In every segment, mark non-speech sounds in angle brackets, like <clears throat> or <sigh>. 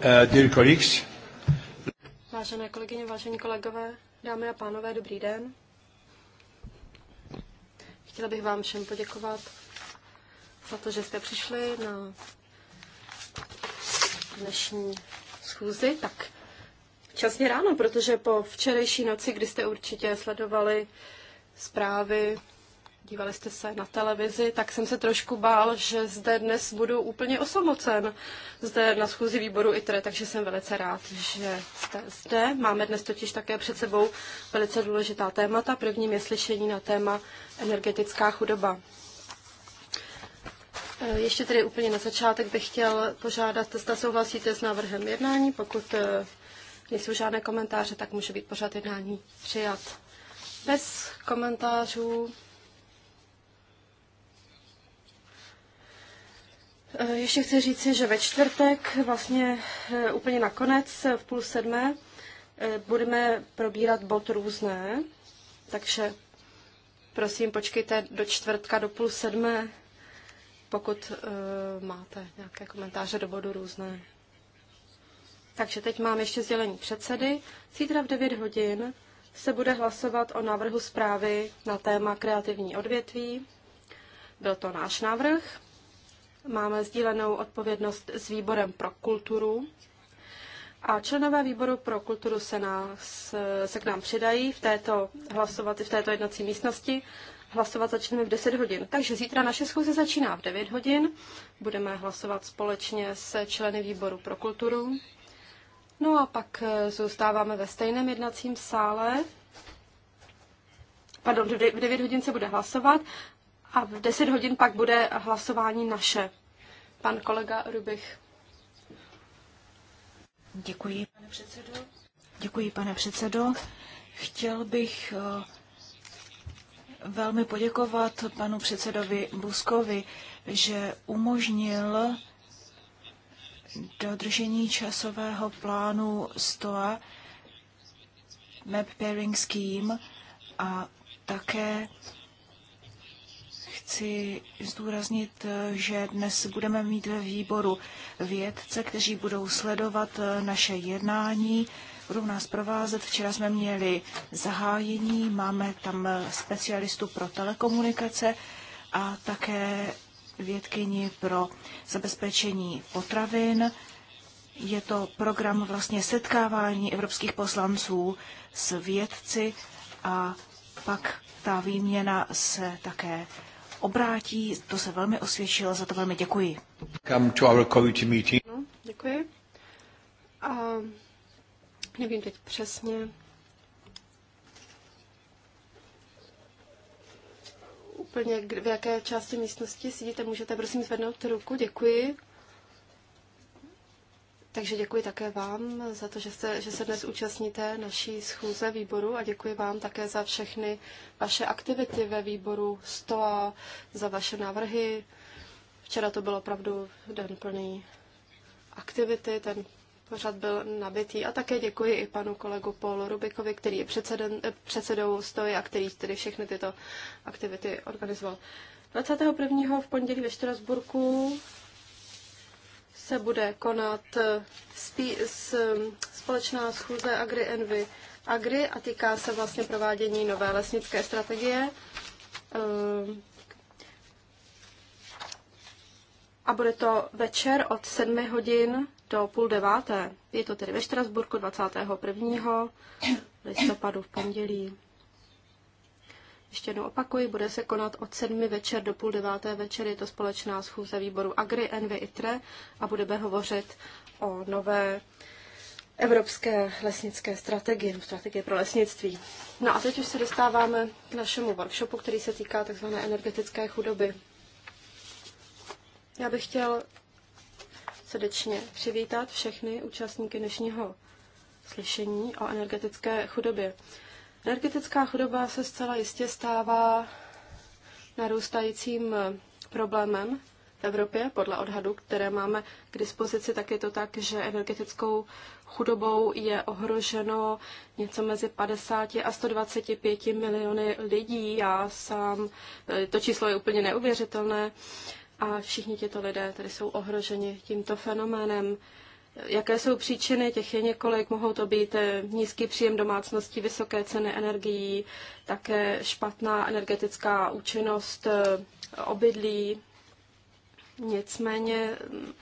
Uh, dear colleagues. Vážené kolegyně, vážení kolegové, dámy a pánové, dobrý den. Chtěla bych vám všem poděkovat za to, že jste přišli na dnešní schůzi. Tak časně ráno, protože po včerejší noci, kdy jste určitě sledovali zprávy dívali jste se na televizi, tak jsem se trošku bál, že zde dnes budu úplně osamocen zde na schůzi výboru ITRE, takže jsem velice rád, že jste zde. Máme dnes totiž také před sebou velice důležitá témata. Prvním je slyšení na téma energetická chudoba. E, ještě tedy úplně na začátek bych chtěl požádat, zda souhlasíte s návrhem jednání. Pokud e, nejsou žádné komentáře, tak může být pořád jednání přijat. Bez komentářů Eh, ještě chci říci, že ve čtvrtek, vlastně eh, úplně nakonec, eh, v půl sedmé, budeme probírat bod různé, takže prosím, počkejte do čtvrtka do půl sedmé, pokud uh, máte nějaké komentáře do bodu různé. Takže teď mám ještě sdělení předsedy. Zítra v 9 hodin se bude hlasovat o návrhu zprávy na téma kreativní odvětví. Byl to náš návrh. Máme sdílenou odpovědnost s výborem pro kulturu. A členové výboru pro kulturu se, nás, se k nám přidají v této hlasovací, v této jednací místnosti. Hlasovat začneme v 10 hodin. Takže zítra naše schůze začíná v 9 hodin. Budeme hlasovat společně s členy výboru pro kulturu. No a pak eh, zůstáváme ve stejném jednacím sále. Pardon, v 9 hodin se bude hlasovat a v 10 hodin pak bude hlasování naše. Pan kolega Rubich. Děkuji, pane předsedo. Děkuji, pane předsedo. Chtěl bych eh, velmi poděkovat panu předsedovi Buskovi, že umožnil dodržení časového plánu STOA Map Pairing Scheme a také chci zdůraznit, že dnes budeme mít ve výboru vědce, kteří budou sledovat eh, naše jednání, budou nás provázet. Včera jsme měli zahájení, máme tam eh, specialistu pro telekomunikace a také vědkyni pro zabezpečení potravin. Je to program vlastně setkávání evropských poslanců s vědci a pak ta výměna se také obrátí. To se velmi osvědčilo, za to velmi děkuji. Come to our committee meeting. No, děkuji. A nevím teď přesně, úplně v jaké části místnosti sedíte. Můžete prosím zvednout ruku, děkuji. Takže děkuji také vám za to, že, jste, že se dnes účastníte naší schůze výboru a děkuji vám také za všechny vaše aktivity ve výboru STOA, za vaše návrhy. Včera to byl opravdu den plný aktivity, ten pořad byl nabitý. A také děkuji i panu kolegu Paulu Rubikovi, který je předseden, předsedou stoje a který tedy všechny tyto aktivity organizoval. 21. v pondělí ve Štrasburku se bude konat eh, spí, s, společná schůze Agri Envy Agri a týká se vlastně provádění nové lesnické strategie. Eh, a bude to večer od 7 hodin do půl deváté. Je to tedy ve Štrasburku 21. listopadu v pondělí. Ještě jednou opakuji, bude se konat od sedmi večer do půl deváté večer. Je to společná schůze výboru Agri, Envy, ITRE a budeme hovořit o nové evropské lesnické strategie, strategie pro lesnictví. No a teď už se dostáváme k našemu workshopu, který se týká tzv. energetické chudoby. Já bych chtěl srdečně přivítat všechny účastníky dnešního slyšení o energetické chudobě. Energetická chudoba se zcela jistě stává narůstajícím eh, problémem v Evropě, podle odhadu, které máme k dispozici, tak je to tak, že energetickou chudobou je ohroženo něco mezi 50 a 125 miliony lidí. Já sám, eh, to číslo je úplně neuvěřitelné a všichni tito lidé tady jsou ohroženi tímto fenoménem. Jaké jsou příčiny? Těch je několik. Mohou to být eh, nízký příjem domácností, vysoké ceny energií, také špatná energetická účinnost eh, obydlí. Nicméně mm,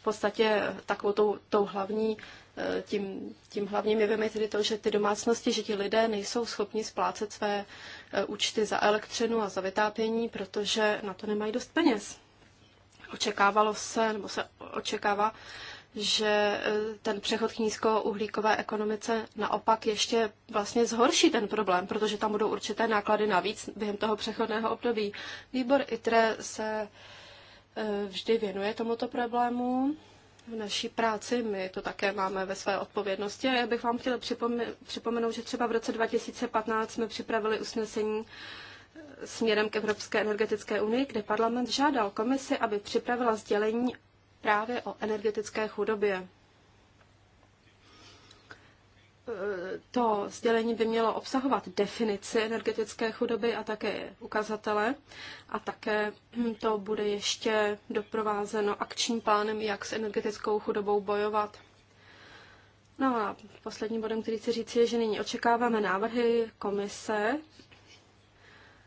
v podstatě takovou tou, tou hlavní, eh, tím, tím hlavním jevem je tedy to, že ty domácnosti, že ti lidé nejsou schopni splácet své účty za elektřinu a za vytápění, protože na to nemají dost peněz. Očekávalo se, nebo se očekává, že eh, ten přechod k nízkouhlíkové ekonomice naopak ještě vlastně zhorší ten problém, protože tam budou určité náklady navíc během toho přechodného období. Výbor ITRE se eh, vždy věnuje tomuto problému v naší práci. My to také máme ve své odpovědnosti. A já bych vám chtěla připomenout, že třeba v roce 2015 jsme připravili usnesení eh, směrem k Evropské energetické unii, kde parlament žádal komisi, aby připravila sdělení právě o energetické chudobě. E, to sdělení by mělo obsahovat definici energetické chudoby a také ukazatele. A také to bude ještě doprovázeno akčním plánem, jak s energetickou chudobou bojovat. No a posledním bodem, který chci říct, je, že nyní očekáváme návrhy komise.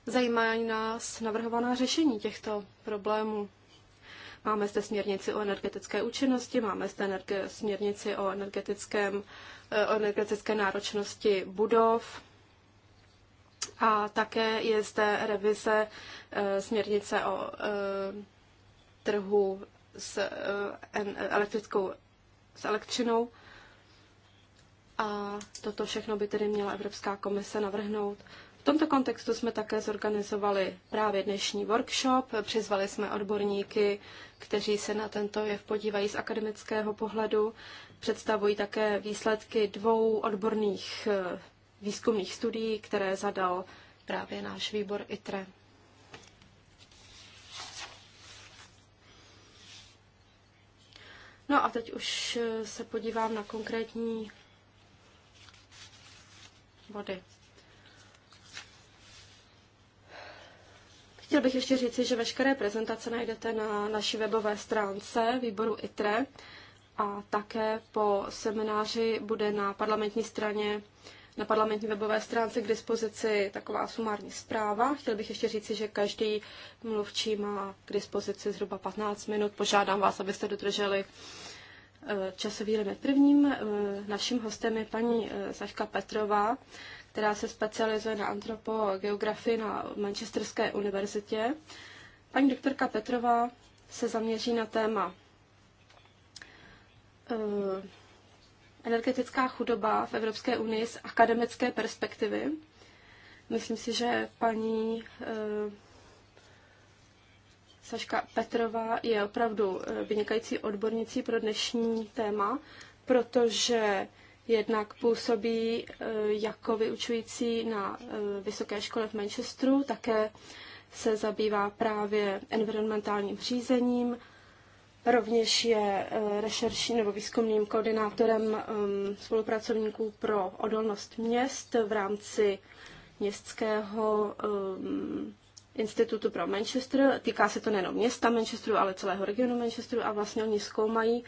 Zajímají nás navrhovaná řešení těchto problémů. Máme zde směrnici o energetické účinnosti, máme zde energe- směrnici o, energetickém, eh, o energetické náročnosti budov a také je zde revize eh, směrnice o eh, trhu s elektrickou s elektřinou. A toto všechno by tedy měla Evropská komise navrhnout. V tomto kontextu jsme také zorganizovali právě dnešní workshop. Přizvali jsme odborníky, kteří se na tento jev podívají z akademického pohledu. Představují také výsledky dvou odborných eh, výzkumných studií, které zadal právě náš výbor ITRE. No a teď už eh, se podívám na konkrétní body. Chtěl bych ještě říci, že veškeré prezentace najdete na naší webové stránce výboru ITRE a také po semináři bude na parlamentní straně na parlamentní webové stránce k dispozici taková sumární zpráva. Chtěl bych ještě říci, že každý mluvčí má k dispozici zhruba 15 minut. Požádám vás, abyste dodrželi eh, časový limit. Prvním eh, naším hostem je paní eh, Saška Petrová, která se specializuje na antropogeografii na Manchesterské univerzitě. Paní doktorka Petrová se zaměří na téma eh, energetická chudoba v Evropské unii z akademické perspektivy. Myslím si, že paní eh, Saška Petrová je opravdu eh, vynikající odbornicí pro dnešní téma, protože Jednak působí eh, jako vyučující na eh, vysoké škole v Manchesteru, také se zabývá právě environmentálním řízením, rovněž je eh, rešerší nebo výzkumným koordinátorem ehm, spolupracovníků pro odolnost měst v rámci městského ehm, institutu pro Manchester. Týká se to nejenom města Manchesteru, ale celého regionu Manchesteru a vlastně oni zkoumají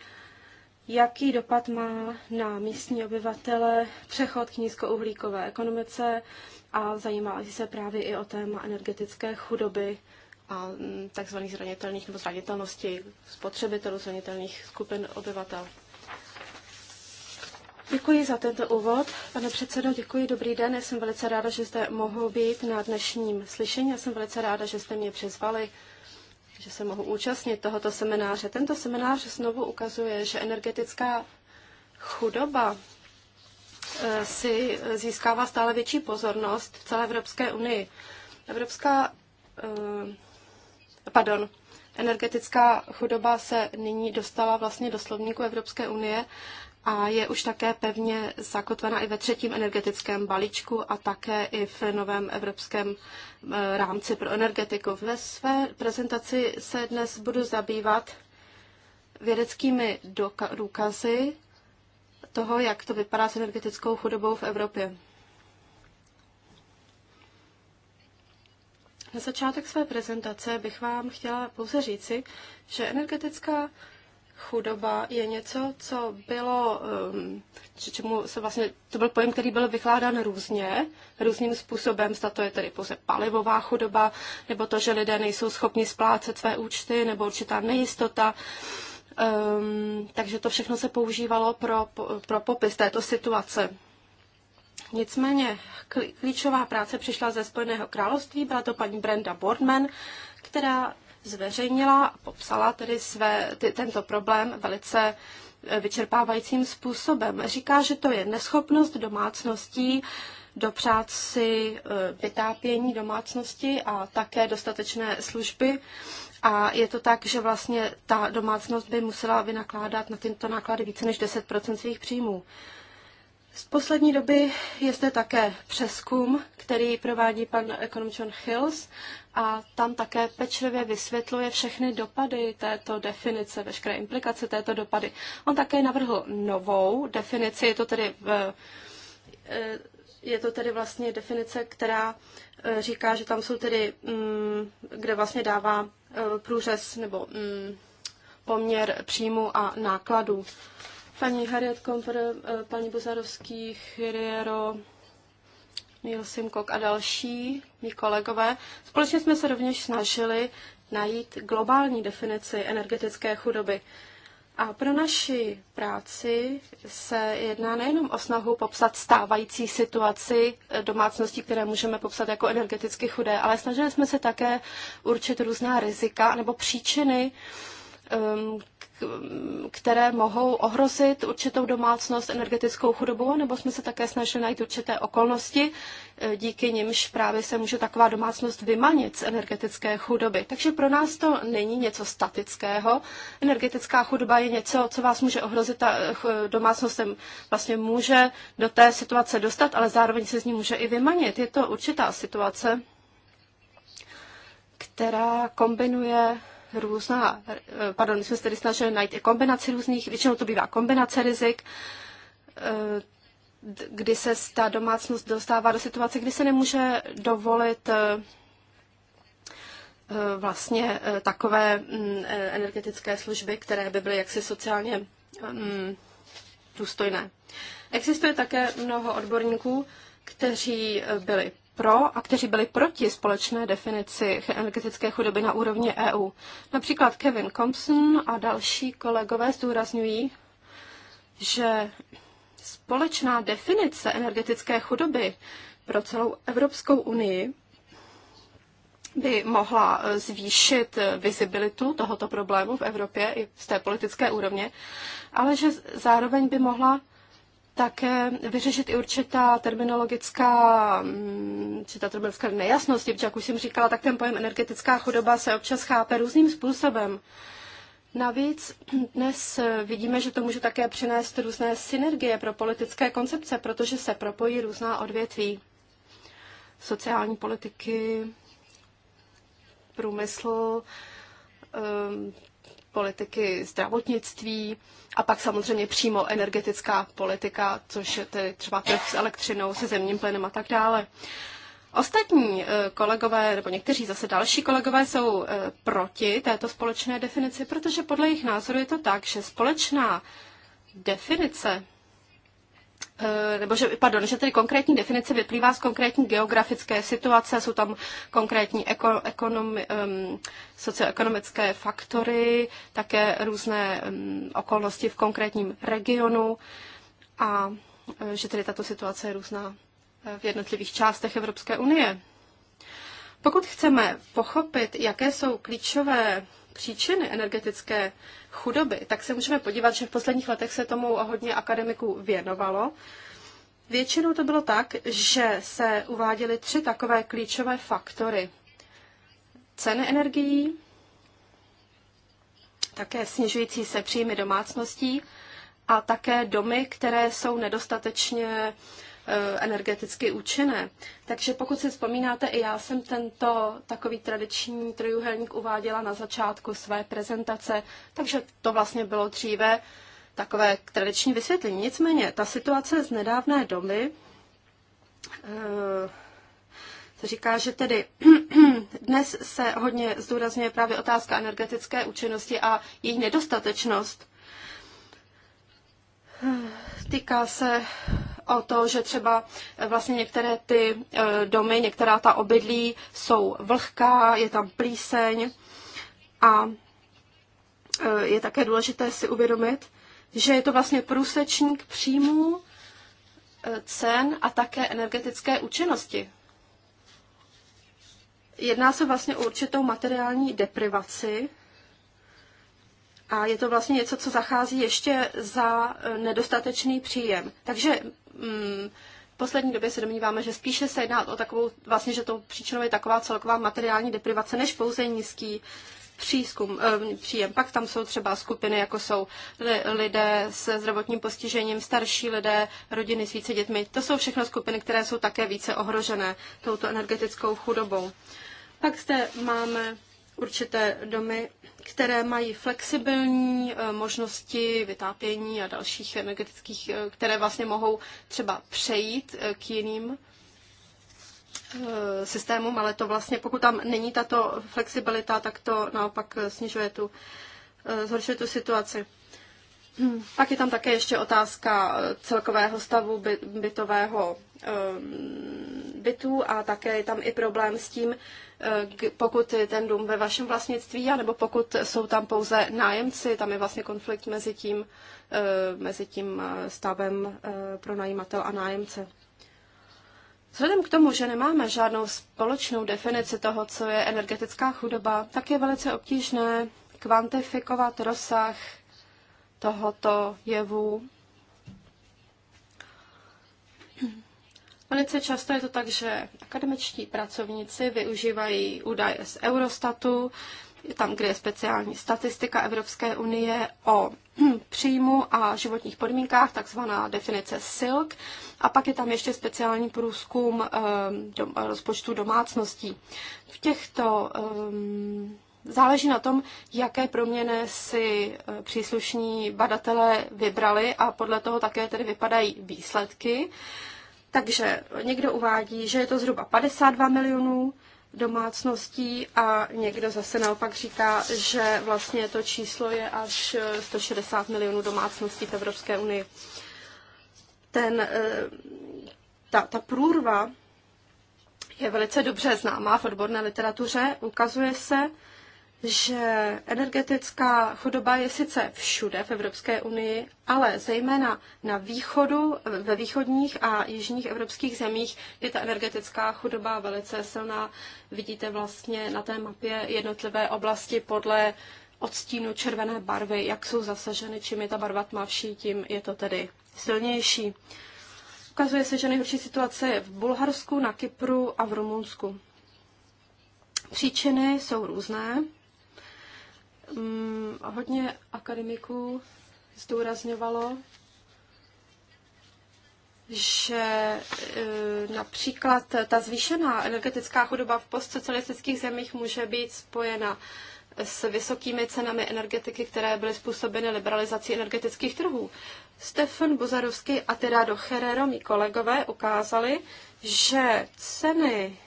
jaký dopad má na místní obyvatele přechod k nízkouhlíkové ekonomice a zajímá se právě i o téma energetické chudoby a mm, tzv. zranitelných nebo zranitelnosti spotřebitelů, zranitelných skupin obyvatel. Děkuji za tento úvod. Pane předsedo, děkuji, dobrý den. Já jsem velice ráda, že zde mohu být na dnešním slyšení. Já jsem velice ráda, že jste mě přizvali že se mohu účastnit tohoto semináře. Tento seminář znovu ukazuje, že energetická chudoba eh, si eh, získává stále větší pozornost v celé Evropské unii. Evropská, eh, pardon, energetická chudoba se nyní dostala vlastně do slovníku Evropské unie a je už také pevně zakotvena i ve třetím energetickém balíčku a také i v novém evropském eh, rámci pro energetiku. Ve své prezentaci se dnes budu zabývat vědeckými důkazy toho, jak to vypadá s energetickou chudobou v Evropě. Na začátek své prezentace bych vám chtěla pouze říci, že energetická chudoba je něco, co bylo, um, čemu se vlastně, to byl pojem, který byl vykládán různě, různým způsobem, zda to je tedy pouze palivová chudoba, nebo to, že lidé nejsou schopni splácet své účty, nebo určitá nejistota. Um, takže to všechno se používalo pro, pro popis této situace. Nicméně klíčová práce přišla ze Spojeného království, byla to paní Brenda Boardman, která zveřejnila a popsala tedy své, ty, tento problém velice eh, vyčerpávajícím způsobem. Říká, že to je neschopnost domácností dopřát si eh, vytápění domácnosti a také dostatečné služby. A je to tak, že vlastně ta domácnost by musela vynakládat na tyto náklady více než 10 svých příjmů. Z poslední doby je zde také přeskum, který provádí pan ekonom John Hills a tam také pečlivě vysvětluje všechny dopady této definice, veškeré implikace této dopady. On také navrhl novou definici, je to tedy v, e, je to tedy vlastně definice, která e, říká, že tam jsou tedy, mm, kde vlastně dává e, průřez nebo mm, poměr příjmu a nákladů paní Harriet Komper, eh, paní Buzarovský, Chiriero, Neil Simcock a další, mý kolegové. Společně jsme se rovněž snažili najít globální definici energetické chudoby. A pro naši práci se jedná nejenom o snahu popsat stávající situaci eh, domácností, které můžeme popsat jako energeticky chudé, ale snažili jsme se také určit různá rizika nebo příčiny, Um, které mohou ohrozit určitou domácnost energetickou chudobou, nebo jsme se také snažili najít určité okolnosti, eh, díky nimž právě se může taková domácnost vymanit z energetické chudoby. Takže pro nás to není něco statického. Energetická chudoba je něco, co vás může ohrozit a eh, eh, domácnost se vlastně může do té situace dostat, ale zároveň se z ní může i vymanit. Je to určitá situace, která kombinuje různá, eh, pardon, my jsme se tedy snažili najít i kombinaci různých, většinou to bývá kombinace rizik, eh, kdy se ta domácnost dostává do situace, kdy se nemůže dovolit eh, vlastně takové mm, energetické služby, které by byly jaksi sociálně mm, důstojné. Existuje také mnoho odborníků, kteří byli pro a kteří byli proti společné definici energetické chudoby na úrovni EU. Například Kevin Thompson a další kolegové zdůrazňují, že společná definice energetické chudoby pro celou Evropskou unii by mohla eh, zvýšit eh, vizibilitu tohoto problému v Evropě i z té politické úrovně, ale že zároveň by mohla také vyřešit i určitá terminologická, mm, určitá terminologická nejasnosti, protože jak už jsem říkala, tak ten pojem energetická chudoba se občas chápe různým způsobem. Navíc dnes vidíme, že to může také přinést různé synergie pro politické koncepce, protože se propojí různá odvětví sociální politiky, průmysl, ehm, politiky zdravotnictví a pak samozřejmě přímo energetická politika, což je tedy třeba trh s elektřinou, se zemním plynem a tak dále. Ostatní eh, kolegové, nebo někteří zase další kolegové, jsou eh, proti této společné definici, protože podle jejich názoru je to tak, že společná definice Eh, nebo že, pardon, že tedy konkrétní definice vyplývá z konkrétní geografické situace, jsou tam konkrétní eko, ekonomi, um, socioekonomické faktory, také různé um, okolnosti v konkrétním regionu a eh, že tedy tato situace je různá eh, v jednotlivých částech Evropské unie. Pokud chceme pochopit, jaké jsou klíčové příčiny energetické chudoby, tak se můžeme podívat, že v posledních letech se tomu hodně akademiků věnovalo. Většinou to bylo tak, že se uváděly tři takové klíčové faktory. Ceny energií, také snižující se příjmy domácností a také domy, které jsou nedostatečně E, energeticky účinné. Takže pokud si vzpomínáte, i já jsem tento takový tradiční trojuhelník uváděla na začátku své prezentace, takže to vlastně bylo dříve takové tradiční vysvětlení. Nicméně ta situace z nedávné doby se říká, že tedy <clears throat> dnes se hodně zdůrazňuje právě otázka energetické účinnosti a její nedostatečnost. E, týká se o to, že třeba eh, vlastně některé ty eh, domy, některá ta obydlí jsou vlhká, je tam plíseň a eh, je také důležité si uvědomit, že je to vlastně průsečník příjmů, cen a také energetické účinnosti. Jedná se vlastně o určitou materiální deprivaci a je to vlastně něco, co zachází ještě za nedostatečný příjem. Takže mm, poslední době se domníváme, že spíše se jedná o takovou, vlastně, že to příčinou je taková celková materiální deprivace, než pouze nízký přízkum, eh, příjem. Pak tam jsou třeba skupiny, jako jsou lidé se zdravotním postižením, starší lidé, rodiny s více dětmi. To jsou všechno skupiny, které jsou také více ohrožené touto energetickou chudobou. Pak zde máme určité domy, které mají flexibilní eh, možnosti vytápění a dalších energetických, eh, které vlastně mohou třeba přejít eh, k jiným systémům, ale to vlastně, pokud tam není tato flexibilita, tak to naopak snižuje tu, zhoršuje tu situaci. Hmm, pak je tam také ještě otázka eh, celkového stavu by, bytového ehm, bytu a také je tam i problém s tím, eh, pokud je ten dům ve vašem vlastnictví, anebo pokud jsou tam pouze nájemci, tam je vlastně konflikt mezi tím, eh, mezi tím stavem pro najímatel a nájemce. Vzhledem k tomu, že nemáme žádnou společnou definici toho, co je energetická chudoba, tak je velice obtížné kvantifikovat rozsah tohoto jevu. Velice často je to tak, že akademičtí pracovníci využívají údaje z Eurostatu, je tam, kde je speciální statistika Evropské unie o <clears throat> příjmu a životních podmínkách, takzvaná definice SILK, a pak je tam ještě speciální průzkum ehm, rozpočtu domácností. V těchto ehm, Záleží na tom, jaké proměny si e, příslušní badatelé vybrali a podle toho také tedy vypadají výsledky. Takže někdo uvádí, že je to zhruba 52 milionů domácností a někdo zase naopak říká, že vlastně to číslo je až 160 e, milionů domácností v Evropské unii. Ten, e, ta, ta průrva je velice dobře známá v odborné literatuře. Ukazuje se, že energetická chudoba je sice všude v Evropské unii, ale zejména na východu, ve východních a jižních evropských zemích je ta energetická chudoba velice silná. Vidíte vlastně na té mapě jednotlivé oblasti podle odstínu červené barvy, jak jsou zasaženy, čím je ta barva tmavší, tím je to tedy silnější. Ukazuje se, že nejhorší situace je v Bulharsku, na Kypru a v Rumunsku. Příčiny jsou různé um, hodně akademiků zdůrazňovalo, že eh, například ta zvýšená energetická chudoba v postsocialistických zemích může být spojena s vysokými cenami energetiky, které byly způsobeny liberalizací energetických trhů. Stefan Buzarovský a teda do Herrero, mý kolegové, ukázali, že ceny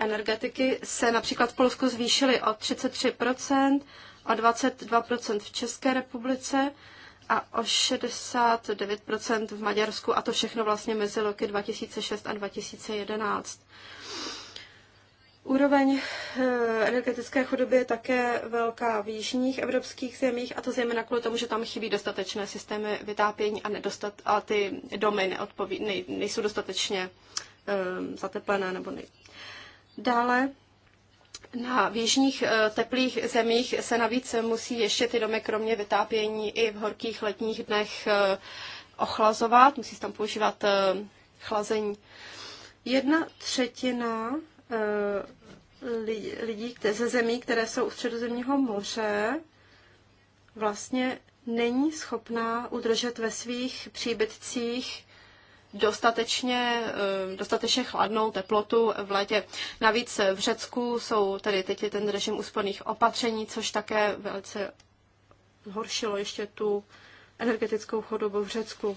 energetiky se například v Polsku zvýšily o 33%, o 22% v České republice a o 69% v Maďarsku, a to všechno vlastně mezi roky 2006 a 2011. Úroveň eh, energetické chudoby je také velká v jižních evropských zemích, a to zejména kvůli tomu, že tam chybí dostatečné systémy vytápění a, nedostat, a ty domy neodpoví, nej, nejsou dostatečně um, zateplené nebo nej, Dále na věžních eh, teplých zemích se navíc musí ještě ty domy kromě vytápění i v horkých letních dnech eh, ochlazovat, musí se tam používat eh, chlazení. Jedna třetina lidí ze zemí, které jsou u středozemního moře, vlastně není schopná udržet ve svých příbytcích dostatečně, eh, dostatečně chladnou teplotu v létě. Navíc v Řecku jsou tady teď je ten režim úsporných opatření, což také velice zhoršilo ještě tu energetickou chodobu v Řecku.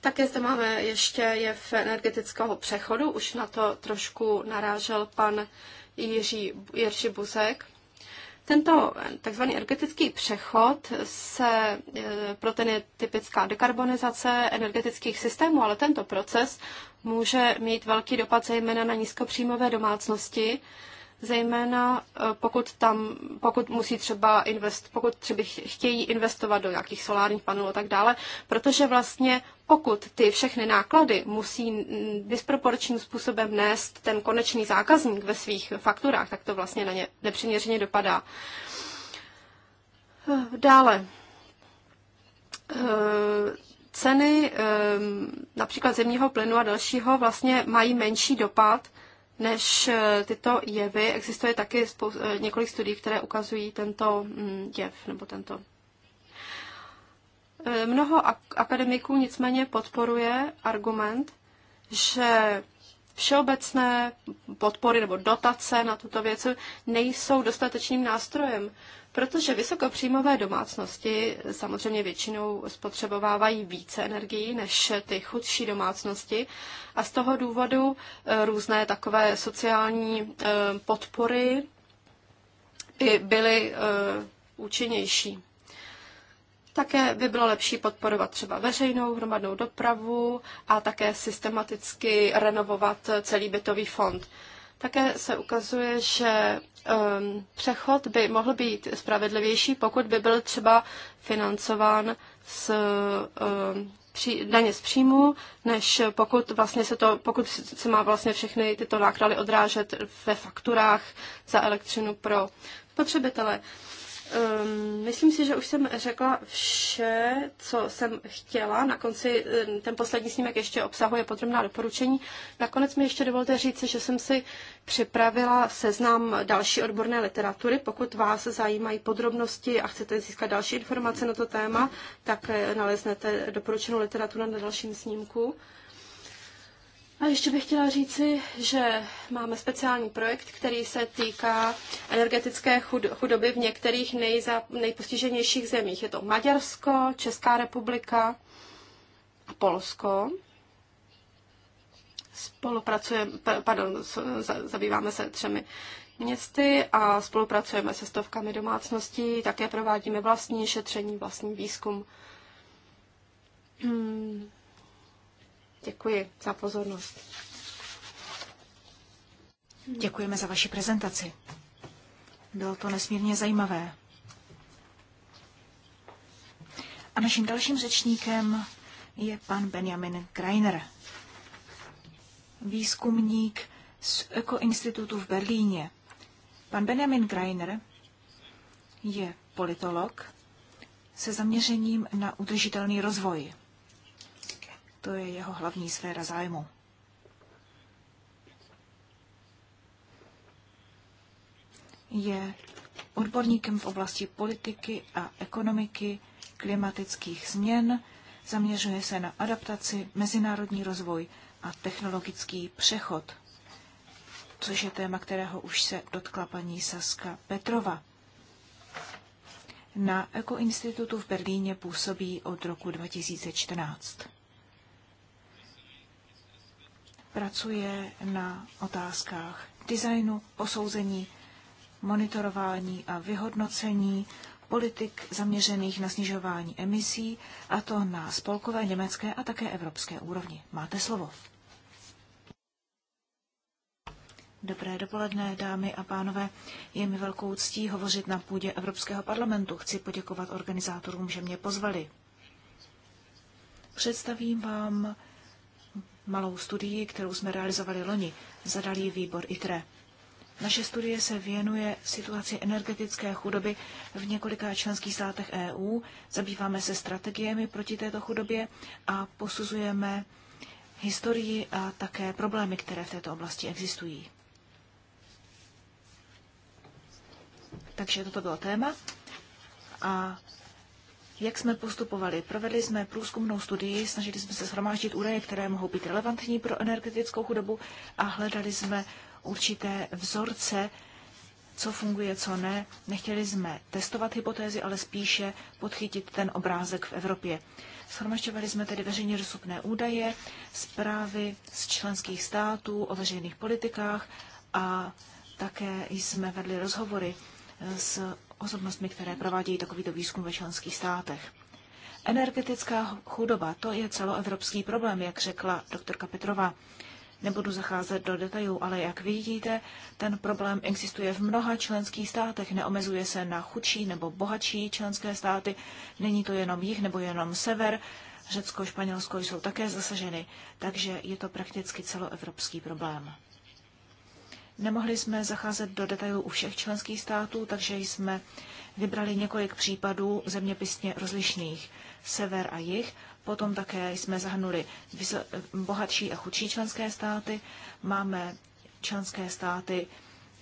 Také zde máme ještě je v energetického přechodu, už na to trošku narážel pan Jiří, Jiří Buzek. Tento tzv. energetický přechod se, e, pro ten je typická dekarbonizace energetických systémů, ale tento proces může mít velký dopad zejména na nízkopříjmové domácnosti, zejména eh, pokud tam, pokud musí třeba invest, pokud třeba chtějí investovat do nějakých solárních panelů a tak dále, protože vlastně pokud ty všechny náklady musí disproporčním způsobem nést ten konečný zákazník ve svých fakturách, tak to vlastně na ně nepřiměřeně dopadá. Eh, dále. Eh, ceny například zemního plynu a dalšího vlastně mají menší dopad než eh, tyto jevy. Existuje taky eh, několik studií, které ukazují tento mm, jev nebo tento eh, Mnoho akademiků nicméně podporuje argument, že všeobecné podpory nebo dotace na tuto věc nejsou dostatečným nástrojem, protože vysokopříjmové domácnosti samozřejmě většinou spotřebovávají více energii než ty chudší domácnosti a z toho důvodu eh, různé takové sociální eh, podpory by byly eh, účinnější. Také by bylo lepší podporovat třeba veřejnou hromadnou dopravu a také systematicky renovovat celý bytový fond. Také se ukazuje, že um, přechod by mohl být spravedlivější, pokud by byl třeba financován s um, ehm, při, daně z příjmu, než pokud, vlastně se to, pokud se má vlastně všechny tyto náklady odrážet ve fakturách za elektřinu pro spotřebitele. Um, myslím si, že už jsem řekla vše, co jsem chtěla. Na konci ehm, ten poslední snímek ještě obsahuje podrobná doporučení. Nakonec mi ještě dovolte říct, že jsem si připravila seznam další odborné literatury. Pokud vás zajímají podrobnosti a chcete získat další informace na to téma, tak eh, naleznete doporučenou literaturu na dalším snímku. A ještě bych chtěla říci, že máme speciální projekt, který se týká energetické chudoby v některých nejza, nejpostiženějších zemích. Je to Maďarsko, Česká republika a Polsko. Spolupracujeme, pardon, zabýváme se třemi městy a spolupracujeme se stovkami domácností, také provádíme vlastní šetření, vlastní výzkum. Hmm. Děkuji za pozornost. Děkujeme za vaši prezentaci. Bylo to nesmírně zajímavé. A naším dalším řečníkem je pan Benjamin Greiner, výzkumník z Ekoinstitutu v Berlíně. Pan Benjamin Greiner je politolog se zaměřením na udržitelný rozvoj. To je jeho hlavní sféra zájmu. Je odborníkem v oblasti politiky a ekonomiky klimatických změn, zaměřuje se na adaptaci, mezinárodní rozvoj a technologický přechod, což je téma, kterého už se dotkla paní Saska Petrova. Na Ekoinstitutu v Berlíně působí od roku 2014 pracuje na otázkách designu, posouzení, monitorování a vyhodnocení politik zaměřených na snižování emisí, a to na spolkové, německé a také evropské úrovni. Máte slovo. Dobré dopoledne, dámy a pánové. Je mi velkou ctí hovořit na půdě Evropského parlamentu. Chci poděkovat organizátorům, že mě pozvali. Představím vám malou studii, kterou jsme realizovali loni. Zadal výbor ITRE. Naše studie se věnuje situaci energetické chudoby v několika členských státech EU, zabýváme se strategiemi proti této chudobě a posuzujeme historii a také problémy, které v této oblasti existují. Takže toto bylo téma a jak jsme postupovali? Provedli jsme průzkumnou studii, snažili jsme se shromáždit údaje, které mohou být relevantní pro energetickou chudobu a hledali jsme určité vzorce, co funguje, co ne. Nechtěli jsme testovat hypotézy, ale spíše podchytit ten obrázek v Evropě. Shromažďovali jsme tedy veřejně dostupné údaje, zprávy z členských států o veřejných politikách a také jsme vedli rozhovory s osobnostmi, které provádějí takovýto výzkum ve členských státech. Energetická chudoba, to je celoevropský problém, jak řekla doktorka Petrova. Nebudu zacházet do detailů, ale jak vidíte, ten problém existuje v mnoha členských státech, neomezuje se na chudší nebo bohatší členské státy, není to jenom jich nebo jenom sever, Řecko, Španělsko jsou také zasaženy, takže je to prakticky celoevropský problém. Nemohli jsme zacházet do detailů u všech členských států, takže jsme vybrali několik případů zeměpisně rozlišných sever a jih. Potom také jsme zahrnuli bohatší a chudší členské státy. Máme členské státy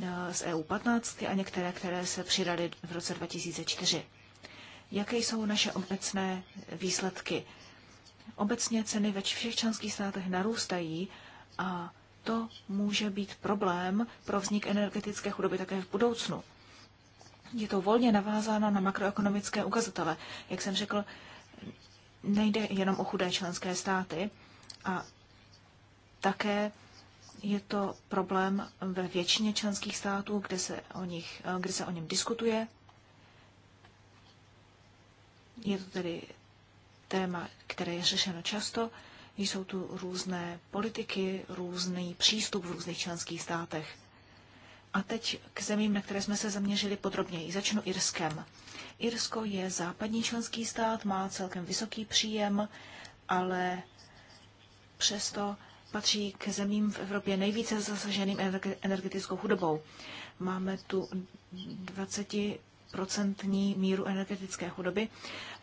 eh, z EU 15 a některé, které se přidaly v roce 2004. Jaké jsou naše obecné výsledky? Obecně ceny ve všech členských státech narůstají a to může být problém pro vznik energetické chudoby také v budoucnu. Je to volně navázáno na makroekonomické ukazatele. Jak jsem řekl, nejde jenom o chudé členské státy a také je to problém ve většině členských států, kde se o, nich, kde se o něm diskutuje. Je to tedy téma, které je řešeno často jsou tu různé politiky, různý přístup v různých členských státech. A teď k zemím, na které jsme se zaměřili podrobněji. Začnu Irskem. Irsko je západní členský stát, má celkem vysoký příjem, ale přesto patří k zemím v Evropě nejvíce zasaženým energetickou chudobou. Máme tu 20% míru energetické chudoby.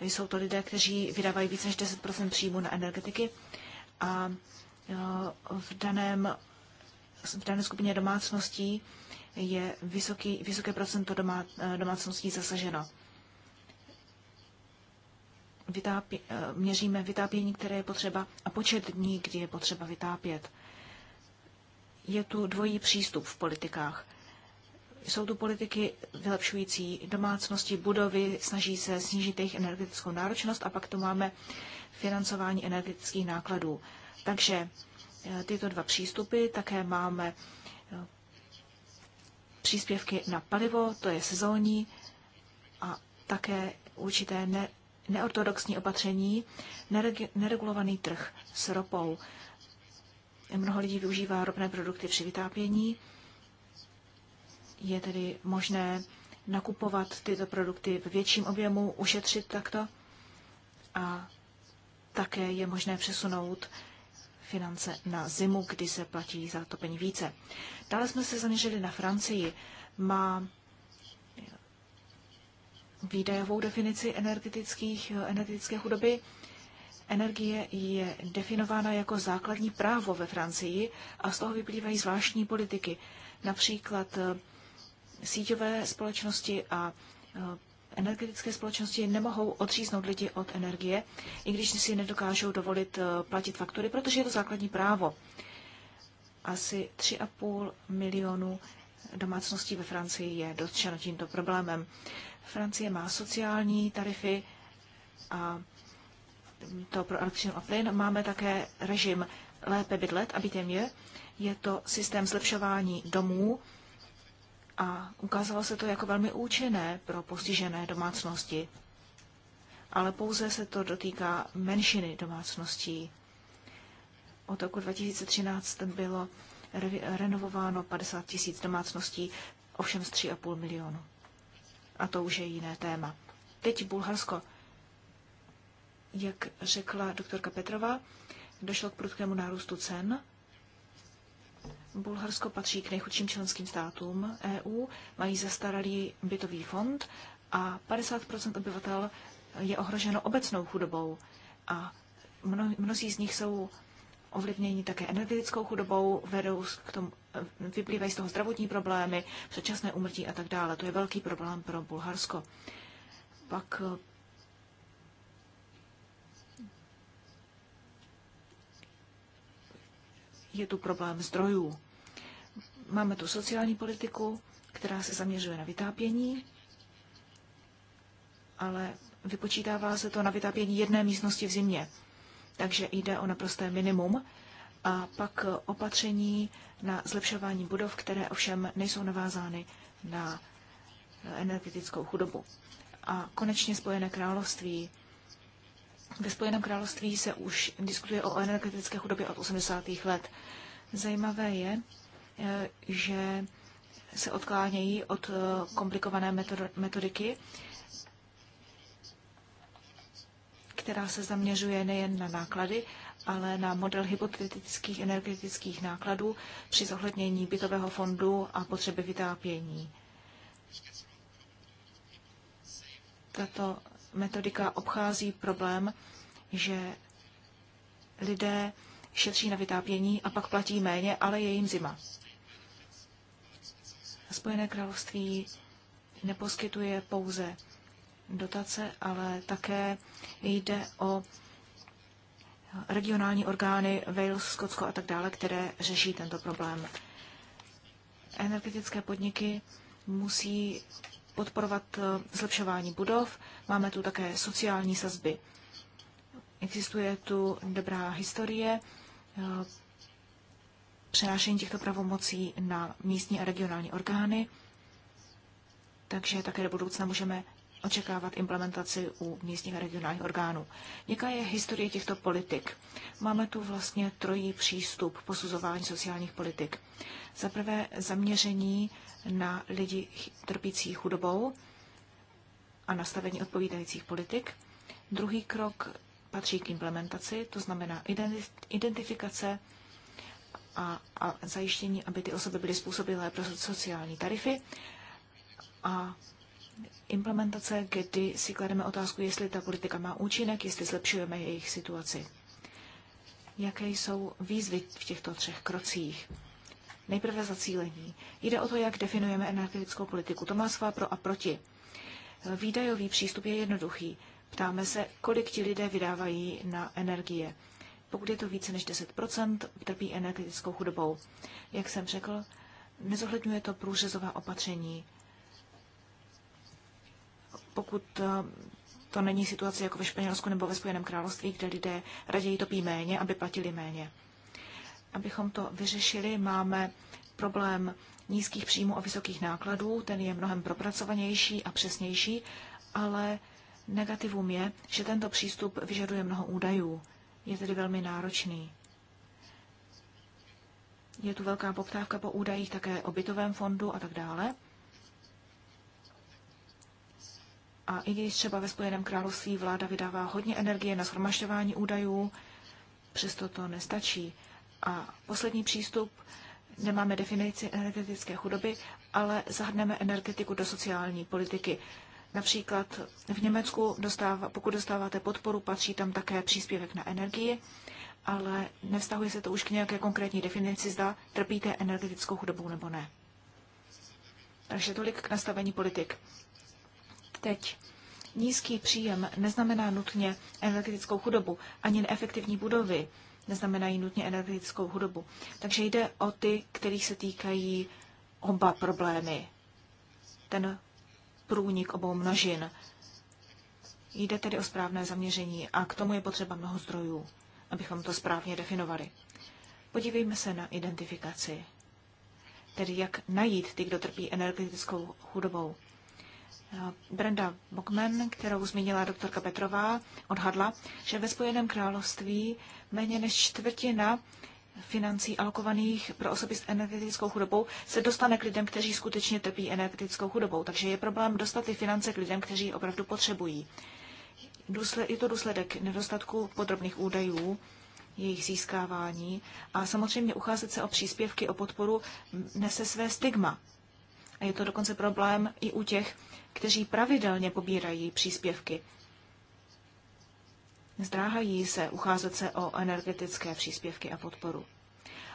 Jsou to lidé, kteří vydávají více než 10% příjmu na energetiky a v, daném, v dané skupině domácností je vysoký, vysoké procento domá, e, domácností zasaženo. Vytápě, e, měříme vytápění, které je potřeba a počet dní, kdy je potřeba vytápět. Je tu dvojí přístup v politikách. Jsou tu politiky vylepšující domácnosti, budovy, snaží se snížit jejich energetickou náročnost a pak tu máme financování energetických nákladů. Takže eh, tyto dva přístupy také máme eh, příspěvky na palivo, to je sezónní, a také určité ne, neortodoxní opatření, nereg, neregulovaný trh s ropou. Mnoho lidí využívá ropné produkty při vytápění je tedy možné nakupovat tyto produkty v větším objemu, ušetřit takto a také je možné přesunout finance na zimu, kdy se platí za topení více. Dále jsme se zaměřili na Francii. Má výdajovou definici energetických, energetické chudoby. Energie je definována jako základní právo ve Francii a z toho vyplývají zvláštní politiky. Například eh, síťové společnosti a e, energetické společnosti nemohou odříznout lidi od energie, i když si nedokážou dovolit e, platit faktury, protože je to základní právo. Asi 3,5 milionu domácností ve Francii je dotčeno tímto problémem. Francie má sociální tarify a to pro elektřinu a plyn. Máme také režim lépe bydlet, aby je. Je to systém zlepšování domů, a ukázalo se to jako velmi účinné pro postižené domácnosti. Ale pouze se to dotýká menšiny domácností. Od roku 2013 bylo renovováno 50 tisíc domácností, ovšem z 3,5 milionu. A to už je jiné téma. Teď Bulharsko. Jak řekla doktorka Petrova, došlo k prudkému nárůstu cen Bulharsko patří k nejchudším členským státům EU, mají zastaralý bytový fond a 50 obyvatel je ohroženo obecnou chudobou a mno, mnozí z nich jsou ovlivněni také energetickou chudobou, vedou k tomu, vyplývají z toho zdravotní problémy, předčasné umrtí a tak dále. To je velký problém pro Bulharsko. Pak je tu problém zdrojů. Máme tu sociální politiku, která se zaměřuje na vytápění, ale vypočítává se to na vytápění jedné místnosti v zimě. Takže jde o naprosté minimum. A pak opatření na zlepšování budov, které ovšem nejsou navázány na energetickou chudobu. A konečně Spojené království ve Spojeném království se už diskutuje o energetické chudobě od 80. let. Zajímavé je, e, že se odklánějí od e, komplikované metodiky, která se zaměřuje nejen na náklady, ale na model hypotetických energetických nákladů při zohlednění bytového fondu a potřeby vytápění. Tato metodika obchází problém, že lidé šetří na vytápění a pak platí méně, ale je jim zima. Spojené království neposkytuje pouze dotace, ale také jde o regionální orgány Wales, Skotsko a tak dále, které řeší tento problém. Energetické podniky musí podporovat eh, zlepšování budov. Máme tu také sociální sazby. Existuje tu dobrá historie eh, přenášení těchto pravomocí na místní a regionální orgány, takže také do budoucna můžeme očekávat implementaci u místních a regionálních orgánů. Jaká je historie těchto politik? Máme tu vlastně trojí přístup posuzování sociálních politik. Za prvé zaměření na lidi trpící chudobou a nastavení odpovídajících politik. Druhý krok patří k implementaci, to znamená identifikace a, a zajištění, aby ty osoby byly způsobilé pro sociální tarify a implementace, kdy si klademe otázku, jestli ta politika má účinek, jestli zlepšujeme jejich situaci. Jaké jsou výzvy v těchto třech krocích? Nejprve zacílení. Jde o to, jak definujeme energetickou politiku. To má svá pro a proti. Výdajový přístup je jednoduchý. Ptáme se, kolik ti lidé vydávají na energie. Pokud je to více než 10%, trpí energetickou chudobou. Jak jsem řekl, nezohledňuje to průřezová opatření. Pokud eh, to není situace jako ve Španělsku nebo ve Spojeném království, kde lidé raději topí méně, aby platili méně abychom to vyřešili, máme problém nízkých příjmů a vysokých nákladů, ten je mnohem propracovanější a přesnější, ale negativum je, že tento přístup vyžaduje mnoho údajů. Je tedy velmi náročný. Je tu velká poptávka po údajích také o bytovém fondu a tak dále. A i když třeba ve Spojeném království vláda vydává hodně energie na shromažďování údajů, přesto to nestačí. A poslední přístup, nemáme definici energetické chudoby, ale zahrneme energetiku do sociální politiky. Například v Německu, dostává, pokud dostáváte podporu, patří tam také příspěvek na energii, ale nevztahuje se to už k nějaké konkrétní definici, zda trpíte energetickou chudobou nebo ne. Takže tolik k nastavení politik. Teď nízký příjem neznamená nutně energetickou chudobu ani neefektivní budovy neznamenají nutně energetickou chudobu. Takže jde o ty, kterých se týkají oba problémy. Ten průnik obou množin. Jde tedy o správné zaměření a k tomu je potřeba mnoho zdrojů, abychom to správně definovali. Podívejme se na identifikaci, tedy jak najít ty, kdo trpí energetickou chudobou. Eh, Brenda Bockman, kterou zmínila doktorka Petrová, odhadla, že ve Spojeném království méně než čtvrtina financí alokovaných pro osoby s energetickou chudobou se dostane k lidem, kteří skutečně trpí energetickou chudobou. Takže je problém dostat ty finance k lidem, kteří opravdu potřebují. Je to důsledek nedostatku podrobných údajů, jejich získávání a samozřejmě ucházet se o příspěvky, o podporu nese své stigma. A je to dokonce problém i u těch, kteří pravidelně pobírají příspěvky. Zdráhají se ucházet se o energetické příspěvky a podporu.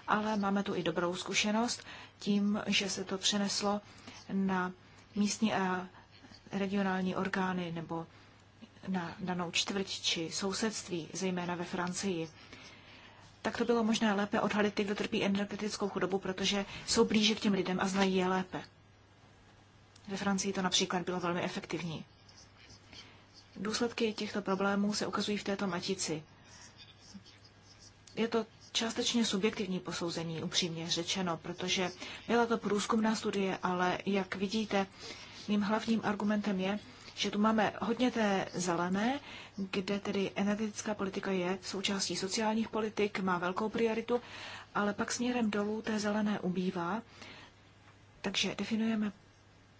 Ale máme tu i dobrou zkušenost tím, že se to přeneslo na místní a regionální orgány nebo na danou čtvrť či sousedství, zejména ve Francii. Tak to bylo možná lépe odhalit ty, kdo trpí energetickou chudobu, protože jsou blíže k těm lidem a znají je lépe. Ve Francii to například bylo velmi efektivní. Důsledky těchto problémů se ukazují v této matici. Je to částečně subjektivní posouzení, upřímně řečeno, protože byla to průzkumná studie, ale jak vidíte, mým hlavním argumentem je, že tu máme hodně té zelené, kde tedy energetická politika je součástí sociálních politik, má velkou prioritu, ale pak směrem dolů té zelené ubývá. Takže definujeme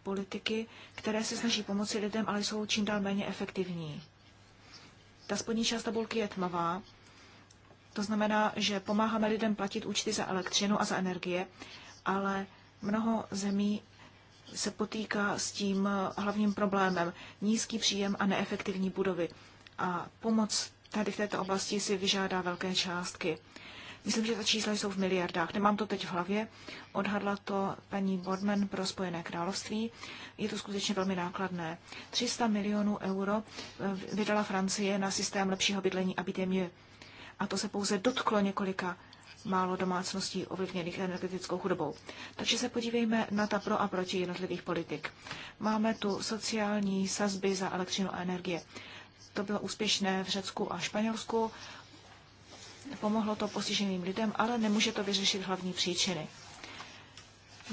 politiky, které se snaží pomoci lidem, ale jsou čím dál méně efektivní. Ta spodní část tabulky je tmavá, to znamená, že pomáháme lidem platit účty za elektřinu a za energie, ale mnoho zemí se potýká s tím hlavním problémem nízký příjem a neefektivní budovy. A pomoc tady v této oblasti si vyžádá velké částky. Myslím, že ta čísla jsou v miliardách. Nemám to teď v hlavě. Odhadla to paní Bodman pro Spojené království. Je to skutečně velmi nákladné. 300 milionů euro eh, vydala Francie na systém lepšího bydlení a bydlení. A to se pouze dotklo několika málo domácností ovlivněných energetickou chudobou. Takže se podívejme na ta pro a proti jednotlivých politik. Máme tu sociální sazby za elektřinu a energie. To bylo úspěšné v Řecku a Španělsku, Pomohlo to postiženým lidem, ale nemůže to vyřešit hlavní příčiny.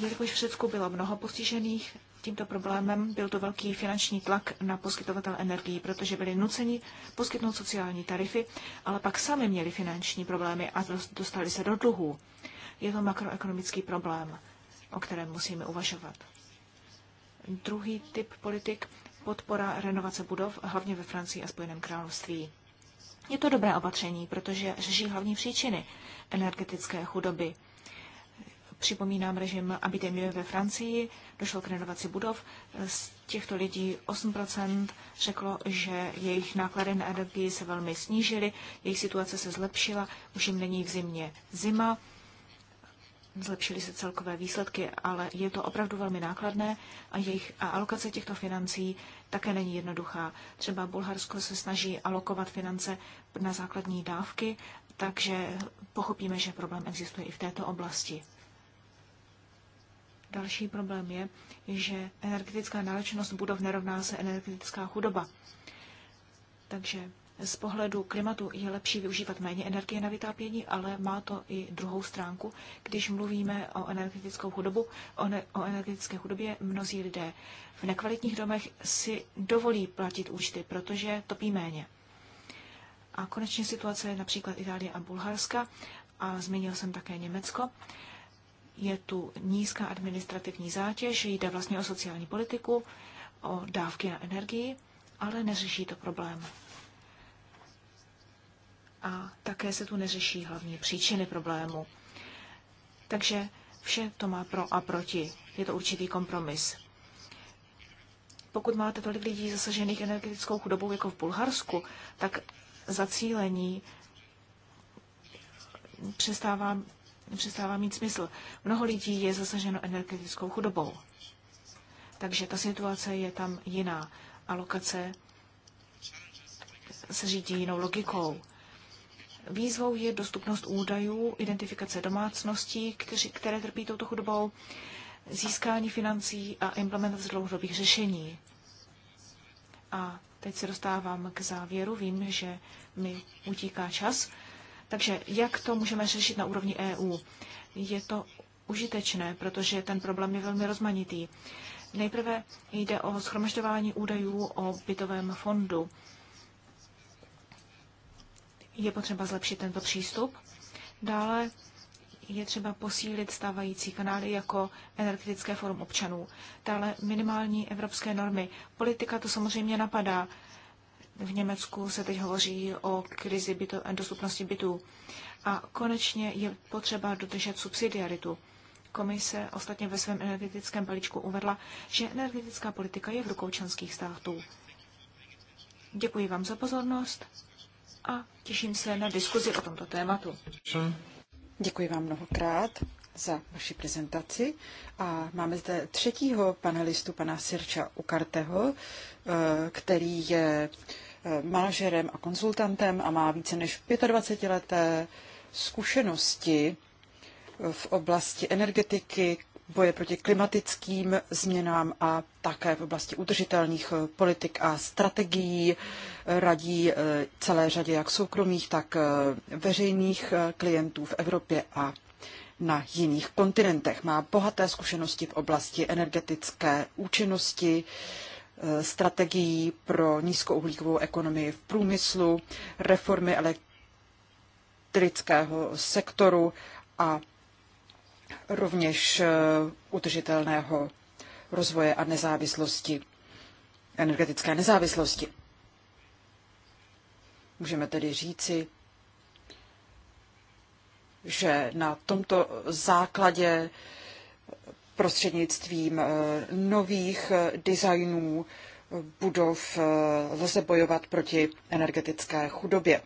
Jelikož v Řecku bylo mnoho postižených tímto problémem, byl to velký finanční tlak na poskytovatel energií, protože byli nuceni poskytnout sociální tarify, ale pak sami měli finanční problémy a dostali se do dluhů. Je to makroekonomický problém, o kterém musíme uvažovat. Druhý typ politik podpora renovace budov, hlavně ve Francii a Spojeném království. Je to dobré opatření, protože řeší hlavní příčiny energetické chudoby. Připomínám režim Abidemie ve Francii, došlo k renovaci budov. Z těchto lidí 8% řeklo, že jejich náklady na energii se velmi snížily, jejich situace se zlepšila, už jim není v zimě zima, zlepšily se celkové výsledky, ale je to opravdu velmi nákladné a jejich a alokace těchto financí také není jednoduchá. Třeba Bulharsko se snaží alokovat finance na základní dávky, takže pochopíme, že problém existuje i v této oblasti. Další problém je, že energetická náročnost budov nerovná se energetická chudoba. Takže z pohledu klimatu je lepší využívat méně energie na vytápění, ale má to i druhou stránku. Když mluvíme o energetickou chudobu, o, ne, o energetické chudobě, mnozí lidé v nekvalitních domech si dovolí platit účty, protože topí méně. A konečně situace je například Itálie a Bulharska a zmínil jsem také Německo. Je tu nízká administrativní zátěž, jde vlastně o sociální politiku, o dávky na energii, ale neřeší to problém a také se tu neřeší hlavní příčiny problému. Takže vše to má pro a proti. Je to určitý kompromis. Pokud máte tolik lidí zasažených energetickou chudobou jako v Bulharsku, tak zacílení přestává, přestává mít smysl. Mnoho lidí je zasaženo energetickou chudobou. Takže ta situace je tam jiná. Alokace se řídí jinou logikou. Výzvou je dostupnost údajů, identifikace domácností, kteři, které trpí touto chudobou, získání financí a implementace dlouhodobých řešení. A teď se dostávám k závěru. Vím, že mi utíká čas. Takže jak to můžeme řešit na úrovni EU? Je to užitečné, protože ten problém je velmi rozmanitý. Nejprve jde o schromažďování údajů o bytovém fondu je potřeba zlepšit tento přístup. Dále je třeba posílit stávající kanály jako energetické forum občanů. Dále minimální evropské normy. Politika to samozřejmě napadá. V Německu se teď hovoří o krizi byto, dostupnosti bytů. A konečně je potřeba dodržet subsidiaritu. Komise ostatně ve svém energetickém balíčku uvedla, že energetická politika je v rukou členských států. Děkuji vám za pozornost a těším se na diskuzi o tomto tématu. Děkuji vám mnohokrát za vaši prezentaci. A máme zde třetího panelistu, pana Sirča Ukarteho, eh, který je eh, manažerem a konzultantem a má více než 25 leté zkušenosti v oblasti energetiky, boje proti klimatickým změnám a také v oblasti udržitelných eh, politik a strategií. Radí eh, celé řadě jak soukromých, tak eh, veřejných klientů v Evropě a na jiných kontinentech. Má bohaté zkušenosti v oblasti energetické účinnosti, strategií pro nízkouhlíkovou ekonomii v průmyslu, reformy elektrického sektoru a rovněž eh, udržitelného rozvoje a nezávislosti, energetické nezávislosti. Můžeme tedy říci, že na tomto základě prostřednictvím eh, nových eh, designů budov lze bojovat proti energetické chudobě.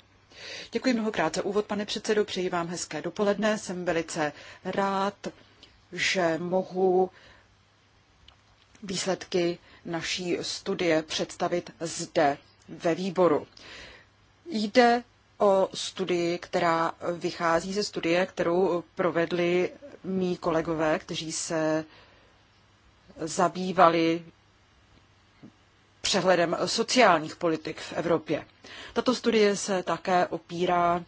Děkuji mnohokrát za úvod, pane předsedo, přeji vám hezké dopoledne. Jsem velice rád, že mohu výsledky naší studie představit zde ve výboru. Jde o studii, která vychází ze studie, kterou provedli mý kolegové, kteří se zabývali přehledem sociálních politik v Evropě. Tato studie se také opírá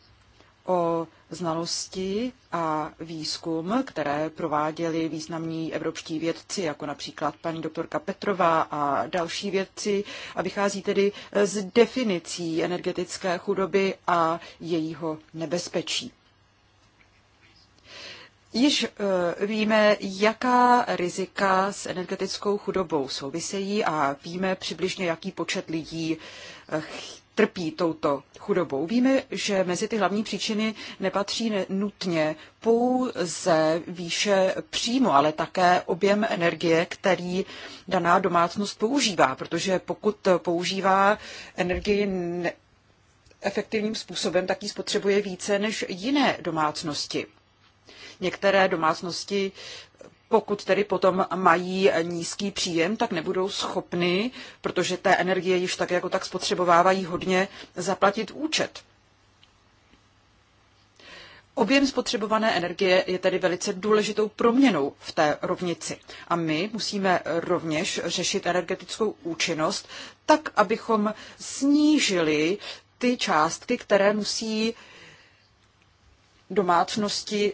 o znalosti a výzkum, které prováděli významní evropští vědci, jako například paní doktorka Petrová a další vědci, a vychází tedy z definicí energetické chudoby a jejího nebezpečí. Již eh, víme, jaká rizika s energetickou chudobou souvisejí a víme přibližně, jaký počet lidí eh, trpí touto chudobou. Víme, že mezi ty hlavní příčiny nepatří nutně pouze výše příjmu, ale také objem energie, který daná domácnost používá, protože pokud používá energii efektivním způsobem, tak ji spotřebuje více než jiné domácnosti některé domácnosti pokud tedy potom mají nízký příjem, tak nebudou schopny, protože té energie již tak jako tak spotřebovávají hodně, zaplatit účet. Objem spotřebované energie je tedy velice důležitou proměnou v té rovnici. A my musíme rovněž řešit energetickou účinnost tak, abychom snížili ty částky, které musí domácnosti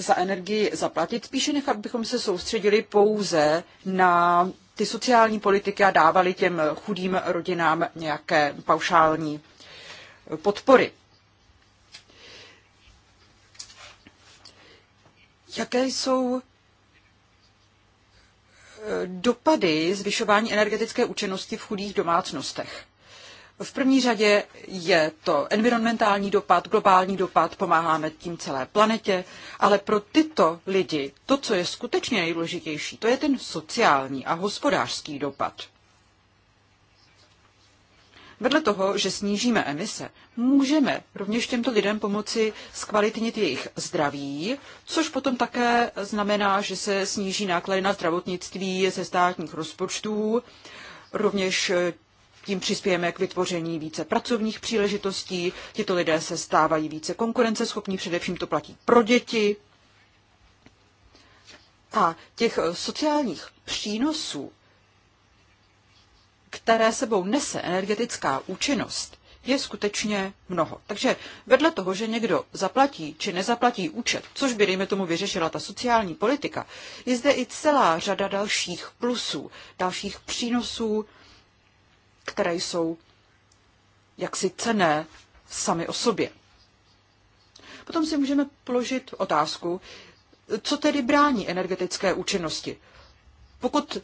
za energii zaplatit, spíše nechat bychom se soustředili pouze na ty sociální politiky a dávali těm chudým rodinám nějaké paušální podpory. Jaké jsou eh, dopady zvyšování energetické účinnosti v chudých domácnostech? V první řadě je to environmentální dopad, globální dopad, pomáháme tím celé planetě, ale pro tyto lidi to, co je skutečně nejdůležitější, to je ten sociální a hospodářský dopad. Vedle toho, že snížíme emise, můžeme rovněž těmto lidem pomoci zkvalitnit jejich zdraví, což potom také znamená, že se sníží náklady na zdravotnictví ze státních rozpočtů, rovněž tím přispějeme k vytvoření více pracovních příležitostí, tito lidé se stávají více konkurenceschopní, především to platí pro děti. A těch eh, sociálních přínosů, které sebou nese energetická účinnost, je skutečně mnoho. Takže vedle toho, že někdo zaplatí či nezaplatí účet, což by, dejme tomu, vyřešila ta sociální politika, je zde i celá řada dalších plusů, dalších přínosů které jsou jaksi cené sami o sobě. Potom si můžeme položit otázku, co tedy brání energetické účinnosti. Pokud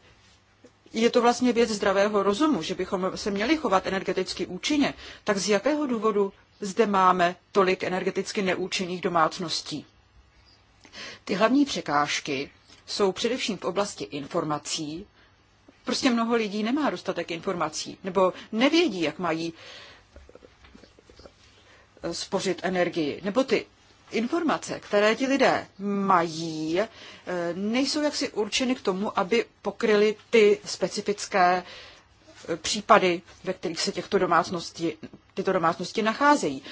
je to vlastně věc zdravého rozumu, že bychom se měli chovat energeticky účinně, tak z jakého důvodu zde máme tolik energeticky neúčinných domácností? Ty hlavní překážky jsou především v oblasti informací Prostě mnoho lidí nemá dostatek informací nebo nevědí, jak mají eh, spořit energii. Nebo ty informace, které ti lidé mají, eh, nejsou jaksi určeny k tomu, aby pokryly ty specifické eh, případy, ve kterých se těchto domácnosti, tyto domácnosti nacházejí.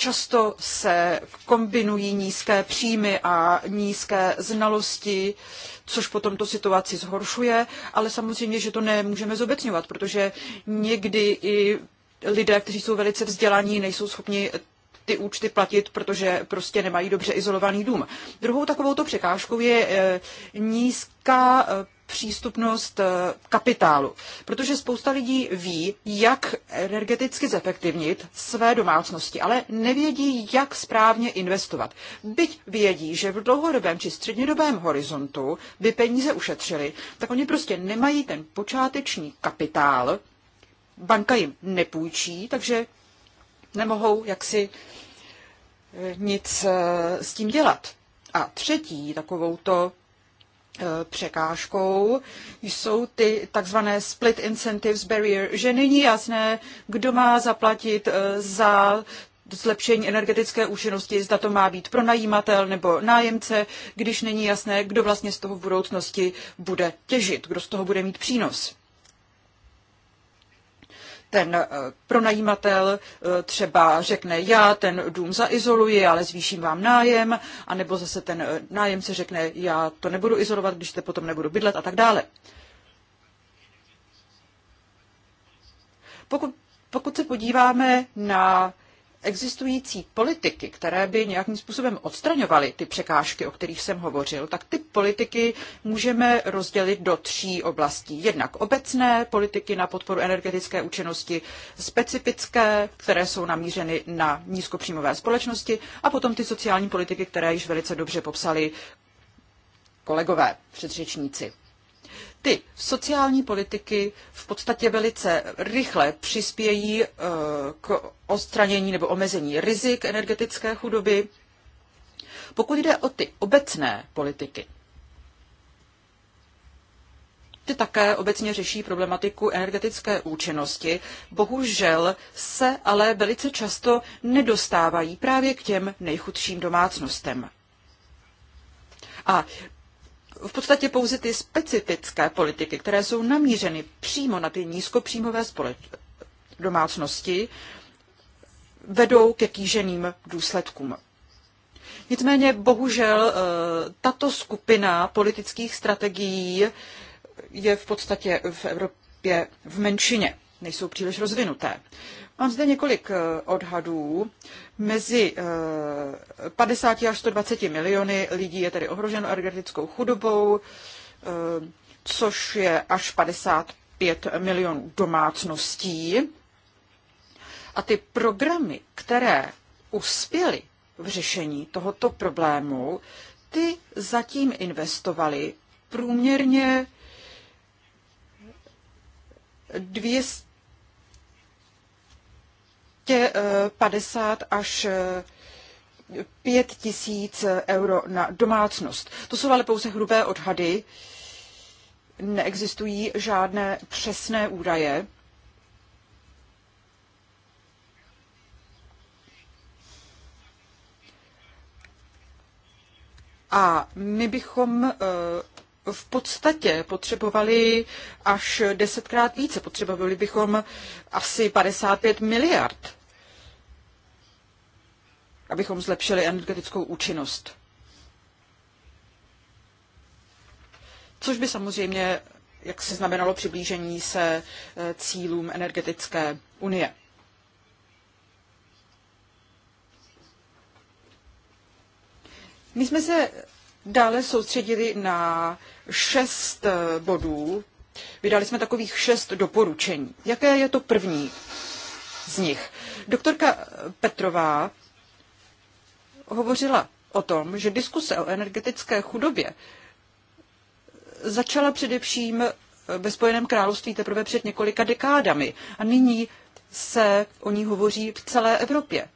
Často se kombinují nízké příjmy a nízké znalosti, což potom tu situaci zhoršuje, ale samozřejmě, že to nemůžeme zobecňovat, protože někdy i lidé, kteří jsou velice vzdělaní, nejsou schopni ty účty platit, protože prostě nemají dobře izolovaný dům. Druhou takovouto překážkou je eh, nízká eh, přístupnost eh, kapitálu. Protože spousta lidí ví, jak energeticky zefektivnit své domácnosti, ale nevědí, jak správně investovat. Byť vědí, že v dlouhodobém či střednědobém horizontu by peníze ušetřili, tak oni prostě nemají ten počáteční kapitál, banka jim nepůjčí, takže nemohou jaksi eh, nic eh, s tím dělat. A třetí takovouto Eh, překážkou jsou ty takzvané split incentives barrier, že není jasné, kdo má zaplatit eh, za zlepšení energetické účinnosti, zda to má být pronajímatel nebo nájemce, když není jasné, kdo vlastně z toho v budoucnosti bude těžit, kdo z toho bude mít přínos ten eh, pronajímatel eh, třeba řekne, já ten dům zaizoluji, ale zvýším vám nájem, anebo zase ten eh, nájemce řekne, já to nebudu izolovat, když te potom nebudu bydlet a tak dále. Pokud, pokud se podíváme na existující politiky, které by nějakým způsobem odstraňovaly ty překážky, o kterých jsem hovořil, tak ty politiky můžeme rozdělit do tří oblastí. Jednak obecné politiky na podporu energetické účinnosti, specifické, které jsou namířeny na nízkopříjmové společnosti a potom ty sociální politiky, které již velice dobře popsali kolegové předřečníci. Ty sociální politiky v podstatě velice rychle přispějí eh, k odstranění nebo omezení rizik energetické chudoby. Pokud jde o ty obecné politiky, ty také obecně řeší problematiku energetické účinnosti, bohužel se ale velice často nedostávají právě k těm nejchudším domácnostem. A v podstatě pouze ty specifické politiky, které jsou namířeny přímo na ty nízkopříjmové společ- domácnosti, vedou ke kýženým důsledkům. Nicméně bohužel eh, tato skupina politických strategií je v podstatě v Evropě v menšině, nejsou příliš rozvinuté. Mám zde několik eh, odhadů. Mezi 50 eh, až 120 miliony lidí je tedy ohroženo energetickou chudobou, eh, což je až 55 milionů domácností. A ty programy, které uspěly v řešení tohoto problému, ty zatím investovaly průměrně 200 50 prostě, eh, až 5 eh, tisíc euro na domácnost. To jsou ale pouze hrubé odhady, neexistují žádné přesné údaje. A my bychom eh, v podstatě potřebovali až desetkrát více. Potřebovali bychom asi 55 miliard abychom zlepšili energetickou účinnost. Což by samozřejmě jak se znamenalo přiblížení se eh, cílům energetické unie. My jsme se dále soustředili na šest eh, bodů. Vydali jsme takových šest doporučení. Jaké je to první z nich? Doktorka Petrová hovořila o tom, že diskuse o energetické chudobě začala především ve Spojeném království teprve před několika dekádami a nyní se o ní hovoří v celé Evropě.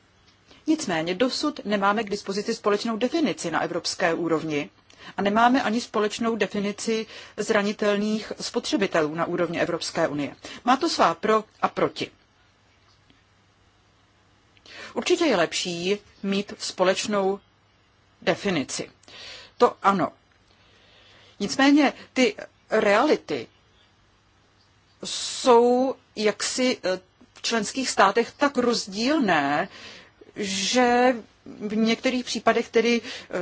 Nicméně dosud nemáme k dispozici společnou definici na evropské úrovni a nemáme ani společnou definici zranitelných spotřebitelů na úrovni Evropské unie. Má to svá pro a proti. Určitě je lepší mít společnou definici. To ano. Nicméně ty reality jsou jaksi eh, v členských státech tak rozdílné, že v některých případech tedy eh,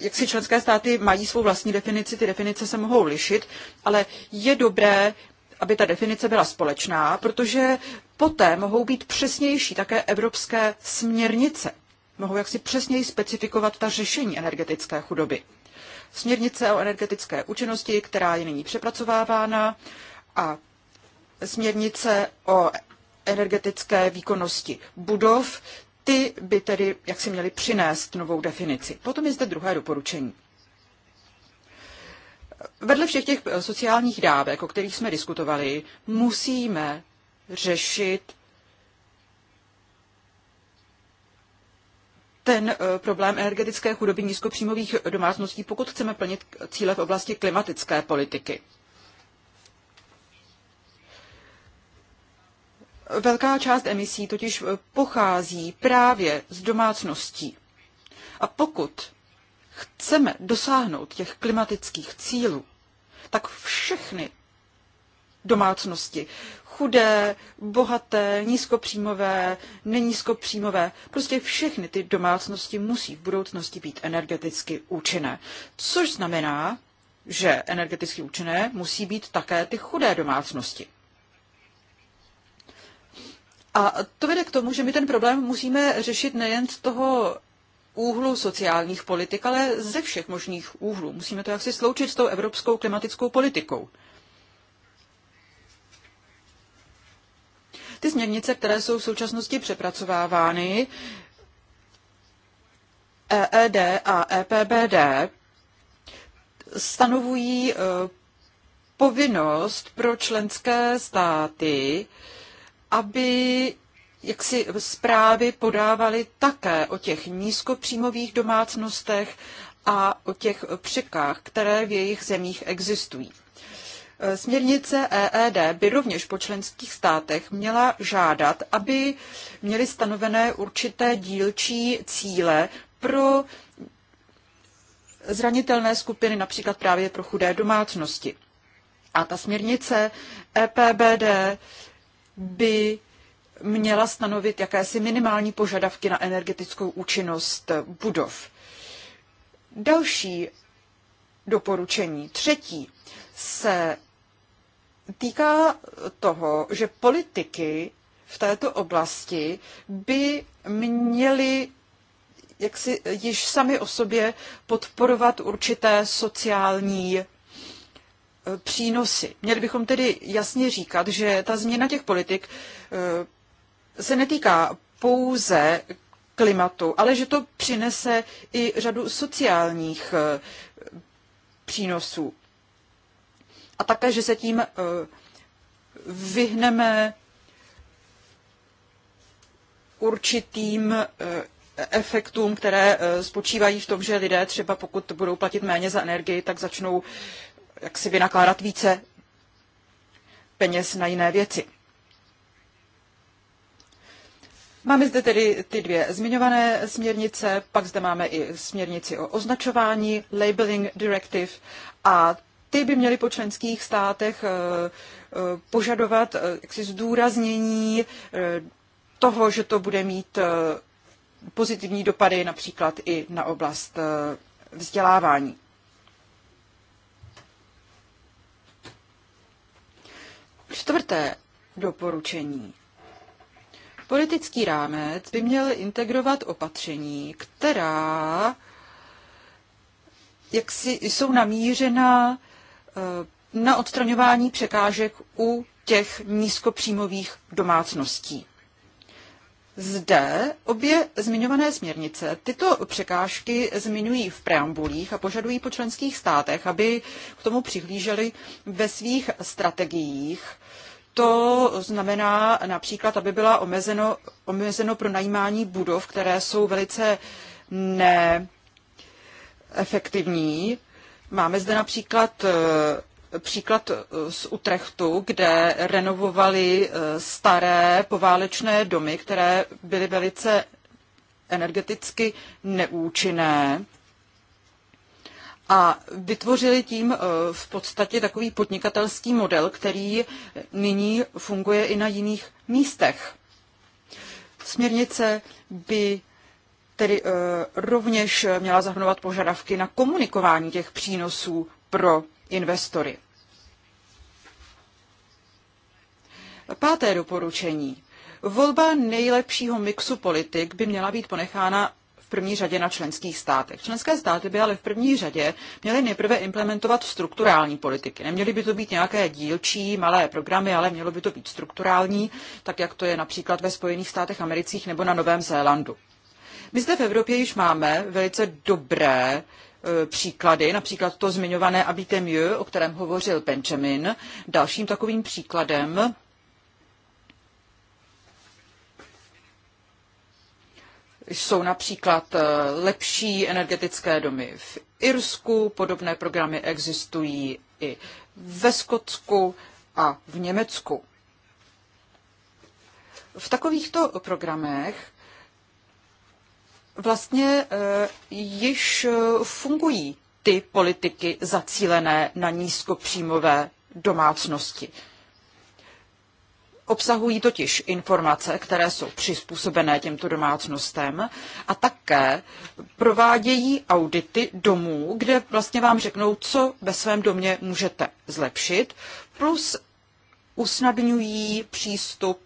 jak si členské státy mají svou vlastní definici, ty definice se mohou lišit, ale je dobré aby ta definice byla společná, protože poté mohou být přesnější také evropské směrnice. Mohou jaksi přesněji specifikovat ta řešení energetické chudoby. Směrnice o energetické účinnosti, která je nyní přepracovávána, a směrnice o energetické výkonnosti budov, ty by tedy jak si měly přinést novou definici. Potom je zde druhé doporučení vedle všech těch eh, sociálních dávek, o kterých jsme diskutovali, musíme řešit ten eh, problém energetické chudoby nízkopříjmových domácností, pokud chceme plnit cíle v oblasti klimatické politiky. Velká část emisí totiž eh, pochází právě z domácností. A pokud chceme dosáhnout těch klimatických cílů, tak všechny domácnosti, chudé, bohaté, nízkopříjmové, nenízkopříjmové, prostě všechny ty domácnosti musí v budoucnosti být energeticky účinné. Což znamená, že energeticky účinné musí být také ty chudé domácnosti. A to vede k tomu, že my ten problém musíme řešit nejen z toho úhlu sociálních politik, ale ze všech možných úhlů. Musíme to jaksi sloučit s tou evropskou klimatickou politikou. Ty směrnice, které jsou v současnosti přepracovávány, EED a EPBD, stanovují e, povinnost pro členské státy, aby jak si zprávy podávaly také o těch nízkopříjmových domácnostech a o těch překách, které v jejich zemích existují. E, směrnice EED by rovněž po členských státech měla žádat, aby měly stanovené určité dílčí cíle pro zranitelné skupiny, například právě pro chudé domácnosti. A ta směrnice EPBD by měla stanovit jakési minimální požadavky na energetickou účinnost budov. Další doporučení, třetí, se týká toho, že politiky v této oblasti by měly jak si již sami o sobě podporovat určité sociální eh, přínosy. Měli bychom tedy jasně říkat, že ta změna těch politik eh, se netýká pouze klimatu, ale že to přinese i řadu sociálních eh, přínosů. A také, že se tím eh, vyhneme určitým eh, efektům, které spočívají v tom, že lidé třeba pokud budou platit méně za energii, tak začnou jak si vynakládat více peněz na jiné věci. Máme zde tedy ty dvě zmiňované směrnice, pak zde máme i směrnici o označování, Labeling Directive, a ty by měly po členských státech eh, eh, požadovat eh, jaksi zdůraznění toho, že to bude mít pozitivní dopady například i na oblast vzdělávání. Čtvrté doporučení Politický rámec by měl integrovat opatření, která jak si, jsou namířena eh, na odstraňování překážek u těch nízkopříjmových domácností. Zde obě zmiňované směrnice tyto překážky zmiňují v preambulích a požadují po členských státech, aby k tomu přihlíželi ve svých strategiích to znamená například, aby byla omezeno, omezeno pro najímání budov, které jsou velice neefektivní. Máme zde například eh, příklad eh, z Utrechtu, kde renovovali eh, staré poválečné domy, které byly velice energeticky neúčinné a vytvořili tím eh, v podstatě takový podnikatelský model, který nyní funguje i na jiných místech. Směrnice by tedy eh, rovněž měla zahrnovat požadavky na komunikování těch přínosů pro investory. Páté doporučení. Volba nejlepšího mixu politik by měla být ponechána v první řadě na členských státech. Členské státy by ale v první řadě měly nejprve implementovat strukturální politiky. Neměly by to být nějaké dílčí, malé programy, ale mělo by to být strukturální, tak jak to je například ve Spojených státech amerických nebo na Novém Zélandu. My zde v Evropě již máme velice dobré e, příklady, například to zmiňované Abitemie, o kterém hovořil Benjamin. Dalším takovým příkladem jsou například eh, lepší energetické domy v Irsku, podobné programy existují i ve Skotsku a v Německu. V takovýchto programech vlastně eh, již eh, fungují ty politiky zacílené na nízkopříjmové domácnosti. Obsahují totiž informace, které jsou přizpůsobené těmto domácnostem a také provádějí audity domů, kde vlastně vám řeknou, co ve svém domě můžete zlepšit, plus usnadňují přístup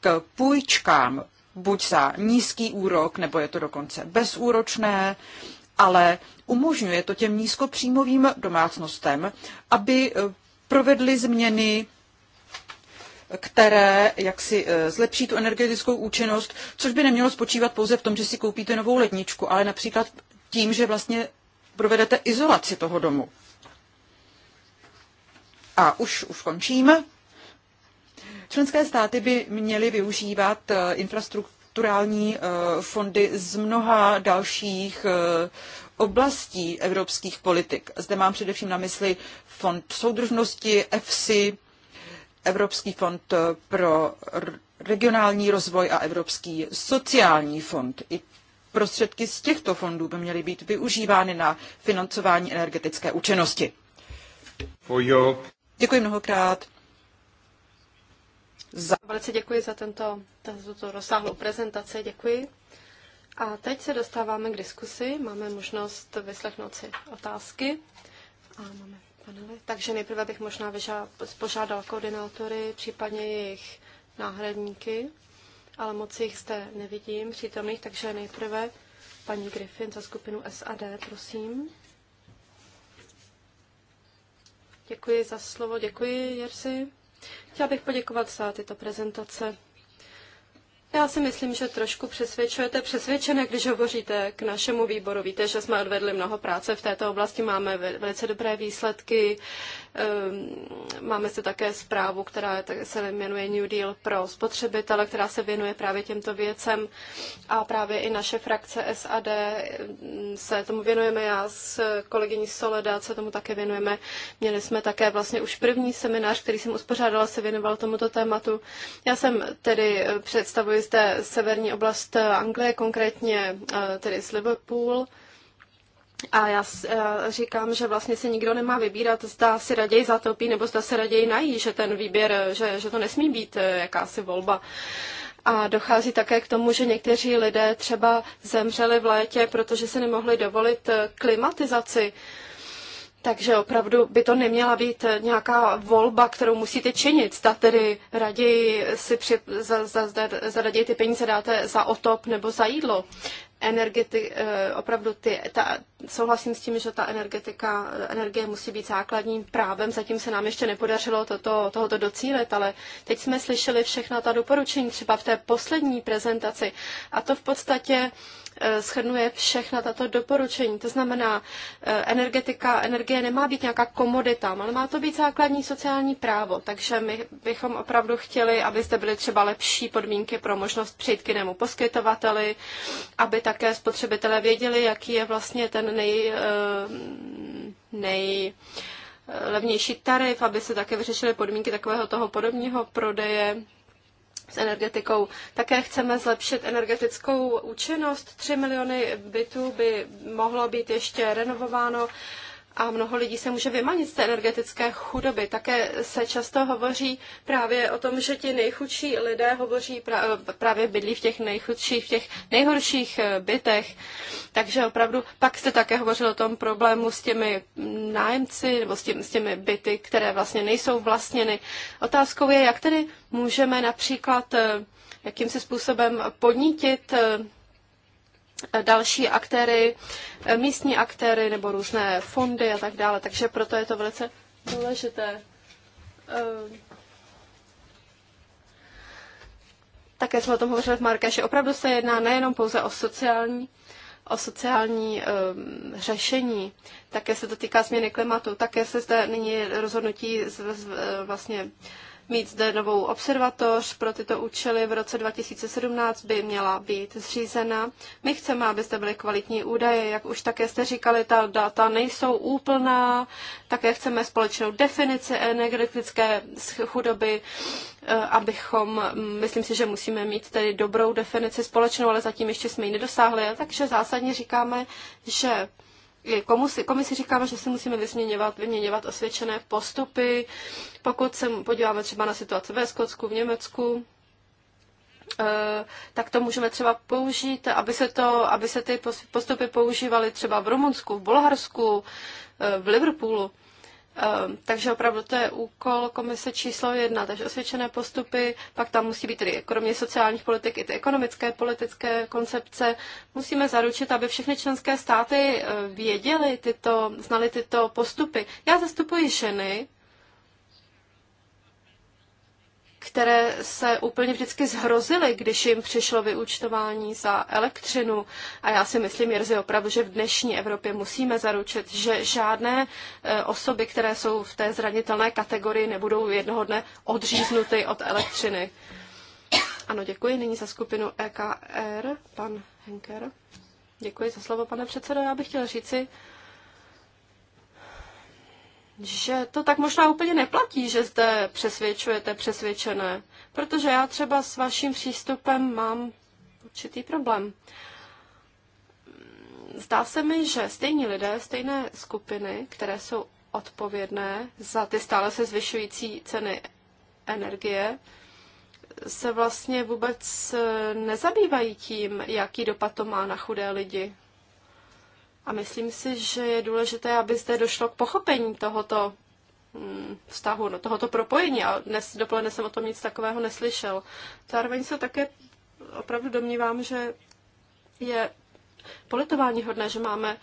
k půjčkám, buď za nízký úrok, nebo je to dokonce bezúročné, ale umožňuje to těm nízkopříjmovým domácnostem, aby eh, provedli změny které jaksi eh, zlepší tu energetickou účinnost, což by nemělo spočívat pouze v tom, že si koupíte novou ledničku, ale například tím, že vlastně provedete izolaci toho domu. A už, už končím. Členské státy by měly využívat eh, infrastrukturální eh, fondy z mnoha dalších oblastí evropských politik. Zde mám především na mysli fond soudržnosti, EFSI, Evropský fond pro regionální rozvoj a Evropský sociální fond. I prostředky z těchto fondů by měly být využívány na financování energetické účinnosti. Děkuji mnohokrát. Za... Velice děkuji za tento, tuto rozsáhlou prezentaci. Děkuji. A teď se dostáváme k diskusi. Máme možnost vyslechnout si otázky. A máme panely. Takže nejprve bych možná požádal koordinátory, případně jejich náhradníky, ale moc jich zde nevidím přítomných, takže nejprve paní Griffin za skupinu SAD, prosím. Děkuji za slovo, děkuji Jersi. Chtěla bych poděkovat za tyto prezentace. Já si myslím, že trošku přesvědčujete přesvědčené, když hovoříte k našemu výboru. Víte, že jsme odvedli mnoho práce v této oblasti, máme velice dobré výsledky, Ehm, máme se také zprávu, která se jmenuje New Deal pro spotřebitele, která se věnuje právě těmto věcem a právě i naše frakce SAD ehm, se tomu věnujeme. Já s kolegyní Soledad se tomu také věnujeme. Měli jsme také vlastně už první seminář, který jsem uspořádala, se věnoval tomuto tématu. Já jsem tedy eh, představuji zde severní oblast Anglie, konkrétně eh, tedy z Liverpool. A já, eh, říkám, že vlastně se nikdo nemá vybírat, zda si raději zatopí nebo zda se raději nají, že ten výběr, eh, že, že to nesmí být eh, jakási volba. A dochází také k tomu, že někteří lidé třeba zemřeli v létě, protože si nemohli dovolit klimatizaci. Takže opravdu by to neměla být nějaká volba, kterou musíte činit. Zda tedy raději si při, za, za, za, za raději ty peníze dáte za otop nebo za jídlo energeti, eh, opravdu ty, ta, souhlasím s tím, že ta energetika, energie musí být základním právem. Zatím se nám ještě nepodařilo toto, tohoto docílit, ale teď jsme slyšeli všechna ta doporučení třeba v té poslední prezentaci a to v podstatě Eh, schrnuje všechna tato doporučení. To znamená, eh, energetika, energie nemá být nějaká komodita, ale má to být základní sociální právo. Takže my bychom opravdu chtěli, aby zde byly třeba lepší podmínky pro možnost přijít k jinému poskytovateli, aby také spotřebitelé věděli, jaký je vlastně ten nej, eh, nej levnější tarif, aby se také vyřešily podmínky takového toho podobního prodeje s energetikou. Také chceme zlepšit energetickou účinnost. 3 miliony bytů by mohlo být ještě renovováno a mnoho lidí se může vymanit z té energetické chudoby. Také se často hovoří právě o tom, že ti nejchudší lidé hovoří právě bydlí v těch nejchudších, v těch nejhorších eh, bytech. Takže opravdu pak jste také hovořil o tom problému s těmi nájemci nebo s, tím, s těmi byty, které vlastně nejsou vlastněny. Otázkou je, jak tedy můžeme například eh, jakým způsobem podnítit eh, další aktéry, eh, místní aktéry nebo různé fondy a tak dále. Takže proto je to velice důležité. Eh, také jsme o tom hovořili v že Opravdu se jedná nejenom pouze o sociální, o sociální um, řešení. Také se to týká změny klimatu. Také se zde nyní rozhodnutí z, z, vlastně uh, mít zde novou observatoř pro tyto účely. V roce 2017 by měla být zřízena. My chceme, aby zde byly kvalitní údaje, jak už také jste říkali, ta data nejsou úplná. Také chceme společnou definici energetické chudoby, eh, abychom, mm, myslím si, že musíme mít tedy dobrou definici společnou, ale zatím ještě jsme ji nedosáhli. Takže zásadně říkáme, že komu komu si říkáme, že si musíme vysměňovat, vyměňovat osvědčené postupy. Pokud se podíváme třeba na situaci ve Skotsku, v Německu, eh, tak to můžeme třeba použít, aby se, to, aby se ty postupy používaly třeba v Rumunsku, v Bulharsku, eh, v Liverpoolu. Ehm, takže opravdu to je úkol komise číslo jedna, takže osvědčené postupy, pak tam musí být tedy kromě sociálních politik i ty ekonomické politické koncepce. Musíme zaručit, aby všechny členské státy eh, věděly tyto, znali tyto postupy. Já zastupuji ženy, které se úplně vždycky zhrozily, když jim přišlo vyúčtování za elektřinu. A já si myslím, Jerzy, opravdu, že v dnešní Evropě musíme zaručit, že žádné e, osoby, které jsou v té zranitelné kategorii, nebudou jednoho dne odříznuty od elektřiny. Ano, děkuji. Nyní za skupinu EKR, pan Henker. Děkuji za slovo, pane předsedo. Já bych chtěl říci, že to tak možná úplně neplatí, že zde přesvědčujete přesvědčené, protože já třeba s vaším přístupem mám určitý problém. Zdá se mi, že stejní lidé, stejné skupiny, které jsou odpovědné za ty stále se zvyšující ceny energie, se vlastně vůbec eh, nezabývají tím, jaký dopad to má na chudé lidi. A myslím si, že je důležité, aby zde došlo k pochopení tohoto mm, vztahu, no, tohoto propojení. A dnes dopoledne jsem o tom nic takového neslyšel. Zároveň se také opravdu domnívám, že je politování hodné, že máme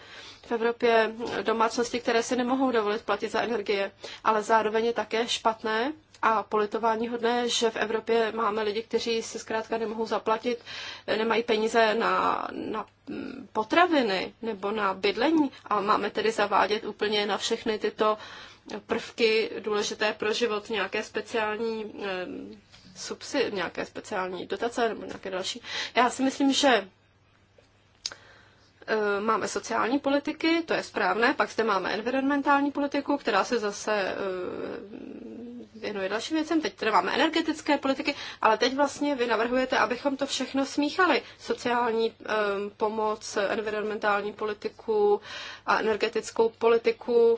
v Evropě domácnosti, které si nemohou dovolit platit za energie, ale zároveň je také špatné, a politování hodné, že v Evropě máme lidi, kteří si zkrátka nemohou zaplatit, nemají peníze na, na potraviny nebo na bydlení a máme tedy zavádět úplně na všechny tyto prvky důležité pro život nějaké speciální eh, subsy, nějaké speciální dotace nebo nějaké další. Já si myslím, že máme sociální politiky, to je správné, pak zde máme environmentální politiku, která se zase věnuje dalším věcem. Teď tady máme energetické politiky, ale teď vlastně vy navrhujete, abychom to všechno smíchali. Sociální um, pomoc, environmentální politiku a energetickou politiku.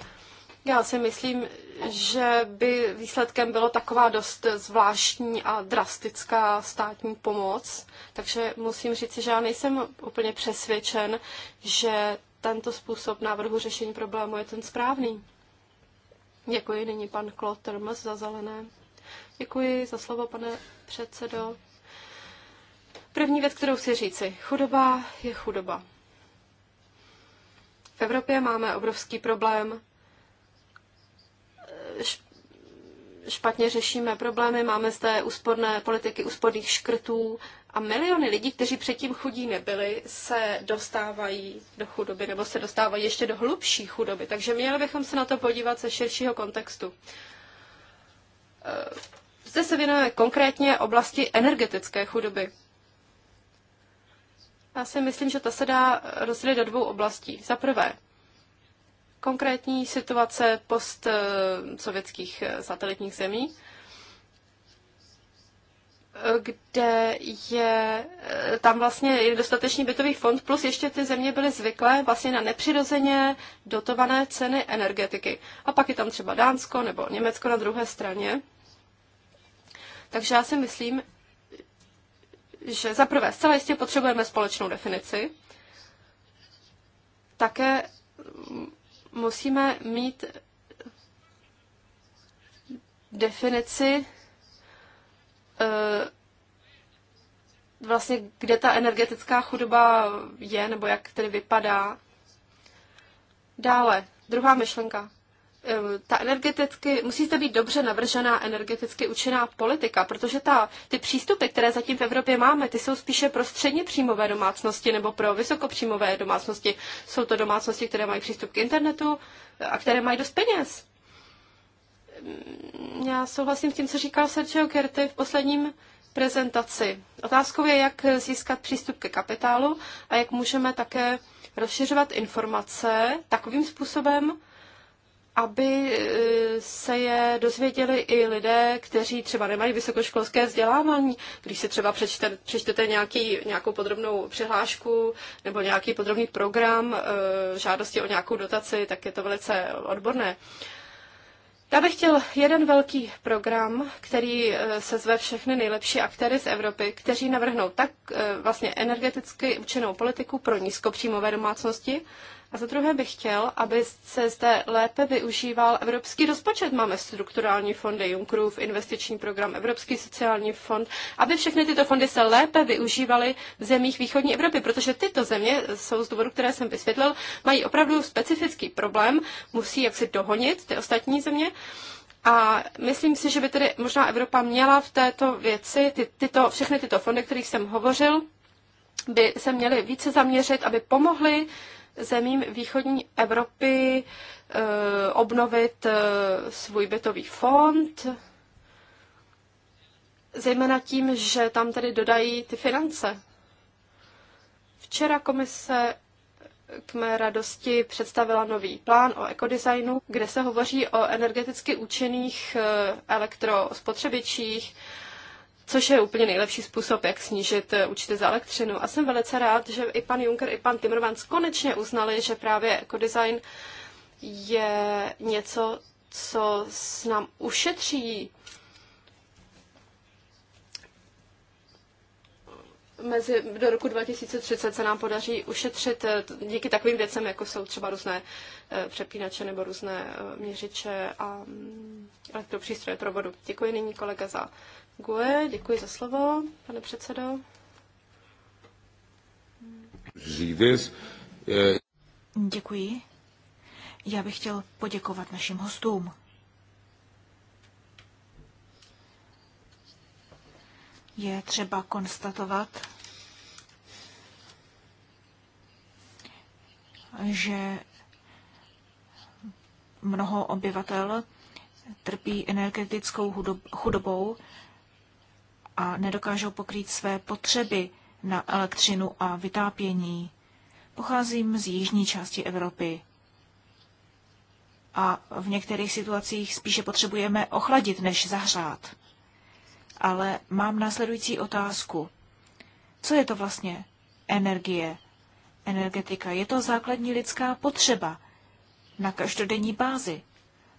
Já si myslím, že by výsledkem bylo taková dost zvláštní a drastická státní pomoc, takže musím říct, že já nejsem úplně přesvědčen, že tento způsob návrhu řešení problému je ten správný. Děkuji, nyní pan Klotrms za zelené. Děkuji za slovo, pane předsedo. První věc, kterou chci říci. Chudoba je chudoba. V Evropě máme obrovský problém špatně řešíme problémy, máme té úsporné politiky úsporných škrtů a miliony lidí, kteří předtím chudí nebyli, se dostávají do chudoby nebo se dostávají ještě do hlubší chudoby. Takže měli bychom se na to podívat ze širšího kontextu. Eh, zde se věnujeme konkrétně oblasti energetické chudoby. Já si myslím, že ta se dá rozdělit do dvou oblastí. Za prvé, konkrétní situace postsovětských eh, eh, satelitních zemí, eh, kde je tam vlastně je dostatečný bytový fond, plus ještě ty země byly zvyklé vlastně na nepřirozeně dotované ceny energetiky. A pak je tam třeba Dánsko nebo Německo na druhé straně. Takže já si myslím, že za prvé zcela jistě potřebujeme společnou definici, také musíme mít definici eh, vlastně, kde ta energetická chudoba je, nebo jak tedy vypadá. Dále, druhá myšlenka. Ehm, ta energeticky, musí to být dobře navržená energeticky učená politika, protože ta, ty přístupy, které zatím v Evropě máme, ty jsou spíše pro středně příjmové domácnosti nebo pro vysokopříjmové domácnosti. Jsou to domácnosti, které mají přístup k internetu a které mají dost peněz. Ehm, já souhlasím s tím, co říkal Sergio Kerty v posledním prezentaci. Otázkou je, jak získat přístup ke kapitálu a jak můžeme také rozšiřovat informace takovým způsobem, aby eh, se je dozvěděli i lidé, kteří třeba nemají vysokoškolské vzdělávání. Když si třeba přečtete, přečtete nějaký, nějakou podrobnou přihlášku nebo nějaký podrobný program eh, žádosti o nějakou dotaci, tak je to velice odborné. Já bych chtěl jeden velký program, který eh, se zve všechny nejlepší aktéry z Evropy, kteří navrhnou tak vlastně energeticky účinnou politiku pro nízkopříjmové domácnosti, a za druhé bych chtěl, aby se zde lépe využíval evropský rozpočet. Máme strukturální fondy, Junckerův investiční program, Evropský sociální fond, aby všechny tyto fondy se lépe využívaly v zemích východní Evropy, protože tyto země jsou z důvodu, které jsem vysvětlil, mají opravdu specifický problém, musí jaksi dohonit ty ostatní země. A myslím si, že by tedy možná Evropa měla v této věci ty, tyto, všechny tyto fondy, kterých jsem hovořil, by se měly více zaměřit, aby pomohly zemím východní Evropy eh, obnovit eh, svůj bytový fond, zejména tím, že tam tedy dodají ty finance. Včera komise k mé radosti představila nový plán o ekodesignu, kde se hovoří o energeticky účinných eh, elektrospotřebičích což je úplně nejlepší způsob, jak snížit eh, účty za elektřinu. A jsem velice rád, že i pan Juncker, i pan Timmermans konečně uznali, že právě ekodesign je něco, co s nám ušetří mezi, do roku 2030 se nám podaří ušetřit eh, díky takovým věcem, jako jsou třeba různé eh, přepínače nebo různé měřiče a mm, elektropřístroje pro vodu. Děkuji nyní kolega za GUE, děkuji za slovo, pane předsedo. Děkuji. Já bych chtěl poděkovat našim hostům. Je třeba konstatovat, že mnoho obyvatel trpí energetickou chudobou a nedokážou pokrýt své potřeby na elektřinu a vytápění. Pocházím z jižní části Evropy a v některých situacích spíše potřebujeme ochladit, než zahřát. Ale mám následující otázku. Co je to vlastně energie? Energetika je to základní lidská potřeba na každodenní bázi.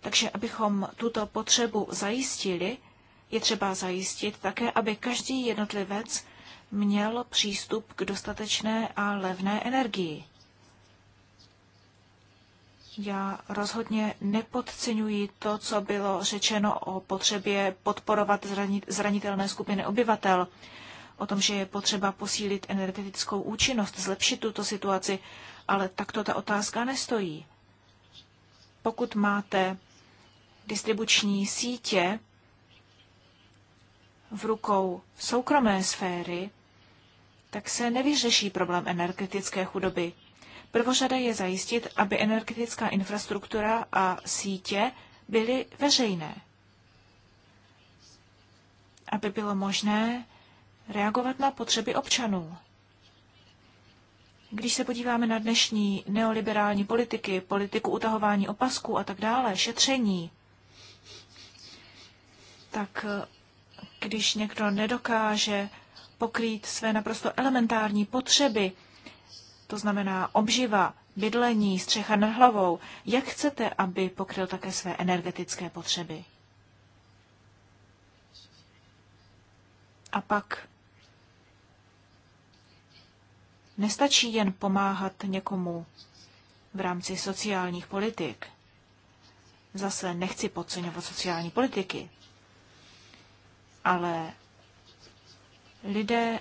Takže abychom tuto potřebu zajistili, je třeba zajistit také, aby každý jednotlivec měl přístup k dostatečné a levné energii. Já rozhodně nepodceňuji to, co bylo řečeno o potřebě podporovat zranitelné skupiny obyvatel, o tom, že je potřeba posílit energetickou účinnost, zlepšit tuto situaci, ale takto ta otázka nestojí. Pokud máte distribuční sítě, v rukou soukromé sféry, tak se nevyřeší problém energetické chudoby. Prvořada je zajistit, aby energetická infrastruktura a sítě byly veřejné, aby bylo možné reagovat na potřeby občanů. Když se podíváme na dnešní neoliberální politiky, politiku utahování opasků a tak dále, šetření, tak když někdo nedokáže pokrýt své naprosto elementární potřeby, to znamená obživa, bydlení, střecha nad hlavou, jak chcete, aby pokryl také své energetické potřeby? A pak nestačí jen pomáhat někomu v rámci sociálních politik. Zase nechci podceňovat sociální politiky ale lidé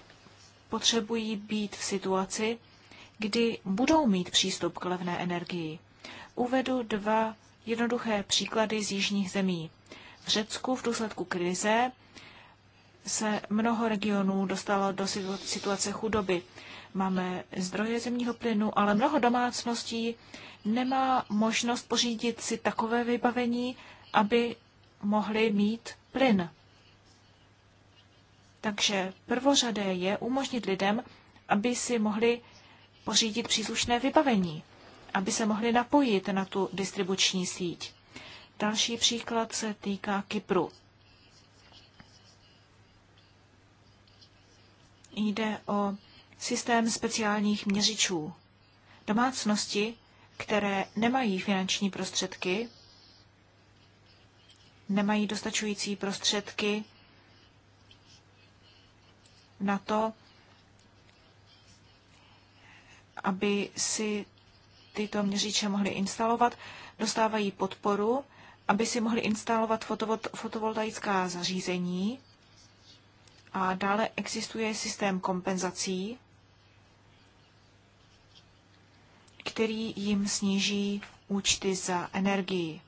potřebují být v situaci, kdy budou mít přístup k levné energii. Uvedu dva jednoduché příklady z jižních zemí. V Řecku v důsledku krize se mnoho regionů dostalo do situace chudoby. Máme zdroje zemního plynu, ale mnoho domácností nemá možnost pořídit si takové vybavení, aby mohli mít plyn. Takže prvořadé je umožnit lidem, aby si mohli pořídit příslušné vybavení, aby se mohli napojit na tu distribuční síť. Další příklad se týká Kypru. Jde o systém speciálních měřičů. Domácnosti, které nemají finanční prostředky, nemají dostačující prostředky na to, aby si tyto měřiče mohly instalovat, dostávají podporu, aby si mohli instalovat fotovoltaická zařízení a dále existuje systém kompenzací, který jim sníží účty za energii.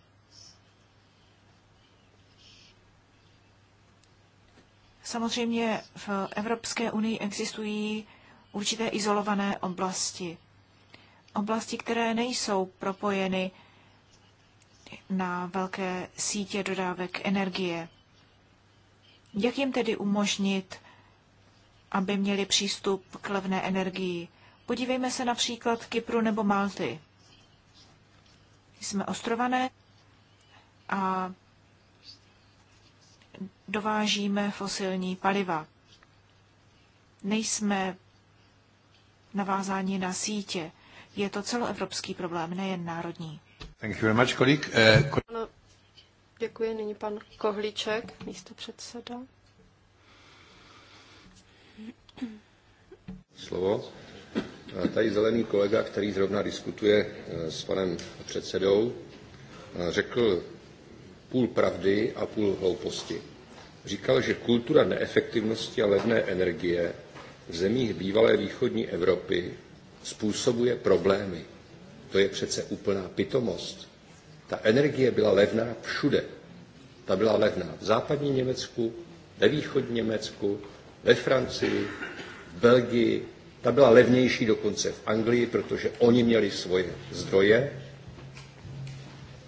Samozřejmě v Evropské unii existují určité izolované oblasti. Oblasti, které nejsou propojeny na velké sítě dodávek energie. Jak jim tedy umožnit, aby měli přístup k levné energii? Podívejme se například Kypru nebo Malty. Jsme ostrované a dovážíme fosilní paliva. Nejsme navázáni na sítě. Je to celoevropský problém, nejen národní. Thank you very much, eh, děkuji. Nyní pan Kohlíček, místo předseda. Slovo. Eh, tady zelený kolega, který zrovna diskutuje eh, s panem předsedou, řekl půl pravdy a půl hlouposti říkal, že kultura neefektivnosti a levné energie v zemích bývalé východní Evropy způsobuje problémy. To je přece úplná pitomost. Ta energie byla levná všude. Ta byla levná v západní Německu, ve východní Německu, ve Francii, v Belgii. Ta byla levnější dokonce v Anglii, protože oni měli svoje zdroje.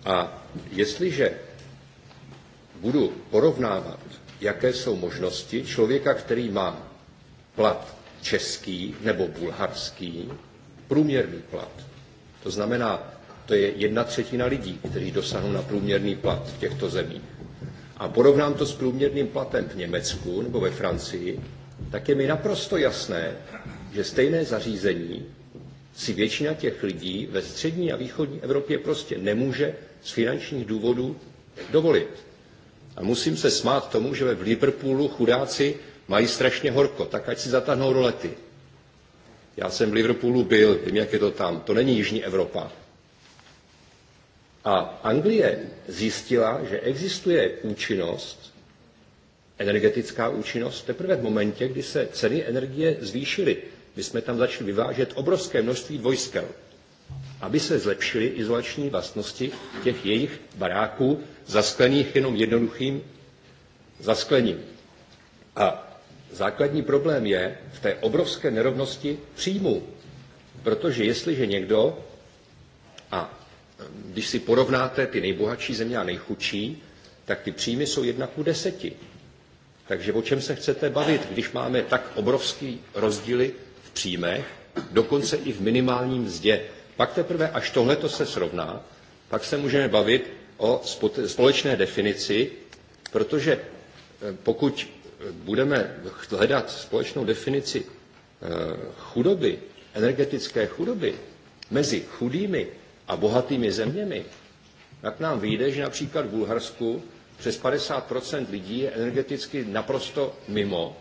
A jestliže budu porovnávat jaké jsou možnosti člověka, který má plat český nebo bulharský, průměrný plat. To znamená, to je jedna třetina lidí, kteří dosáhnou na průměrný plat v těchto zemích. A porovnám to s průměrným platem v Německu nebo ve Francii, tak je mi naprosto jasné, že stejné zařízení si většina těch lidí ve střední a východní Evropě prostě nemůže z finančních důvodů dovolit. A musím se smát tomu, že v Liverpoolu chudáci mají strašně horko, tak ať si zatáhnou rolety. Já jsem v Liverpoolu byl, vím, jak je to tam. To není Jižní Evropa. A Anglie zjistila, že existuje účinnost, energetická účinnost, teprve v momentě, kdy se ceny energie zvýšily. My jsme tam začali vyvážet obrovské množství dvojskel aby se zlepšily izolační vlastnosti těch jejich baráků, zasklených jenom jednoduchým zasklením. A základní problém je v té obrovské nerovnosti příjmů. Protože jestliže někdo, a když si porovnáte ty nejbohatší země a nejchudší, tak ty příjmy jsou jedna ku deseti. Takže o čem se chcete bavit, když máme tak obrovský rozdíly v příjmech, dokonce i v minimálním mzdě. Pak teprve, až tohleto se srovná, pak se můžeme bavit o společné definici, protože eh, pokud eh, budeme hledat společnou definici eh, chudoby, energetické chudoby mezi chudými a bohatými zeměmi, tak nám vyjde, že například v Bulharsku přes 50 lidí je energeticky naprosto mimo,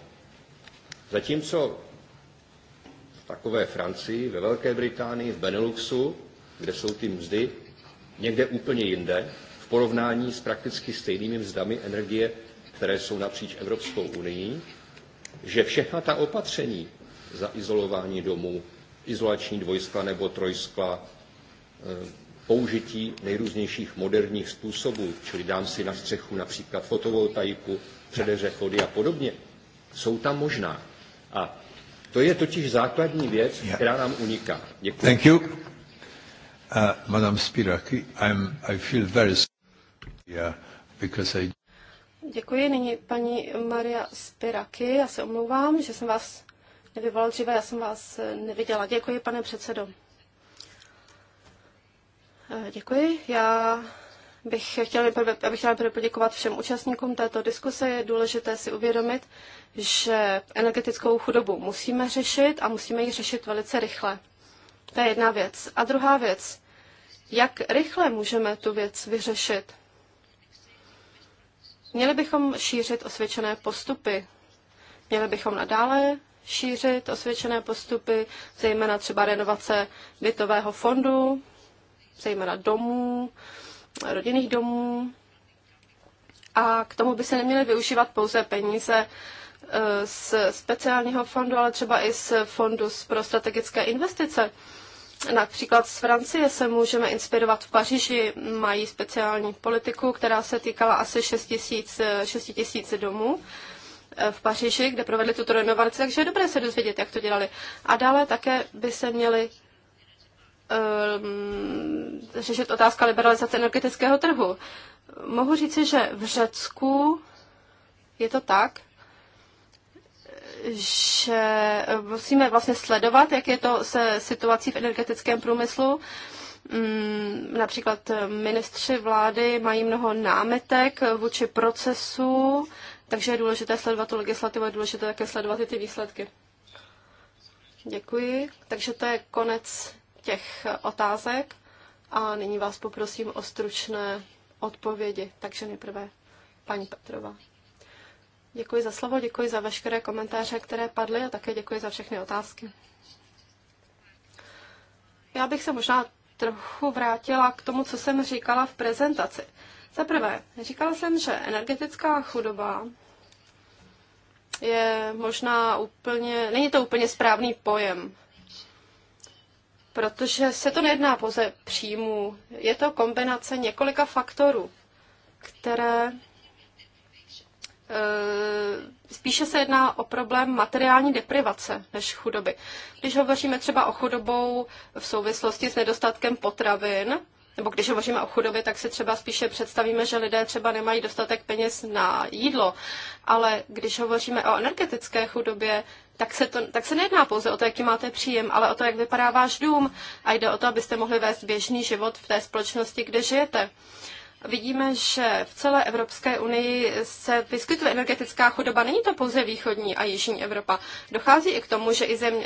zatímco takové Francii, ve Velké Británii, v Beneluxu, kde jsou ty mzdy někde úplně jinde, v porovnání s prakticky stejnými mzdami energie, které jsou napříč Evropskou unii, že všechna ta opatření za izolování domů, izolační dvojskla nebo trojskla, eh, použití nejrůznějších moderních způsobů, čili dám si na střechu například fotovoltaiku, předeře chody a podobně, jsou tam možná. A to je totiž základní věc, yeah. která nám uniká. Děkuji. Thank you. Uh, Madame Spiraki, I'm, I feel very yeah, because I... Děkuji. Nyní paní Maria Spiraki. Já se omlouvám, že jsem vás nevyvolal dříve, já jsem vás eh, neviděla. Děkuji, pane předsedo. Eh, děkuji. Já bych chtěla nejprve, abych chtěla nejprve poděkovat všem účastníkům této diskuse. Je důležité si uvědomit, že energetickou chudobu musíme řešit a musíme ji řešit velice rychle. To je jedna věc. A druhá věc, jak rychle můžeme tu věc vyřešit? Měli bychom šířit osvědčené postupy. Měli bychom nadále šířit osvědčené postupy, zejména třeba renovace bytového fondu, zejména domů, rodinných domů a k tomu by se neměly využívat pouze peníze eh, z speciálního fondu, ale třeba i z fondu pro strategické investice. Například z Francie se můžeme inspirovat. V Paříži mají speciální politiku, která se týkala asi 6 eh, tisíc, domů eh, v Paříži, kde provedli tuto renovaci, takže je dobré se dozvědět, jak to dělali. A dále také by se měly Um, řešit otázka liberalizace energetického trhu. Mohu říci, že v Řecku je to tak, že musíme vlastně sledovat, jak je to se situací v energetickém průmyslu. Mm, například ministři vlády mají mnoho námetek vůči procesu, takže je důležité sledovat tu legislativu, je důležité také sledovat i ty výsledky. Děkuji. Takže to je konec těch otázek a nyní vás poprosím o stručné odpovědi. Takže nejprve paní Petrova. Děkuji za slovo, děkuji za veškeré komentáře, které padly a také děkuji za všechny otázky. Já bych se možná trochu vrátila k tomu, co jsem říkala v prezentaci. Za prvé, říkala jsem, že energetická chudoba je možná úplně, není to úplně správný pojem protože se to nejedná pouze příjmů, je to kombinace několika faktorů, které eh, spíše se jedná o problém materiální deprivace než chudoby. Když hovoříme třeba o chudobou v souvislosti s nedostatkem potravin, nebo když hovoříme o chudobě, tak si třeba spíše představíme, že lidé třeba nemají dostatek peněz na jídlo. Ale když hovoříme o energetické chudobě, tak se, to, tak se nejedná pouze o to, jaký máte příjem, ale o to, jak vypadá váš dům. A jde o to, abyste mohli vést běžný život v té společnosti, kde žijete. Uh, vidíme, že v celé Evropské unii se vyskytuje energetická chudoba. Není to pouze východní a jižní Evropa. Dochází i k tomu, že i země,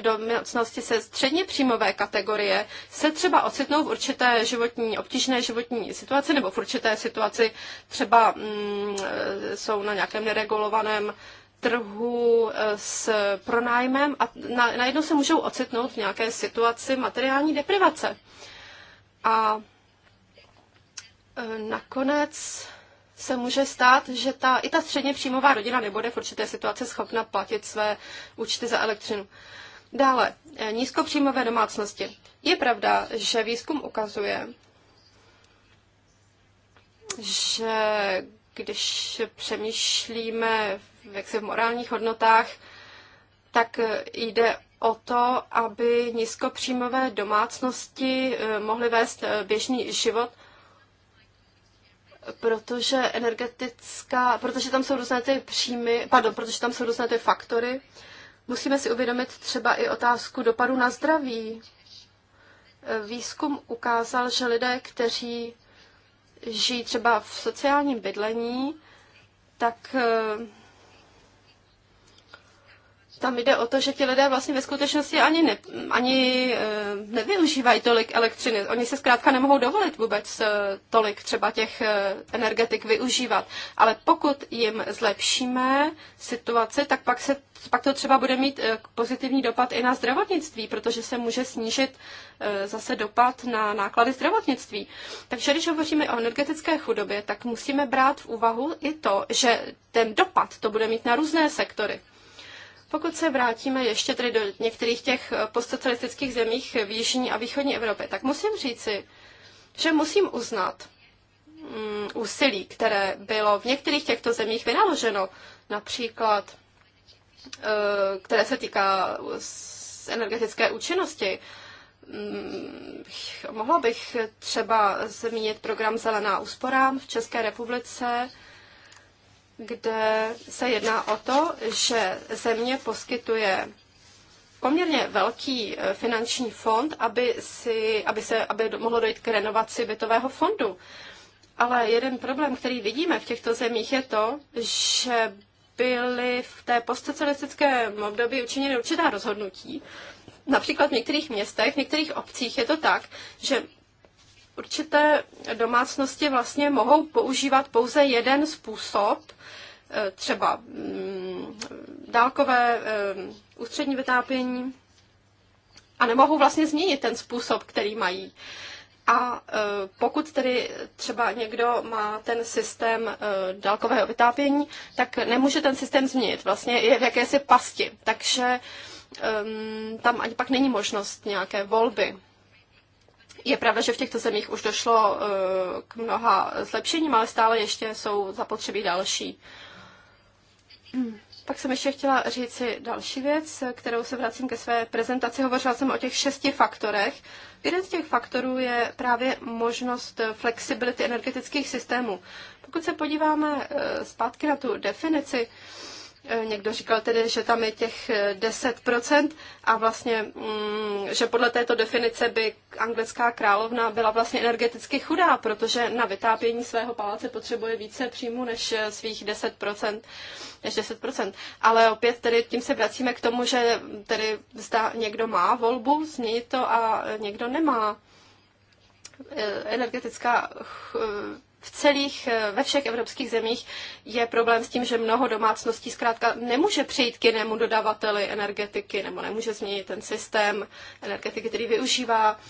do domácnosti se středně příjmové kategorie se třeba ocitnou v určité životní, obtížné životní situaci nebo v určité situaci třeba mm, jsou na nějakém neregulovaném trhu eh, s pronájmem a najednou na se můžou ocitnout v nějaké situaci materiální deprivace. A Eh, nakonec se může stát, že ta, i ta středně příjmová rodina nebude v určité situaci schopna platit své účty za elektřinu. Dále, eh, nízkopříjmové domácnosti. Je pravda, že výzkum ukazuje, že když přemýšlíme jaksi v morálních hodnotách, tak eh, jde o to, aby nízkopříjmové domácnosti mohly vést běžný život protože energetická, protože tam jsou různé ty příjmy, pardon, protože tam jsou různé ty faktory, musíme si uvědomit třeba i otázku dopadu na zdraví. Výzkum ukázal, že lidé, kteří žijí třeba v sociálním bydlení, tak eh, tam jde o to, že ti lidé vlastně ve skutečnosti ani, ne, ani eh, nevyužívají tolik elektřiny. Oni se zkrátka nemohou dovolit vůbec eh, tolik třeba těch eh, energetik využívat. Ale pokud jim zlepšíme situaci, tak pak, se, pak to třeba bude mít pozitivní dopad i na zdravotnictví, protože se může snížit zase dopad na náklady zdravotnictví. Takže když hovoříme o energetické chudobě, tak musíme brát v úvahu i to, že ten dopad to bude mít na různé sektory. Pokud se vrátíme ještě tedy do některých těch eh, postsocialistických zemích v jižní a východní Evropě, tak musím říci, že musím uznat mm, úsilí, které bylo v některých těchto zemích vynaloženo, například eh, které se týká energetické účinnosti. Mm, Mohla bych třeba zmínit program Zelená úsporám v České republice, kde se jedná o to, že země poskytuje poměrně velký eh, finanční fond, aby, si, aby, se, aby mohlo dojít k renovaci bytového fondu. Ale jeden problém, který vidíme v těchto zemích, je to, že byly v té postsocialistickém období učiněny určitá rozhodnutí. Například v některých městech, v některých obcích je to tak, že určité domácnosti vlastně mohou používat pouze jeden způsob, e, třeba mm, dálkové e, ústřední vytápění, a nemohou vlastně změnit ten způsob, který mají. A e, pokud tedy třeba někdo má ten systém dálkového vytápění, tak nemůže ten systém změnit. Vlastně je v jakési pasti. Takže tam ani pak není možnost nějaké volby. Je pravda, že v těchto zemích už došlo eh, k mnoha zlepšením, ale stále ještě jsou zapotřebí další. Hmm. Pak jsem ještě chtěla říci další věc, kterou se vracím ke své prezentaci. Hovořila jsem o těch šesti faktorech. Jeden z těch faktorů je právě možnost flexibility energetických systémů. Pokud se podíváme eh, zpátky na tu definici, Eh, někdo říkal tedy, že tam je těch 10% eh, a vlastně, mm, že podle této definice by anglická královna byla vlastně energeticky chudá, protože na vytápění svého paláce potřebuje více příjmu než eh, svých 10%. Než 10%. Ale opět tedy tím se vracíme k tomu, že tedy zda někdo má volbu změnit to a někdo nemá energetická v celých, eh, ve všech evropských zemích je problém s tím, že mnoho domácností zkrátka nemůže přijít k jinému dodavateli energetiky nebo nemůže změnit ten systém energetiky, který využívá.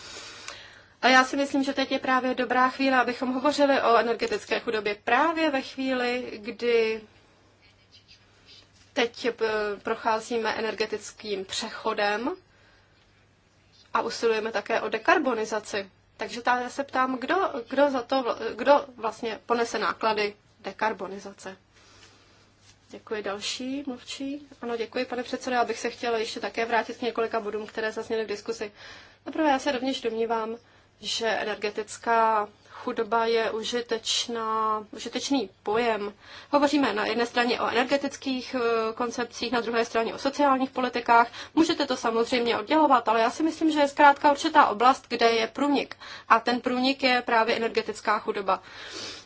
A já si myslím, že teď je právě dobrá chvíle, abychom hovořili o energetické chudobě právě ve chvíli, kdy teď eh, procházíme energetickým přechodem a usilujeme také o dekarbonizaci. Takže tady se ptám, kdo, kdo, za to, kdo vlastně ponese náklady dekarbonizace. Děkuji další mluvčí. Ano, děkuji, pane předsedo. Já bych se chtěla ještě také vrátit k několika bodům, které zazněly v diskusi. Naprvé já se rovněž domnívám, že energetická chudoba je užitečná, užitečný pojem. Hovoříme na jedné straně o energetických eh, koncepcích, na druhé straně o sociálních politikách. Můžete to samozřejmě oddělovat, ale já si myslím, že je zkrátka určitá oblast, kde je průnik. A ten průnik je právě energetická chudoba.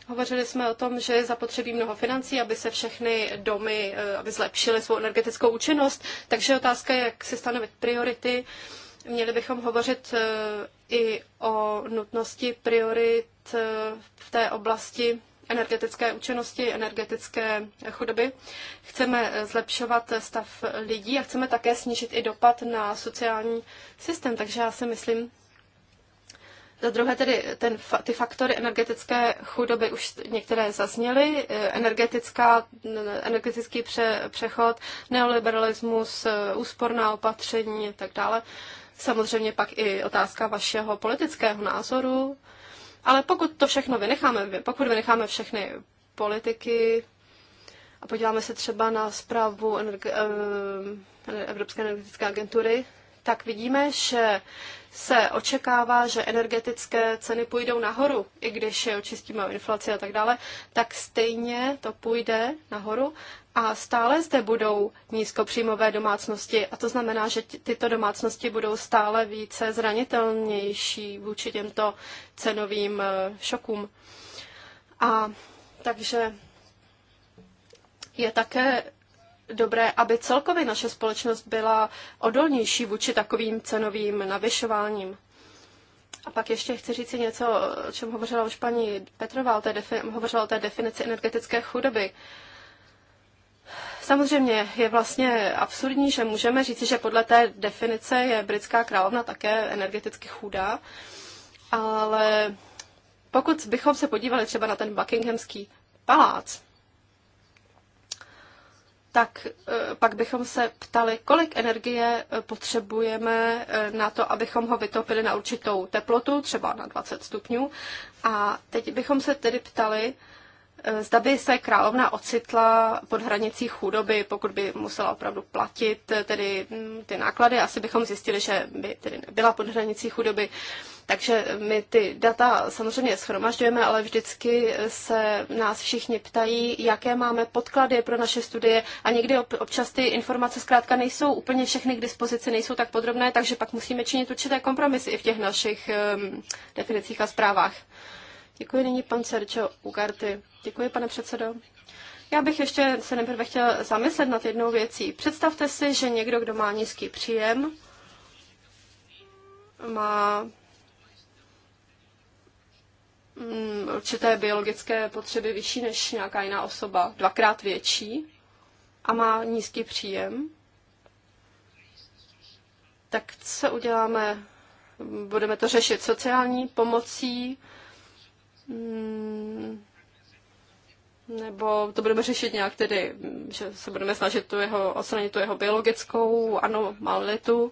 Hovořili jsme o tom, že zapotřebí mnoho financí, aby se všechny domy, eh, aby zlepšily svou energetickou účinnost. Takže otázka je, jak si stanovit priority Měli bychom hovořit eh, i o nutnosti priorit eh, v té oblasti energetické účinnosti, energetické chudoby. Chceme eh, zlepšovat stav lidí a chceme také snížit i dopad na sociální systém. Takže já si myslím, za druhé tedy ten, ty faktory energetické chudoby už některé zazněly. Energetická, energetický pře, přechod, neoliberalismus, úsporná opatření a tak dále. Samozřejmě pak i otázka vašeho politického názoru, ale pokud to všechno vynecháme, pokud vynecháme všechny politiky a podíváme se třeba na zprávu energe, eh, Evropské energetické agentury, tak vidíme, že se očekává, že energetické ceny půjdou nahoru, i když je očistíme o inflaci a tak dále, tak stejně to půjde nahoru a stále zde budou nízkopříjmové domácnosti a to znamená, že tyto domácnosti budou stále více zranitelnější vůči těmto cenovým eh, šokům. A takže je také dobré, aby celkově naše společnost byla odolnější vůči takovým cenovým navyšováním. A pak ještě chci říct něco, o čem hovořila už paní Petrová, o té hovořila o té definici energetické chudoby. Samozřejmě je vlastně absurdní, že můžeme říci, že podle té definice je britská královna také energeticky chudá, ale pokud bychom se podívali třeba na ten Buckinghamský palác, tak eh, pak bychom se ptali, kolik energie eh, potřebujeme eh, na to, abychom ho vytopili na určitou teplotu, třeba na 20 stupňů. A teď bychom se tedy ptali, Eh, zda by se královna ocitla pod hranicí chudoby, pokud by musela opravdu platit eh, tedy mm, ty náklady, asi bychom zjistili, že by tedy nebyla pod hranicí chudoby. Takže my ty data samozřejmě schromažďujeme, ale vždycky eh, se nás všichni ptají, jaké máme podklady pro naše studie a někdy občas ty informace zkrátka nejsou úplně všechny k dispozici, nejsou tak podrobné, takže pak musíme činit určité kompromisy i v těch našich um, definicích a zprávách. Děkuji nyní pan Sergio Ugarty. Děkuji, pane předsedo. Já bych ještě se nejprve chtěl zamyslet nad jednou věcí. Představte si, že někdo, kdo má nízký příjem, má mm, určité biologické potřeby vyšší než nějaká jiná osoba, dvakrát větší a má nízký příjem, tak co uděláme? Budeme to řešit sociální pomocí, Hmm. nebo to budeme řešit nějak tedy, že se budeme snažit tu jeho, odstranit tu jeho biologickou anomalitu.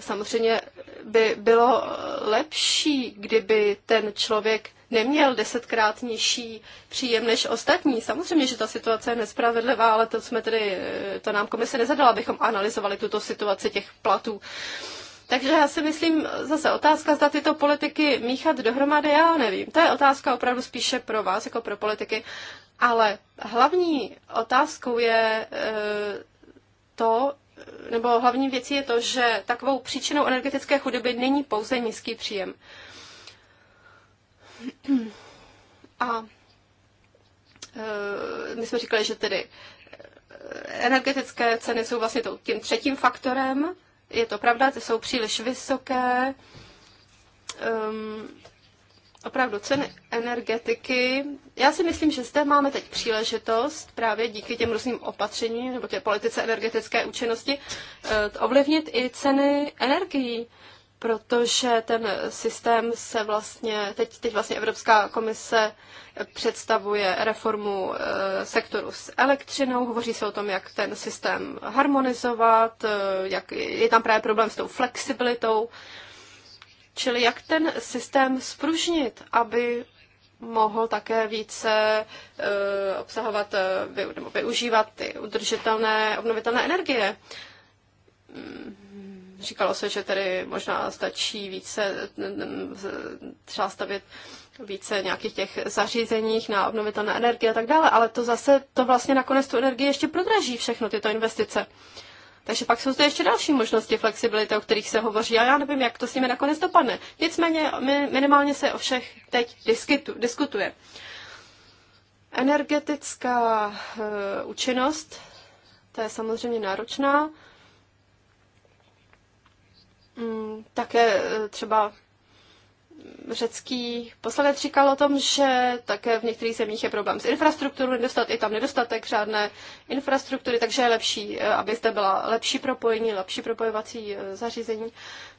Samozřejmě by bylo lepší, kdyby ten člověk neměl desetkrát nižší příjem než ostatní. Samozřejmě, že ta situace je nespravedlivá, ale to jsme tedy, to nám komise nezadala, abychom analyzovali tuto situaci těch platů. Takže já si myslím, zase otázka, zda tyto politiky míchat dohromady, já nevím. To je otázka opravdu spíše pro vás, jako pro politiky. Ale hlavní otázkou je eh, to, nebo hlavní věcí je to, že takovou příčinou energetické chudoby není pouze nízký příjem. <clears throat> A eh, my jsme říkali, že tedy eh, energetické ceny jsou vlastně tím třetím faktorem, je to pravda, ty jsou příliš vysoké. Um, opravdu ceny energetiky. Já si myslím, že zde máme teď příležitost právě díky těm různým opatřením nebo té politice energetické účinnosti eh, ovlivnit i ceny energií protože ten systém se vlastně, teď, teď vlastně Evropská komise představuje reformu eh, sektoru s elektřinou, hovoří se o tom, jak ten systém harmonizovat, eh, jak je tam právě problém s tou flexibilitou, čili jak ten systém spružnit, aby mohl také více eh, obsahovat nebo využívat ty udržitelné obnovitelné energie. Hmm. Říkalo se, že tedy možná stačí více třeba stavět více nějakých těch zařízeních na obnovitelné energie a tak dále, ale to zase, to vlastně nakonec tu energii ještě prodraží všechno tyto investice. Takže pak jsou zde ještě další možnosti flexibility, o kterých se hovoří a já nevím, jak to s nimi nakonec dopadne. Nicméně minimálně se o všech teď diskutuje. Energetická eh, účinnost, ta je samozřejmě náročná. Mm, také e, třeba řecký poslanec říkal o tom, že také v některých zemích je problém s infrastrukturou, nedostat i tam nedostatek žádné infrastruktury, takže je lepší, e, aby zde byla lepší propojení, lepší propojovací e, zařízení.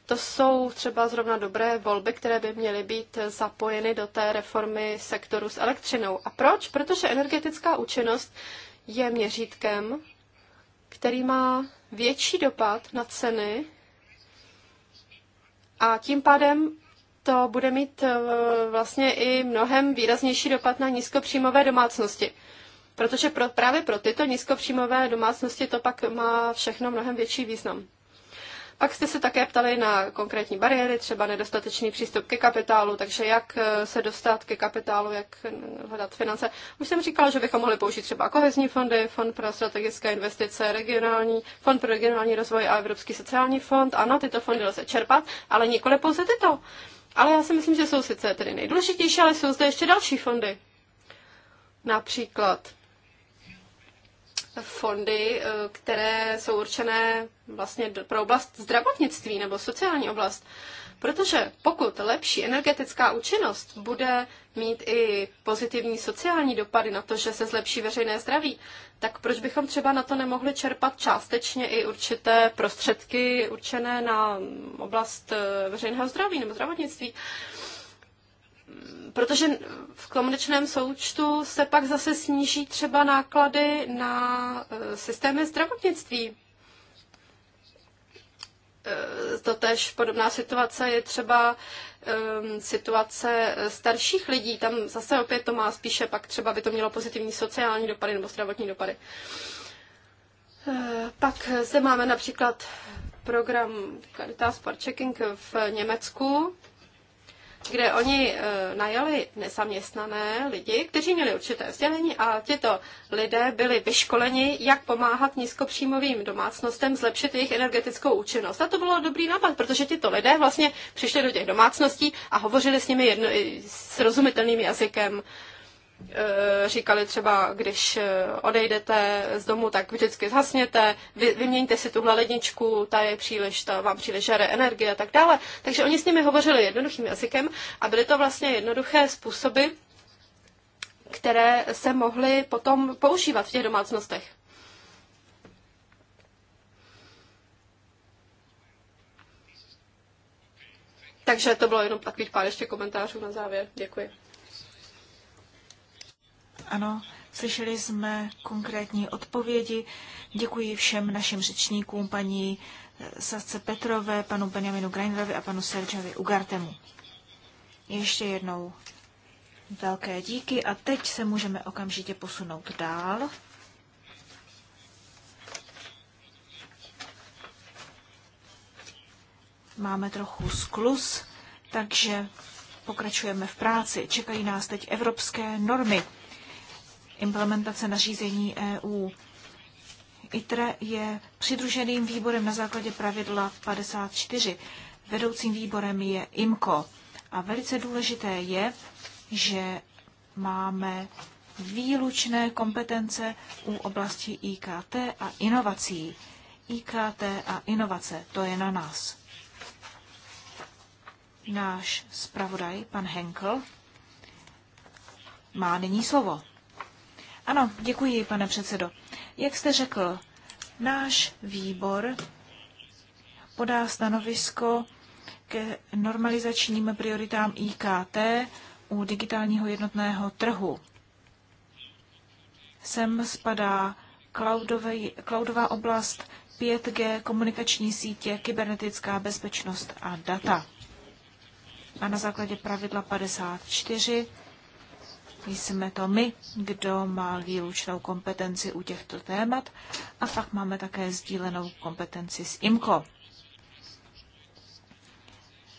To jsou třeba zrovna dobré volby, které by měly být zapojeny do té reformy sektoru s elektřinou. A proč? Protože energetická účinnost je měřítkem, který má větší dopad na ceny a tím pádem to bude mít e, vlastně i mnohem výraznější dopad na nízkopříjmové domácnosti. Protože pro, právě pro tyto nízkopříjmové domácnosti to pak má všechno mnohem větší význam. Pak jste se také ptali na konkrétní bariéry, třeba nedostatečný přístup ke kapitálu, takže jak eh, se dostat ke kapitálu, jak eh, hledat finance. Už jsem říkala, že bychom mohli použít třeba kohezní fondy, fond pro strategické investice, regionální, fond pro regionální rozvoj a Evropský sociální fond. Ano, tyto fondy lze čerpat, ale nikoli pouze tyto. Ale já si myslím, že jsou sice tedy nejdůležitější, ale jsou zde ještě další fondy. Například fondy, eh, které jsou určené vlastně pro oblast zdravotnictví nebo sociální oblast. Protože pokud lepší energetická účinnost bude mít i pozitivní sociální dopady na to, že se zlepší veřejné zdraví, tak proč bychom třeba na to nemohli čerpat částečně i určité prostředky určené na oblast eh, veřejného zdraví nebo zdravotnictví? Uh, protože v komunečném součtu se pak zase sníží třeba náklady na eh, systémy zdravotnictví. Eh, totež podobná situace je třeba ehm, situace eh, starších lidí. Tam zase opět to má spíše pak třeba by to mělo pozitivní sociální dopady nebo zdravotní dopady. Pak zde máme například program Caritas checking v Německu, kde oni e, najali nezaměstnané lidi, kteří měli určité vzdělení a tyto lidé byli vyškoleni, jak pomáhat nízkopříjmovým domácnostem zlepšit jejich energetickou účinnost. A to bylo dobrý nápad, protože tyto lidé vlastně přišli do těch domácností a hovořili s nimi jedno, srozumitelným jazykem Eh, říkali třeba, když eh, odejdete z domu, tak vždycky zhasněte, vy, vyměňte si tuhle ledničku, ta je příliš, ta vám příliš žere energie a tak dále. Takže oni s nimi hovořili jednoduchým jazykem a byly to vlastně jednoduché způsoby, které se mohly potom používat v těch domácnostech. Takže to bylo jenom takových pár ještě komentářů na závěr. Děkuji. Ano, slyšeli jsme konkrétní odpovědi. Děkuji všem našim řečníkům, paní eh, Sasce Petrové, panu Benjaminu Greinerovi a panu Serčovi Ugartemu. Ještě jednou velké díky a teď se můžeme okamžitě posunout dál. Máme trochu sklus, takže pokračujeme v práci. Čekají nás teď evropské normy implementace nařízení EU. ITRE je přidruženým výborem na základě pravidla 54. Vedoucím výborem je IMCO. A velice důležité je, že máme výlučné kompetence u oblasti IKT a inovací. IKT a inovace, to je na nás. Náš zpravodaj, pan Henkel, má nyní slovo. Ano, děkuji, pane předsedo. Jak jste řekl, náš výbor podá stanovisko ke normalizačním prioritám IKT u digitálního jednotného trhu. Sem spadá cloudový, cloudová oblast, 5G, komunikační sítě, kybernetická bezpečnost a data. A na základě pravidla 54 jsme to my, kdo má výlučnou kompetenci u těchto témat a pak máme také sdílenou kompetenci s IMCO.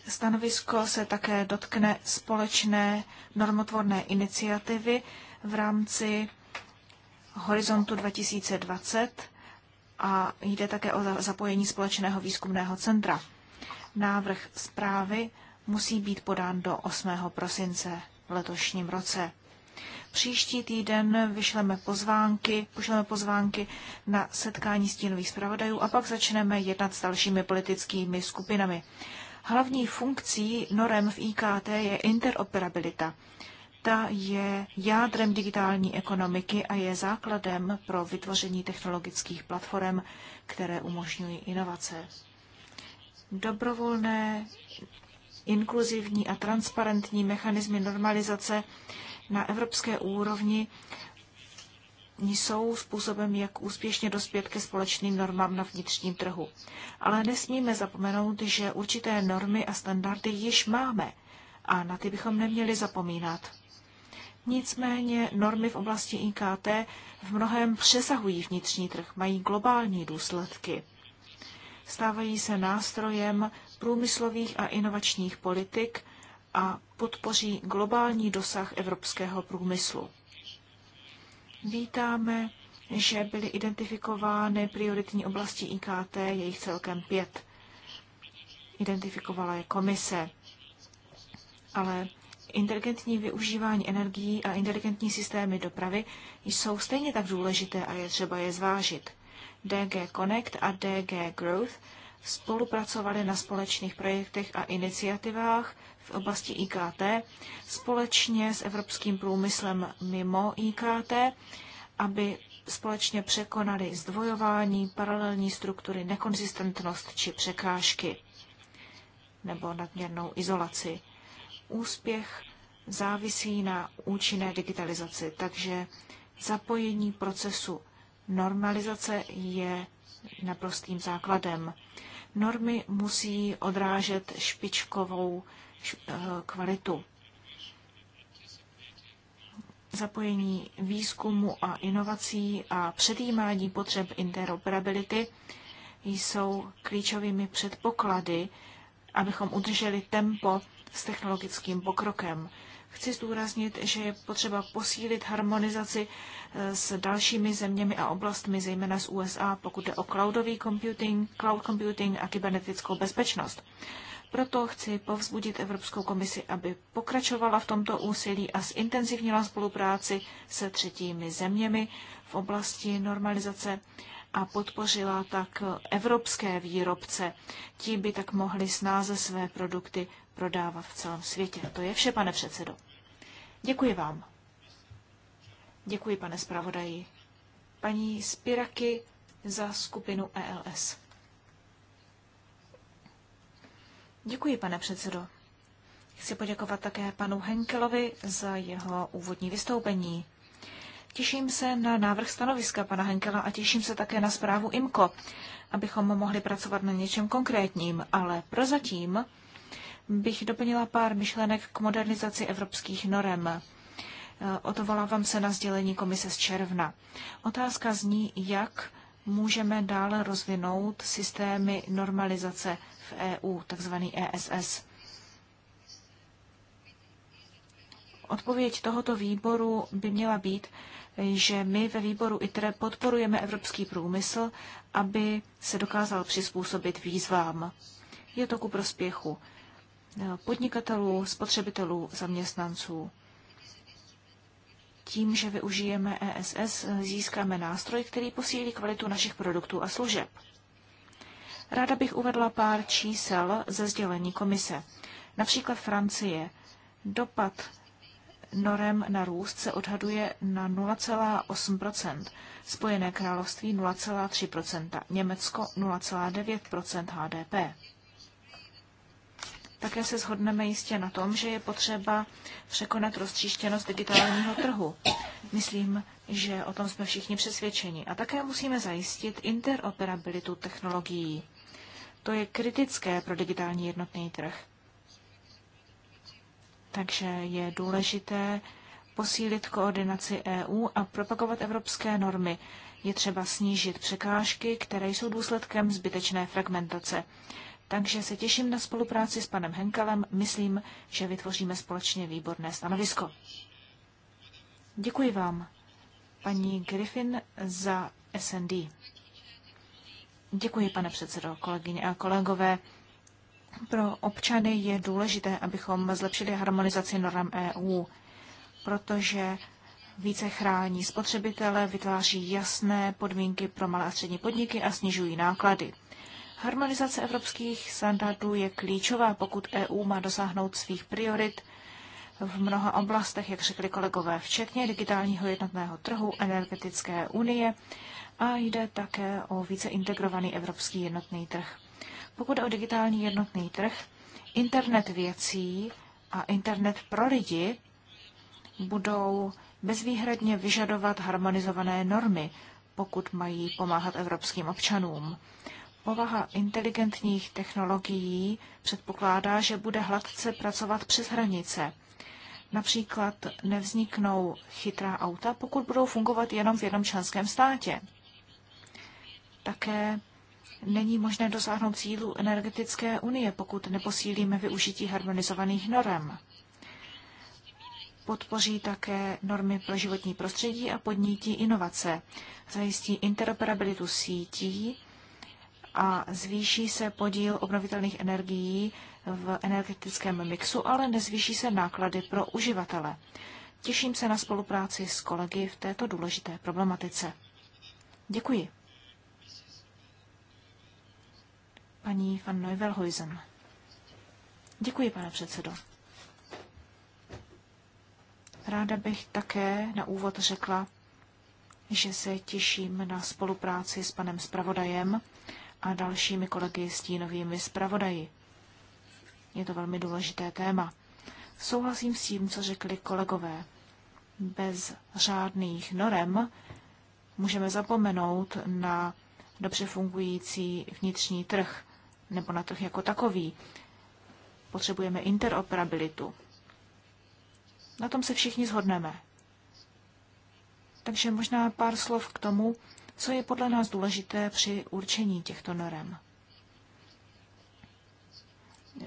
Stanovisko se také dotkne společné normotvorné iniciativy v rámci Horizontu 2020 a jde také o zapojení společného výzkumného centra. Návrh zprávy musí být podán do 8. prosince v letošním roce. Příští týden vyšleme pozvánky, pošleme pozvánky na setkání stínových zpravodajů a pak začneme jednat s dalšími politickými skupinami. Hlavní funkcí norem v IKT je interoperabilita. Ta je jádrem digitální ekonomiky a je základem pro vytvoření technologických platform, které umožňují inovace. Dobrovolné, inkluzivní a transparentní mechanismy normalizace na evropské úrovni jsou způsobem, jak úspěšně dospět ke společným normám na vnitřním trhu. Ale nesmíme zapomenout, že určité normy a standardy již máme a na ty bychom neměli zapomínat. Nicméně normy v oblasti IKT v mnohem přesahují vnitřní trh, mají globální důsledky. Stávají se nástrojem průmyslových a inovačních politik a podpoří globální dosah evropského průmyslu. Vítáme, že byly identifikovány prioritní oblasti IKT, jejich celkem pět. Identifikovala je komise. Ale inteligentní využívání energií a inteligentní systémy dopravy jsou stejně tak důležité a je třeba je zvážit. DG Connect a DG Growth spolupracovali na společných projektech a iniciativách v oblasti IKT společně s evropským průmyslem mimo IKT, aby společně překonali zdvojování, paralelní struktury, nekonzistentnost či překážky nebo nadměrnou izolaci. Úspěch závisí na účinné digitalizaci, takže zapojení procesu normalizace je naprostým základem. Normy musí odrážet špičkovou Eh, kvalitu. Zapojení výzkumu a inovací a předjímání potřeb interoperability jsou klíčovými předpoklady, abychom udrželi tempo s technologickým pokrokem. Chci zdůraznit, že je potřeba posílit harmonizaci eh, s dalšími zeměmi a oblastmi, zejména z USA, pokud jde o cloudový computing, cloud computing a kybernetickou bezpečnost. Proto chci povzbudit Evropskou komisi, aby pokračovala v tomto úsilí a zintenzivnila spolupráci se třetími zeměmi v oblasti normalizace a podpořila tak evropské výrobce. Ti by tak mohli snáze své produkty prodávat v celém světě. To je vše, pane předsedo. Děkuji vám. Děkuji, pane zpravodaji. Paní Spiraky za skupinu ELS. Děkuji, pane předsedo. Chci poděkovat také panu Henkelovi za jeho úvodní vystoupení. Těším se na návrh stanoviska pana Henkela a těším se také na zprávu IMKO, abychom mohli pracovat na něčem konkrétním, ale prozatím bych doplnila pár myšlenek k modernizaci evropských norem. Otovolávám se na sdělení komise z června. Otázka zní, jak můžeme dále rozvinout systémy normalizace EU, takzvaný ESS. Odpověď tohoto výboru by měla být, že my ve výboru ITRE podporujeme evropský průmysl, aby se dokázal přizpůsobit výzvám. Je to ku prospěchu eh, podnikatelů, spotřebitelů, zaměstnanců. Tím, že využijeme ESS, získáme nástroj, který posílí kvalitu našich produktů a služeb. Ráda bych uvedla pár čísel ze sdělení komise. Například Francie. Dopad norem na růst se odhaduje na 0,8 Spojené království 0,3 Německo 0,9 HDP. Také se shodneme jistě na tom, že je potřeba překonat roztříštěnost digitálního trhu. Myslím, že o tom jsme všichni přesvědčeni. A také musíme zajistit interoperabilitu technologií. To je kritické pro digitální jednotný trh. Takže je důležité posílit koordinaci EU a propagovat evropské normy. Je třeba snížit překážky, které jsou důsledkem zbytečné fragmentace. Takže se těším na spolupráci s panem Henkelem. Myslím, že vytvoříme společně výborné stanovisko. Děkuji vám, paní Griffin, za SND. Děkuji, pane předsedo, kolegyně a kolegové. Pro občany je důležité, abychom zlepšili harmonizaci norm EU, protože více chrání spotřebitele, vytváří jasné podmínky pro malé a střední podniky a snižují náklady. Harmonizace evropských standardů je klíčová, pokud EU má dosáhnout svých priorit v mnoha oblastech, jak řekli kolegové, včetně digitálního jednotného trhu, energetické unie a jde také o více integrovaný evropský jednotný trh. Pokud o digitální jednotný trh, internet věcí a internet pro lidi budou bezvýhradně vyžadovat harmonizované normy, pokud mají pomáhat evropským občanům. Povaha inteligentních technologií předpokládá, že bude hladce pracovat přes hranice. Například nevzniknou chytrá auta, pokud budou fungovat jenom v jednom členském státě. Také není možné dosáhnout cílu energetické unie, pokud neposílíme využití harmonizovaných norem. Podpoří také normy pro životní prostředí a podnítí inovace. Zajistí interoperabilitu sítí a zvýší se podíl obnovitelných energií v energetickém mixu, ale nezvýší se náklady pro uživatele. Těším se na spolupráci s kolegy v této důležité problematice. Děkuji. Paní van Neuvelhuizen. Děkuji, pane předsedo. Ráda bych také na úvod řekla, že se těším na spolupráci s panem zpravodajem a dalšími kolegy stínovými zpravodaji. Je to velmi důležité téma. Souhlasím s tím, co řekli kolegové. Bez řádných norem můžeme zapomenout na dobře fungující vnitřní trh nebo na trh jako takový. Potřebujeme interoperabilitu. Na tom se všichni zhodneme. Takže možná pár slov k tomu, co je podle nás důležité při určení těchto norem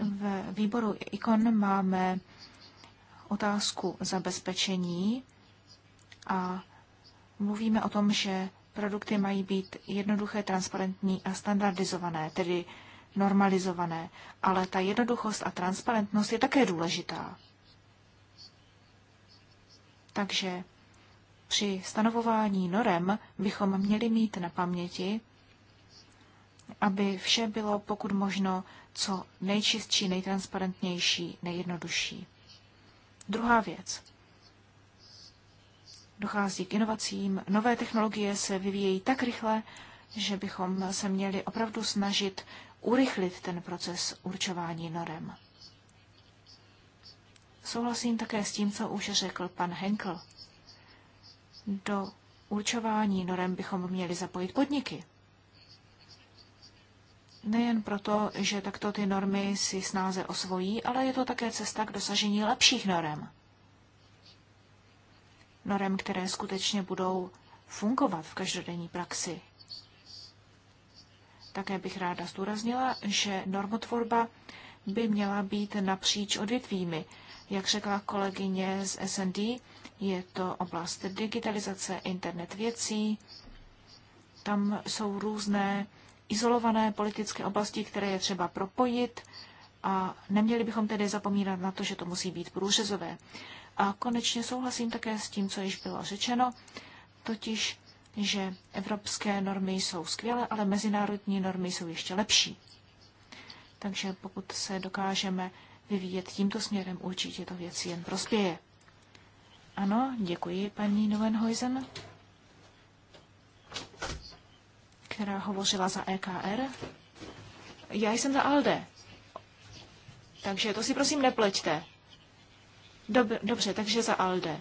v výboru IKON máme otázku zabezpečení a mluvíme o tom, že produkty mají být jednoduché, transparentní a standardizované, tedy normalizované. Ale ta jednoduchost a transparentnost je také důležitá. Takže při stanovování norem bychom měli mít na paměti, aby vše bylo pokud možno co nejčistší, nejtransparentnější, nejjednodušší. Druhá věc. Dochází k inovacím. Nové technologie se vyvíjejí tak rychle, že bychom se měli opravdu snažit urychlit ten proces určování norem. Souhlasím také s tím, co už řekl pan Henkel. Do určování norem bychom měli zapojit podniky. Nejen proto, že takto ty normy si snáze osvojí, ale je to také cesta k dosažení lepších norem. Norem, které skutečně budou fungovat v každodenní praxi. Také bych ráda zdůraznila, že normotvorba by měla být napříč odvětvími. Jak řekla kolegyně z SND, je to oblast digitalizace, internet věcí. Tam jsou různé izolované politické oblasti, které je třeba propojit a neměli bychom tedy zapomínat na to, že to musí být průřezové. A konečně souhlasím také s tím, co již bylo řečeno, totiž, že evropské normy jsou skvělé, ale mezinárodní normy jsou ještě lepší. Takže pokud se dokážeme vyvíjet tímto směrem, určitě to věci jen prospěje. Ano, děkuji, paní Novenhojzen která hovořila za EKR. Já jsem za ALDE. Takže to si prosím nepleťte. Dob, dobře, takže za ALDE.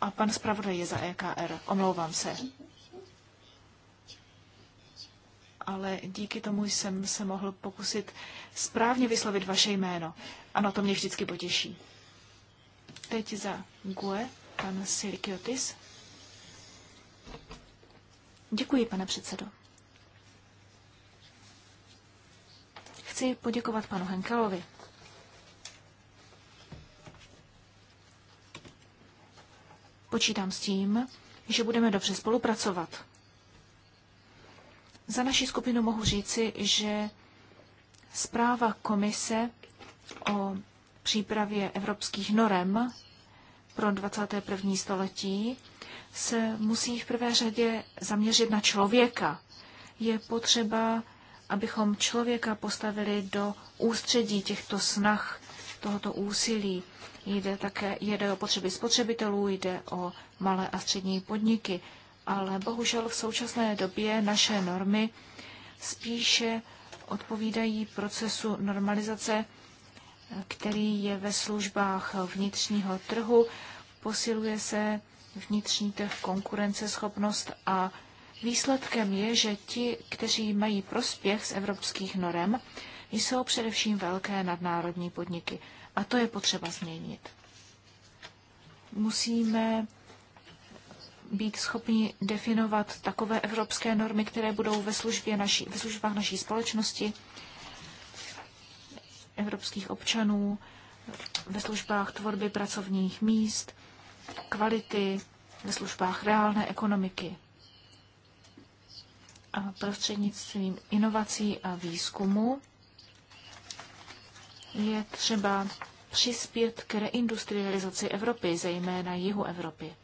A pan zpravodaj je za EKR. Omlouvám se. Ale díky tomu jsem se mohl pokusit správně vyslovit vaše jméno. Ano, to mě vždycky potěší. Teď za GUE, pan Sirkiotis. Děkuji, pane předsedo. Chci poděkovat panu Henkelovi. Počítám s tím, že budeme dobře spolupracovat. Za naši skupinu mohu říci, že zpráva komise o přípravě evropských norem pro 21. století se musí v prvé řadě zaměřit na člověka. Je potřeba, abychom člověka postavili do ústředí těchto snah, tohoto úsilí. Jde také jde o potřeby spotřebitelů, jde o malé a střední podniky, ale bohužel v současné době naše normy spíše odpovídají procesu normalizace, který je ve službách vnitřního trhu. Posiluje se vnitřní trh, konkurenceschopnost a výsledkem je, že ti, kteří mají prospěch z evropských norem, jsou především velké nadnárodní podniky. A to je potřeba změnit. Musíme být schopni definovat takové evropské normy, které budou ve, službě naší, ve službách naší společnosti, evropských občanů, ve službách tvorby pracovních míst, kvality ve službách reálné ekonomiky. A prostřednictvím inovací a výzkumu je třeba přispět k reindustrializaci Evropy, zejména jihu Evropy.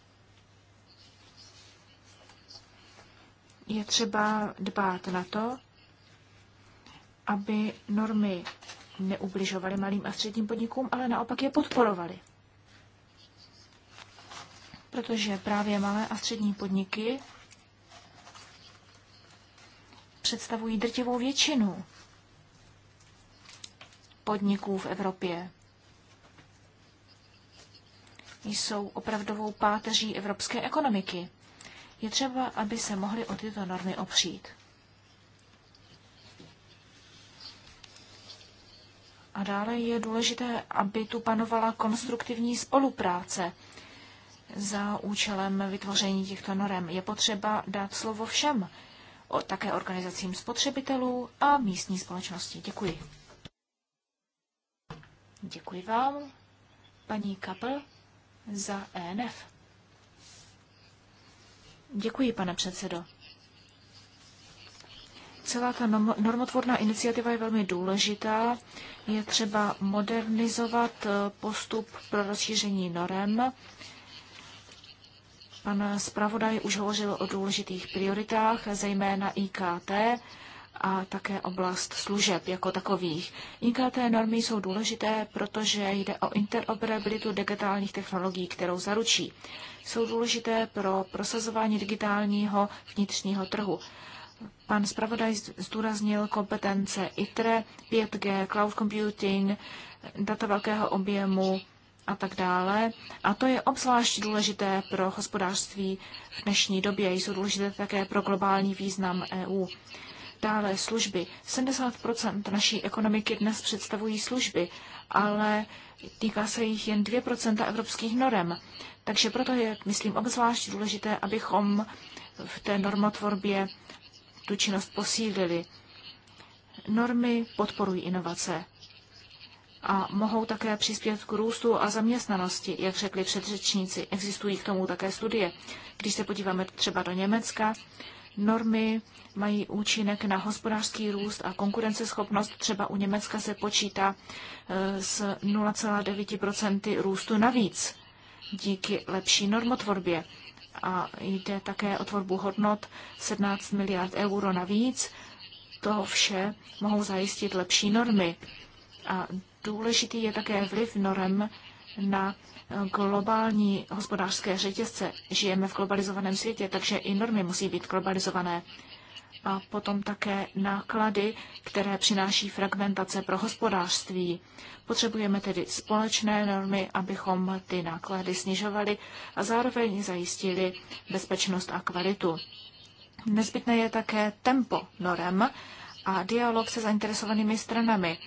Je třeba dbát na to, aby normy neubližovaly malým a středním podnikům, ale naopak je podporovaly protože právě malé a střední podniky představují drtivou většinu podniků v Evropě. Jsou opravdovou páteří evropské ekonomiky. Je třeba, aby se mohly o tyto normy opřít. A dále je důležité, aby tu panovala konstruktivní spolupráce za účelem vytvoření těchto norem. Je potřeba dát slovo všem, o, také organizacím spotřebitelů a místní společnosti. Děkuji. Děkuji vám, paní Kapl, za ENF. Děkuji, pane předsedo. Celá ta normotvorná iniciativa je velmi důležitá. Je třeba modernizovat eh, postup pro rozšíření norem Pan zpravodaj už hovořil o důležitých prioritách, zejména IKT a také oblast služeb jako takových. IKT normy jsou důležité, protože jde o interoperabilitu digitálních technologií, kterou zaručí. Jsou důležité pro prosazování digitálního vnitřního trhu. Pan zpravodaj zdůraznil kompetence ITRE, 5G, cloud computing, data velkého objemu, a tak dále. A to je obzvlášť důležité pro hospodářství v dnešní době. Jsou důležité také pro globální význam EU. Dále služby. 70 naší ekonomiky dnes představují služby, ale týká se jich jen 2 evropských norem. Takže proto je, myslím, obzvlášť důležité, abychom v té normotvorbě tu činnost posílili. Normy podporují inovace a mohou také přispět k růstu a zaměstnanosti, jak řekli předřečníci. Existují k tomu také studie. Když se podíváme třeba do Německa, normy mají účinek na hospodářský růst a konkurenceschopnost. Třeba u Německa se počítá e, s 0,9 růstu navíc díky lepší normotvorbě. A jde také o tvorbu hodnot 17 miliard euro navíc. To vše mohou zajistit lepší normy. A Důležitý je také vliv norem na globální hospodářské řetězce. Žijeme v globalizovaném světě, takže i normy musí být globalizované. A potom také náklady, které přináší fragmentace pro hospodářství. Potřebujeme tedy společné normy, abychom ty náklady snižovali a zároveň zajistili bezpečnost a kvalitu. Nezbytné je také tempo norem a dialog se zainteresovanými stranami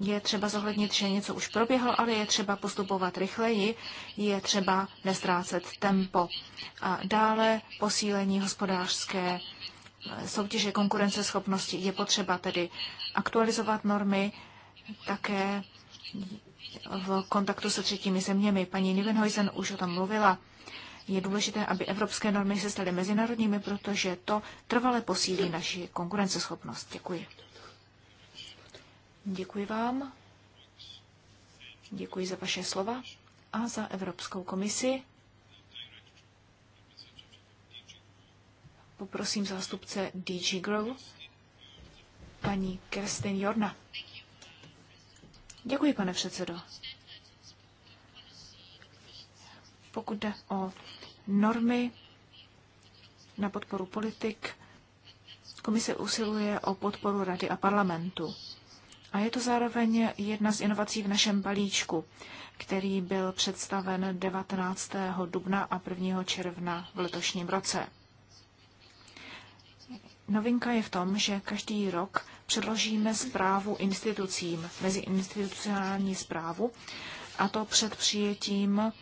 je třeba zohlednit, že něco už proběhlo, ale je třeba postupovat rychleji, je třeba nestrácet tempo. A dále posílení hospodářské eh, soutěže konkurenceschopnosti. Je potřeba tedy aktualizovat normy také v kontaktu se třetími zeměmi. Paní Nivenhojzen už o tom mluvila. Je důležité, aby evropské normy se staly mezinárodními, protože to trvale posílí naši konkurenceschopnost. Děkuji. Děkuji vám. Děkuji za vaše slova a za Evropskou komisi. Poprosím zástupce DG Grow, paní Kerstin Jorna. Děkuji, pane předsedo. Pokud jde o normy na podporu politik, komise usiluje o podporu Rady a parlamentu. A je to zároveň jedna z inovací v našem balíčku, který byl představen 19. dubna a 1. června v letošním roce. Novinka je v tom, že každý rok předložíme zprávu institucím, mezi institucionální zprávu, a to před přijetím eh,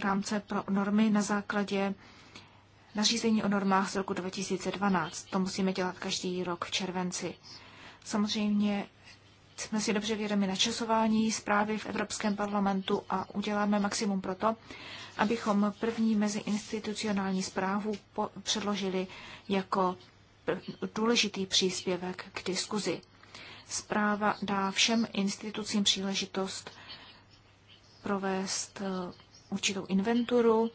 rámce pro normy na základě nařízení o normách z roku 2012. To musíme dělat každý rok v červenci. Samozřejmě jsme si dobře vědomi načasování zprávy v Evropském parlamentu a uděláme maximum pro to, abychom první meziinstitucionální zprávu předložili jako důležitý příspěvek k diskuzi. Zpráva dá všem institucím příležitost provést eh, určitou inventuru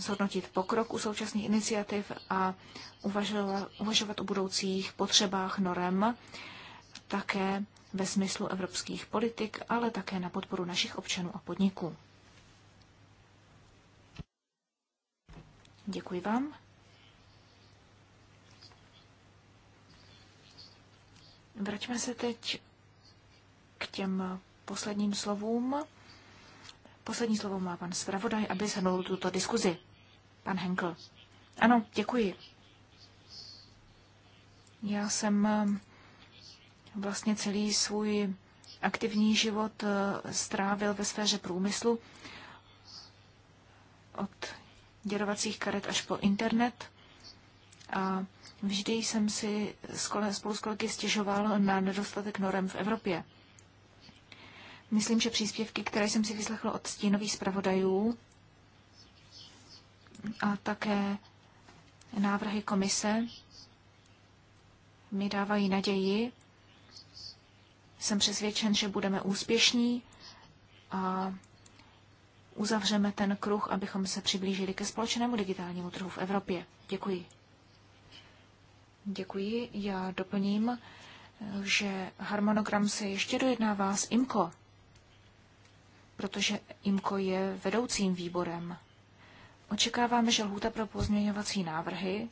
zhodnotit pokrok u současných iniciativ a uvažovat, uvažovat o budoucích potřebách norem, také ve smyslu evropských politik, ale také na podporu našich občanů a podniků. Děkuji vám. Vraťme se teď k těm posledním slovům Poslední slovo má pan zpravodaj, aby shrnul tuto diskuzi. Pan Henkel. Ano, děkuji. Já jsem eh, vlastně celý svůj aktivní život eh, strávil ve sféře průmyslu od děrovacích karet až po internet. A vždy jsem si spolu s kolegy stěžoval na nedostatek norem v Evropě. Myslím, že příspěvky, které jsem si vyslechla od stínových zpravodajů a také návrhy komise, mi dávají naději. Jsem přesvědčen, že budeme úspěšní a uzavřeme ten kruh, abychom se přiblížili ke společnému digitálnímu trhu v Evropě. Děkuji. Děkuji. Já doplním, že harmonogram se ještě dojednává s IMCO protože IMKO je vedoucím výborem. Očekáváme, že lhůta pro pozměňovací návrhy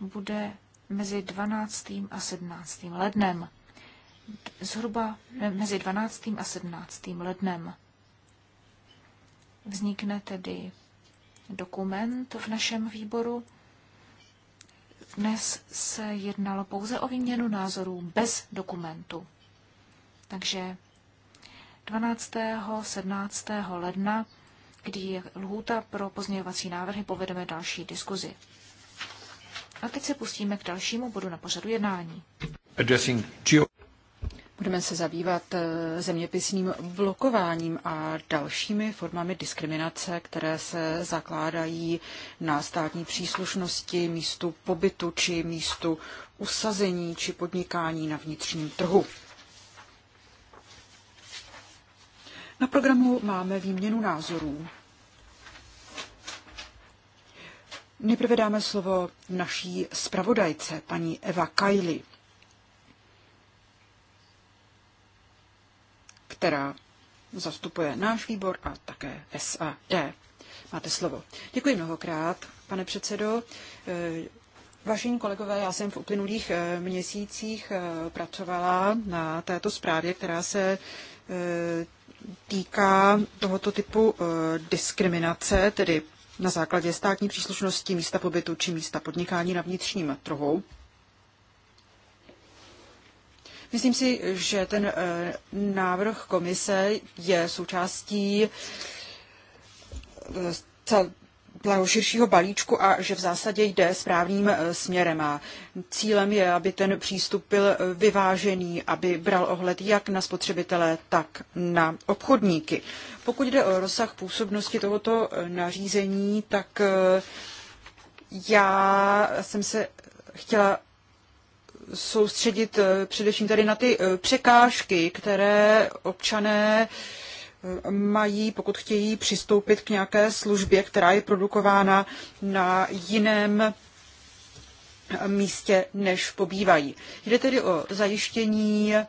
bude mezi 12. a 17. lednem. Zhruba mezi 12. a 17. lednem. Vznikne tedy dokument v našem výboru. Dnes se jednalo pouze o výměnu názorů bez dokumentu. Takže 12. 17. ledna, kdy je lhůta pro pozměňovací návrhy, povedeme další diskuzi. A teď se pustíme k dalšímu bodu na pořadu jednání. Budeme se zabývat eh, zeměpisným blokováním a dalšími formami diskriminace, které se zakládají na státní příslušnosti, místu pobytu či místu usazení či podnikání na vnitřním trhu. Na programu máme výměnu názorů. Nejprve dáme slovo naší zpravodajce, paní Eva Kajli, která zastupuje náš výbor a také SAD. Máte slovo. Děkuji mnohokrát, pane předsedo. Eh, vážení kolegové, já jsem v uplynulých eh, měsících eh, pracovala na této zprávě, která se týká tohoto typu eh, diskriminace, tedy na základě státní příslušnosti, místa pobytu či místa podnikání na vnitřním trhu. Myslím si, že ten eh, návrh komise je součástí eh, toho širšího balíčku a že v zásadě jde správným eh, směrem. A cílem je, aby ten přístup byl eh, vyvážený, aby bral ohled jak na spotřebitele, tak na obchodníky. Pokud jde o rozsah působnosti tohoto eh, nařízení, tak já jsem se chtěla soustředit především tady na ty překážky, které občané mají, pokud chtějí přistoupit k nějaké službě, která je produkována na jiném místě, než pobývají. Jde tedy o zajištění eh,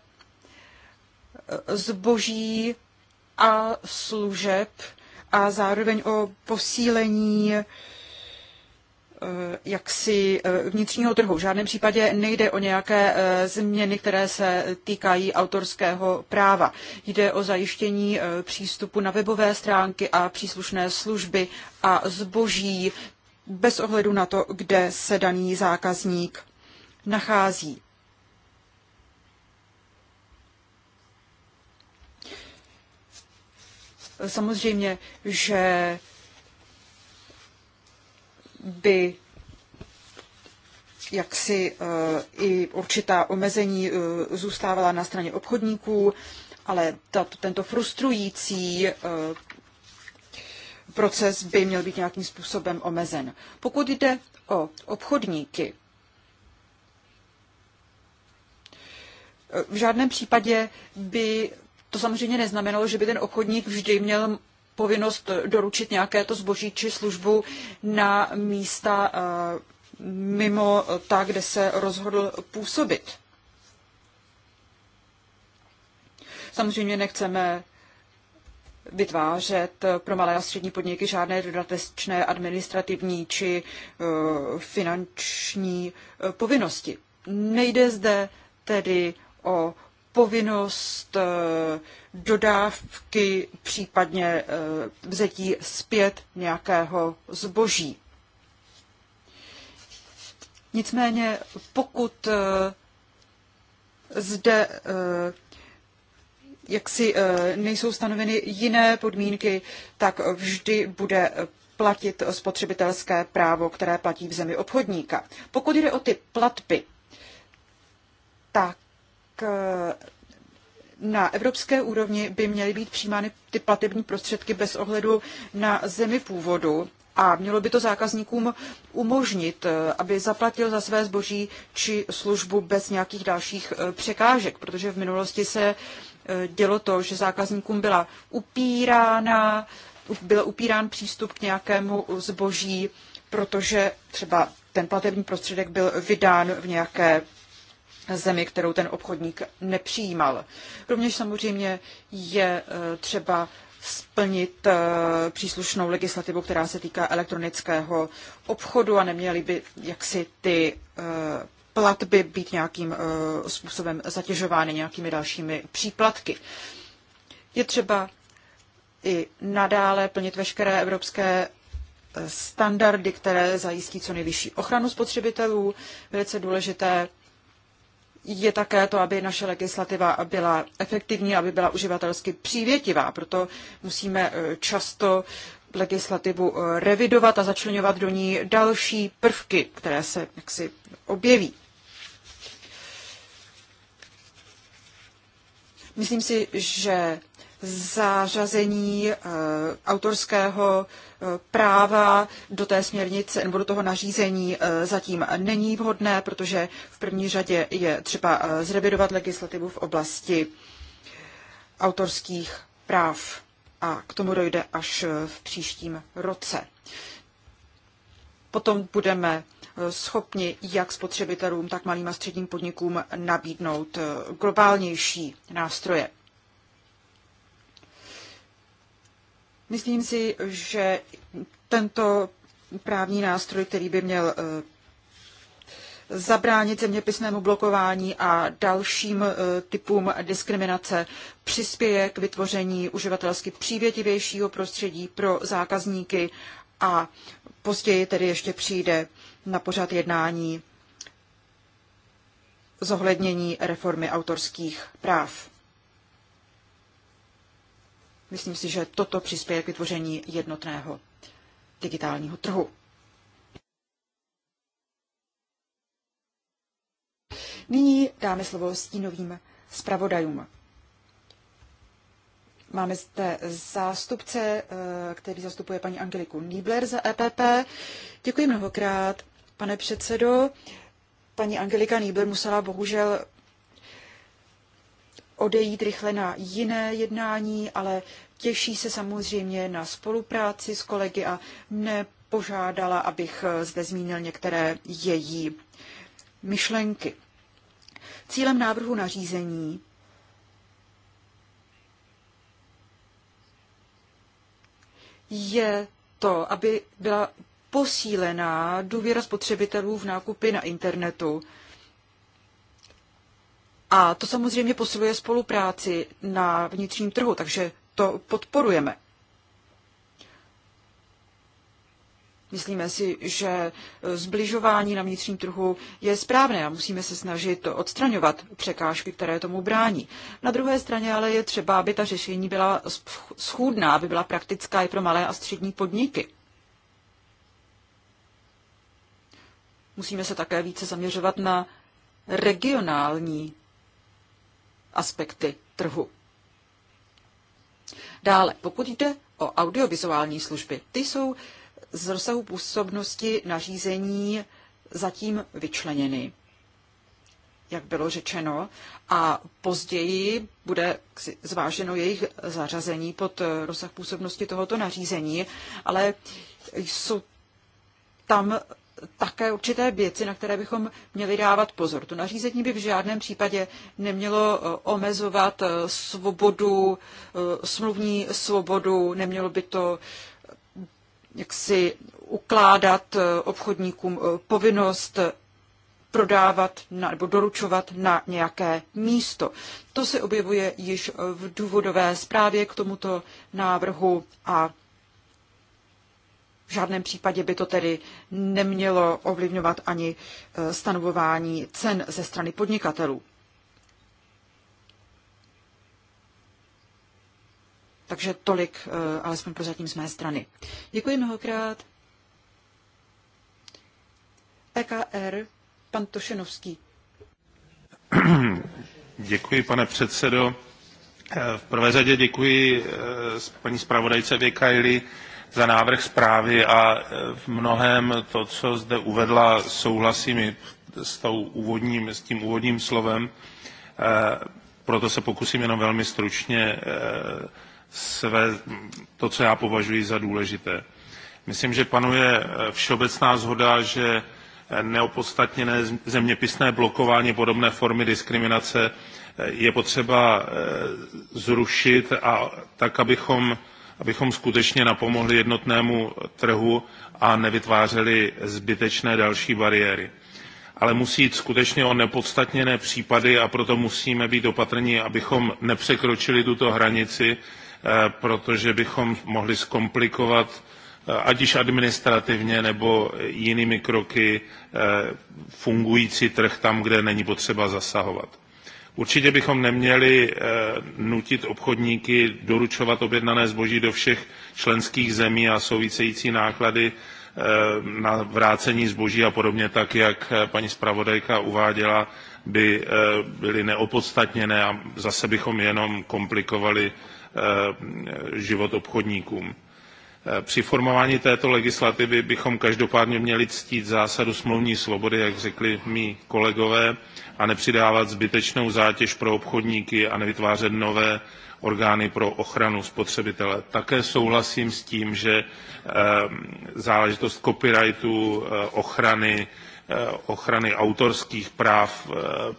zboží a služeb a zároveň o posílení Eh, jaksi eh, vnitřního trhu. V žádném případě nejde o nějaké eh, změny, které se týkají autorského práva. Jde o zajištění přístupu na webové stránky a příslušné služby a zboží bez ohledu na to, kde se daný zákazník nachází. Samozřejmě, že by jaksi eh, i určitá omezení eh, zůstávala na straně obchodníků, ale tato, tento frustrující eh, proces by měl být nějakým způsobem omezen. Pokud jde o obchodníky, v žádném případě by to samozřejmě neznamenalo, že by ten obchodník vždy měl povinnost doručit nějaké to zboží či službu na místa eh, mimo ta, kde se rozhodl působit. Samozřejmě nechceme vytvářet pro malé a střední podniky žádné dodatečné administrativní či eh, finanční eh, povinnosti. Nejde zde tedy o povinnost eh, dodávky, případně eh, vzetí zpět nějakého zboží. Nicméně pokud eh, zde jaksi nejsou stanoveny jiné podmínky, tak vždy bude platit spotřebitelské právo, které platí v zemi obchodníka. Pokud jde o ty platby, tak Eh, na evropské úrovni by měly být přijímány ty platební prostředky bez ohledu na zemi původu a mělo by to zákazníkům umožnit, eh, aby zaplatil za své zboží či službu bez nějakých dalších eh, překážek, protože v minulosti se dělo to, že zákazníkům byla upírána, byl upírán přístup k nějakému zboží, protože třeba ten platební prostředek byl vydán v nějaké zemi, kterou ten obchodník nepřijímal. Rovněž samozřejmě je e, třeba splnit e, příslušnou legislativu, která se týká elektronického obchodu a neměly by jaksi ty e, platby být nějakým způsobem zatěžovány nějakými dalšími příplatky. Je třeba i nadále plnit veškeré evropské standardy, které zajistí co nejvyšší ochranu spotřebitelů. Velice důležité je také to, aby naše legislativa byla efektivní, aby byla uživatelsky přívětivá. Proto musíme eh, často legislativu eh, revidovat a začlenovat do ní další prvky, které se jaksi objeví. Myslím si, že zařazení eh, autorského eh, práva do té směrnice nebo do toho nařízení eh, zatím není vhodné, protože v první řadě je třeba zrevidovat legislativu v oblasti autorských práv a k tomu dojde až v příštím roce. Potom budeme schopni jak spotřebitelům, tak malým a středním podnikům nabídnout globálnější nástroje. Myslím si, že tento právní nástroj, který by měl eh, zabránit zeměpisnému blokování a dalším eh, typům diskriminace přispěje k vytvoření uživatelsky přívětivějšího prostředí pro zákazníky a později tedy ještě přijde na pořad jednání zohlednění reformy autorských práv. Myslím si, že toto přispěje k vytvoření jednotného digitálního trhu. Nyní dáme slovo stínovým zpravodajům. Máme zde zástupce, eh, který zastupuje paní Angeliku Niebler za EPP. Děkuji mnohokrát, pane předsedo. Paní Angelika Niebler musela bohužel odejít rychle na jiné jednání, ale těší se samozřejmě na spolupráci s kolegy a mne požádala, abych eh, zde zmínil některé její myšlenky. Cílem návrhu nařízení je to, aby byla posílená důvěra spotřebitelů v nákupy na internetu a to samozřejmě posiluje spolupráci na vnitřním trhu, takže to podporujeme. Myslíme si, že zbližování na vnitřním trhu je správné a musíme se snažit odstraňovat překážky, které tomu brání. Na druhé straně ale je třeba, aby ta řešení byla schůdná, aby byla praktická i pro malé a střední podniky. Musíme se také více zaměřovat na regionální aspekty trhu. Dále, pokud jde o audiovizuální služby, ty jsou z rozsahu působnosti nařízení zatím vyčleněny, jak bylo řečeno, a později bude zváženo jejich zařazení pod rozsah působnosti tohoto nařízení, ale jsou tam také určité věci, na které bychom měli dávat pozor. To nařízení by v žádném případě nemělo eh, omezovat eh, svobodu, eh, smluvní svobodu, nemělo by to jaksi ukládat obchodníkům povinnost prodávat na, nebo doručovat na nějaké místo. To se objevuje již v důvodové zprávě k tomuto návrhu a v žádném případě by to tedy nemělo ovlivňovat ani e, stanovování cen ze strany podnikatelů. Takže tolik e, alespoň prozatím z mé strany. Děkuji mnohokrát. EKR, pan Tošenovský. <clears throat> Děkuji, pane předsedo. E, v prvé řadě děkuji paní zpravodajce Věkajli za návrh zprávy a e, v mnohem to, co zde uvedla, souhlasím s, tou úvodním, s tím úvodním slovem. E, proto se pokusím jenom velmi stručně e, své, to, co já považuji za důležité. Myslím, že panuje všeobecná zhoda, že neopodstatněné zeměpisné blokování podobné formy diskriminace je potřeba zrušit a tak, abychom abychom skutečně napomohli jednotnému trhu a nevytvářeli zbytečné další bariéry. Ale musí jít skutečně o nepodstatněné případy a proto musíme být opatrní, abychom nepřekročili tuto hranici, eh, protože bychom mohli zkomplikovat eh, ať již administrativně nebo jinými kroky eh, fungující trh tam, kde není potřeba zasahovat. Určitě bychom neměli eh, nutit obchodníky doručovat objednané zboží do všech členských zemí a související náklady eh, na vrácení zboží a podobně, tak jak eh, paní zpravodajka uváděla, by byly neopodstatněné a zase bychom jenom komplikovali život obchodníkům. Eh, při formování této legislativy bychom každopádně měli ctít zásadu smluvní svobody, jak řekli mý kolegové, a nepřidávat zbytečnou zátěž pro obchodníky a nevytvářet nové orgány pro ochranu spotřebitele. Také souhlasím s tím, že eh, záležitost copyrightu, eh, ochrany, ochrany autorských práv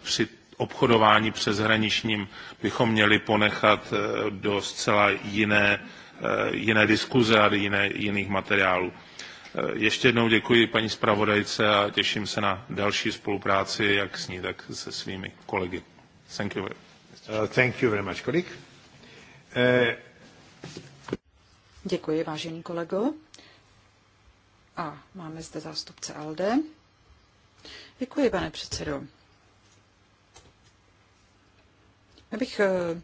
při obchodování přeshraničním bychom měli ponechat do zcela jiné Eh, jiné diskuze a jiné, jiných materiálů. Eh, ještě jednou děkuji paní zpravodajce a těším se na další spolupráci, jak s ní, tak se svými kolegy. Thank you. Uh, thank you very much, kolik. Uh... Děkuji, vážený kolego. A máme zde zástupce ALDE. Děkuji, pane předsedo. Já bych uh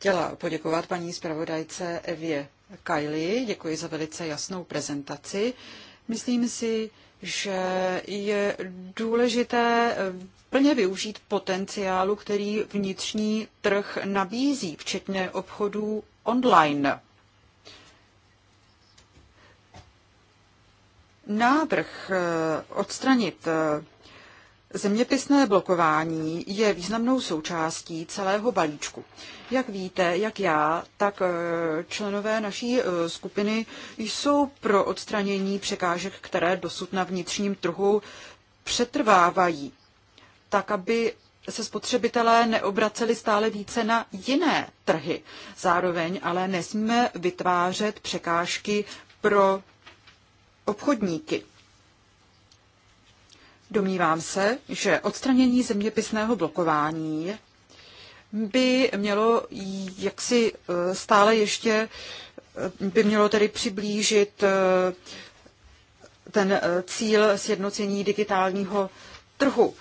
chtěla poděkovat paní zpravodajce Evě Kajli. Děkuji za velice jasnou prezentaci. Myslím si, že je důležité eh, plně využít potenciálu, který vnitřní trh nabízí, včetně obchodů online. Návrh eh, odstranit eh, Zeměpisné blokování je významnou součástí celého balíčku. Jak víte, jak já, tak eh, členové naší eh, skupiny jsou pro odstranění překážek, které dosud na vnitřním trhu přetrvávají, tak aby se spotřebitelé neobraceli stále více na jiné trhy. Zároveň ale nesmíme vytvářet překážky pro obchodníky. Domnívám se, že odstranění zeměpisného blokování by mělo jaksi e, stále ještě e, by mělo tedy přiblížit e, ten cíl sjednocení digitálního trhu.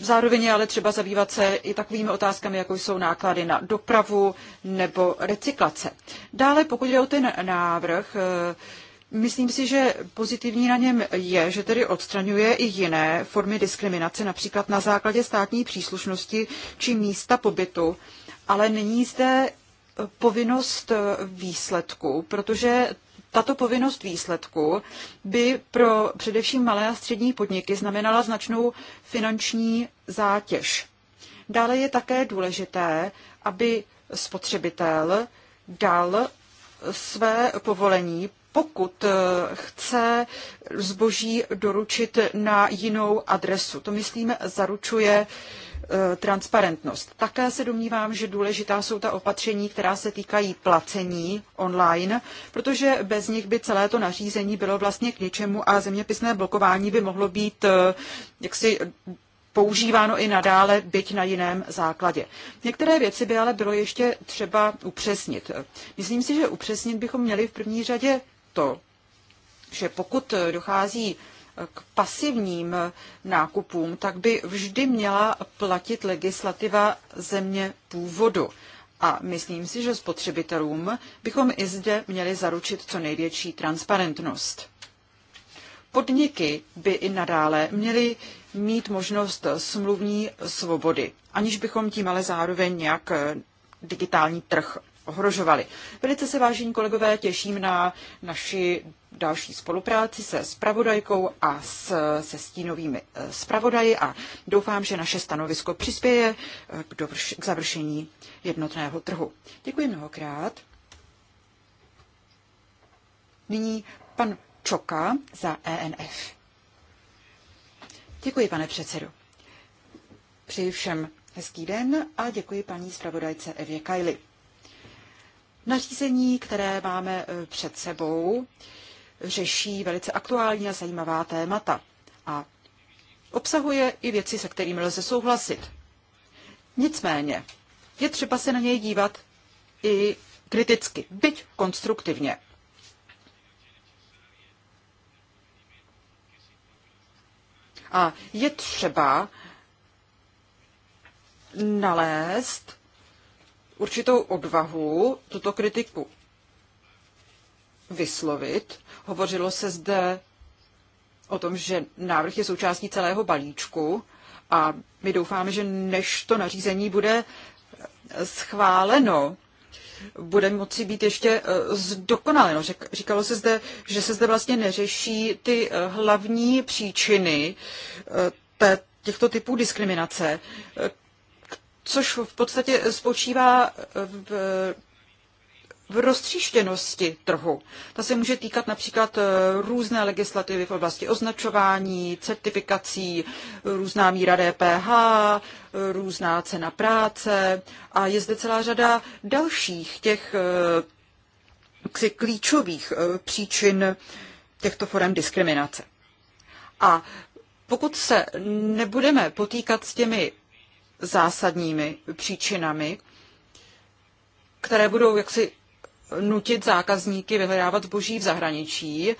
Zároveň je ale třeba zabývat se i takovými otázkami, jako jsou náklady na dopravu nebo recyklace. Dále, pokud jde o ten návrh, Myslím si, že pozitivní na něm je, že tedy odstraňuje i jiné formy diskriminace, například na základě státní příslušnosti či místa pobytu, ale není zde povinnost výsledku, protože tato povinnost výsledku by pro především malé a střední podniky znamenala značnou finanční zátěž. Dále je také důležité, aby spotřebitel dal své povolení pokud eh, chce zboží doručit na jinou adresu. To, myslím, zaručuje eh, transparentnost. Také se domnívám, že důležitá jsou ta opatření, která se týkají placení online, protože bez nich by celé to nařízení bylo vlastně k ničemu a zeměpisné blokování by mohlo být eh, jaksi používáno i nadále, byť na jiném základě. Některé věci by ale bylo ještě třeba upřesnit. Myslím si, že upřesnit bychom měli v první řadě to, že pokud dochází k pasivním nákupům, tak by vždy měla platit legislativa země původu. A myslím si, že spotřebitelům bychom i zde měli zaručit co největší transparentnost. Podniky by i nadále měly mít možnost smluvní svobody, aniž bychom tím ale zároveň nějak digitální trh ohrožovaly. Velice se vážení kolegové, těším na naši další spolupráci se spravodajkou a s, se stínovými spravodaji eh, a doufám, že naše stanovisko přispěje eh, k, dovrš, k završení jednotného trhu. Děkuji mnohokrát. Nyní pan Čoka za ENF. Děkuji, pane předsedu. Přeji všem hezký den a děkuji paní zpravodajce Evě Kajli. Nařízení, které máme e, před sebou, řeší velice aktuální a zajímavá témata a obsahuje i věci, se kterými lze souhlasit. Nicméně je třeba se na něj dívat i kriticky, byť konstruktivně. A je třeba nalézt určitou odvahu tuto kritiku vyslovit. Hovořilo se zde o tom, že návrh je součástí celého balíčku a my doufáme, že než to nařízení bude eh, schváleno, bude moci být ještě eh, zdokonaleno. Říkalo se zde, že se zde vlastně neřeší ty eh, hlavní příčiny těchto typů diskriminace, což v podstatě spočívá eh, v v roztříštěnosti trhu. Ta se může týkat například eh, různé legislativy v oblasti označování, certifikací, různá míra DPH, eh, různá cena práce a je zde celá řada dalších těch klíčových příčin těchto forem diskriminace. A pokud se nebudeme potýkat s těmi zásadními příčinami, které budou jaksi nutit zákazníky vyhledávat zboží v zahraničí,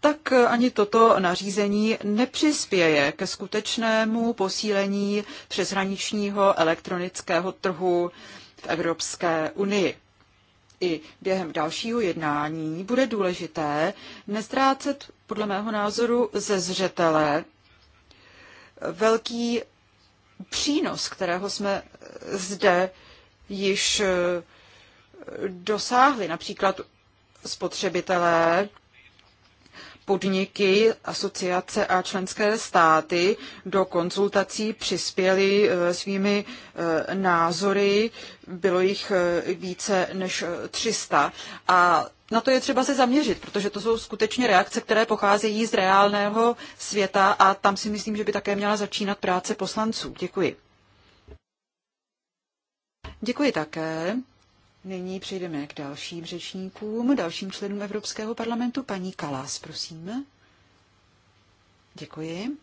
tak ani toto nařízení nepřispěje ke skutečnému posílení přeshraničního elektronického trhu v Evropské unii. I během dalšího jednání bude důležité nestrácet, podle mého názoru, ze zřetele velký přínos, kterého jsme zde již eh, dosáhli. Například spotřebitelé, podniky, asociace a členské státy do konzultací přispěli eh, svými eh, názory, bylo jich více než 300 a na to je třeba se zaměřit, protože to jsou skutečně reakce, které pocházejí z reálného světa a tam si myslím, že by také měla začínat práce poslanců. Děkuji. Děkuji také. Nyní přejdeme k dalším řečníkům, dalším členům Evropského parlamentu. Paní Kalás, prosím. Děkuji.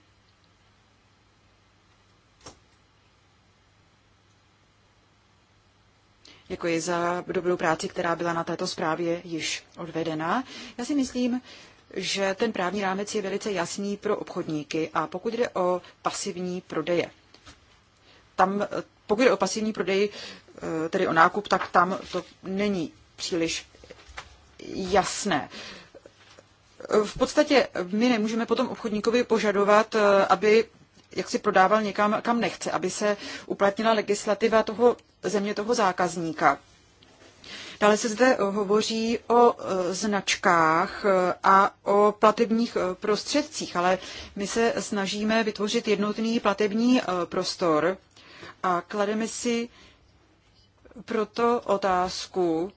Děkuji za dobrou práci, která byla na této zprávě již odvedena. Já si myslím, že ten právní rámec je velice jasný pro obchodníky a pokud jde o pasivní prodeje. Tam, pokud jde o pasivní prodej, eh, tedy o nákup, tak tam to není příliš jasné. V podstatě my nemůžeme potom obchodníkovi požadovat, eh, aby jak si prodával někam, kam nechce, aby se uplatnila legislativa toho země toho zákazníka. Dále se zde hovoří o e, značkách e, a o platebních e, prostředcích, ale my se snažíme vytvořit jednotný platební prostor a klademe si proto otázku,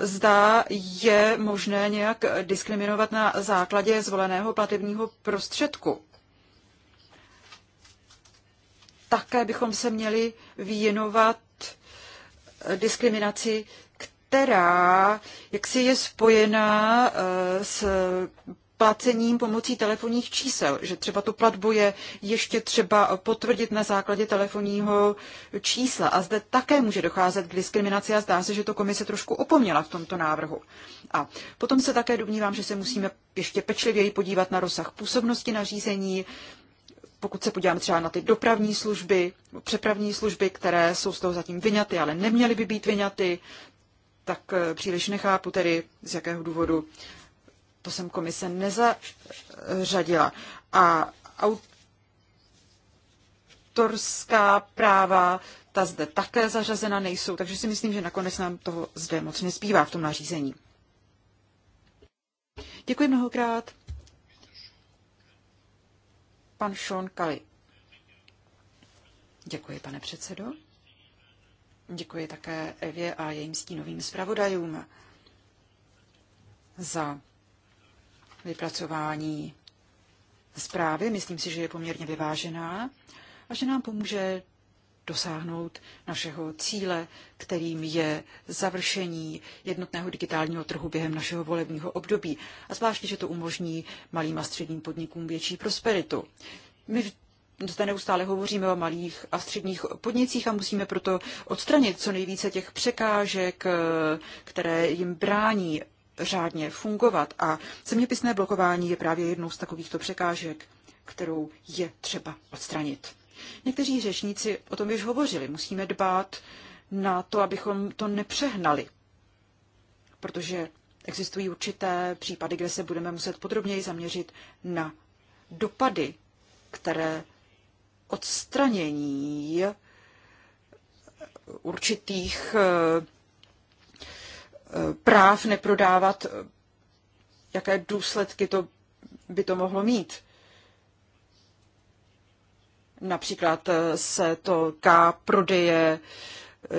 zda je možné nějak diskriminovat na základě zvoleného platebního prostředku také bychom se měli věnovat diskriminaci, která jaksi je spojená eh, s placením pomocí telefonních čísel, že třeba tu platbu je ještě třeba potvrdit na základě telefonního čísla. A zde také může docházet k diskriminaci a zdá se, že to komise trošku opomněla v tomto návrhu. A potom se také domnívám, že se musíme ještě pečlivěji podívat na rozsah působnosti nařízení, pokud se podíváme třeba na ty dopravní služby, přepravní služby, které jsou z toho zatím vyňaty, ale neměly by být vyňaty, tak eh, příliš nechápu tedy, z jakého důvodu to jsem komise nezařadila. A autorská práva, ta zde také zařazena nejsou, takže si myslím, že nakonec nám toho zde moc nezbývá v tom nařízení. Děkuji mnohokrát pan Sean Kelly. Děkuji, pane předsedo. Děkuji také Evě a jejím stínovým zpravodajům za vypracování zprávy. Myslím si, že je poměrně vyvážená a že nám pomůže dosáhnout našeho cíle, kterým je završení jednotného digitálního trhu během našeho volebního období. A zvláště, že to umožní malým a středním podnikům větší prosperitu. My zde neustále hovoříme o malých a středních podnicích a musíme proto odstranit co nejvíce těch překážek, eh, které jim brání řádně fungovat. A zeměpisné blokování je právě jednou z takovýchto překážek, kterou je třeba odstranit. Někteří řečníci o tom již hovořili. Musíme dbát na to, abychom to nepřehnali, protože existují určité případy, kde se budeme muset podrobněji zaměřit na dopady, které odstranění určitých eh, eh, práv neprodávat, jaké důsledky to by to mohlo mít. Například eh, se to ká prodeje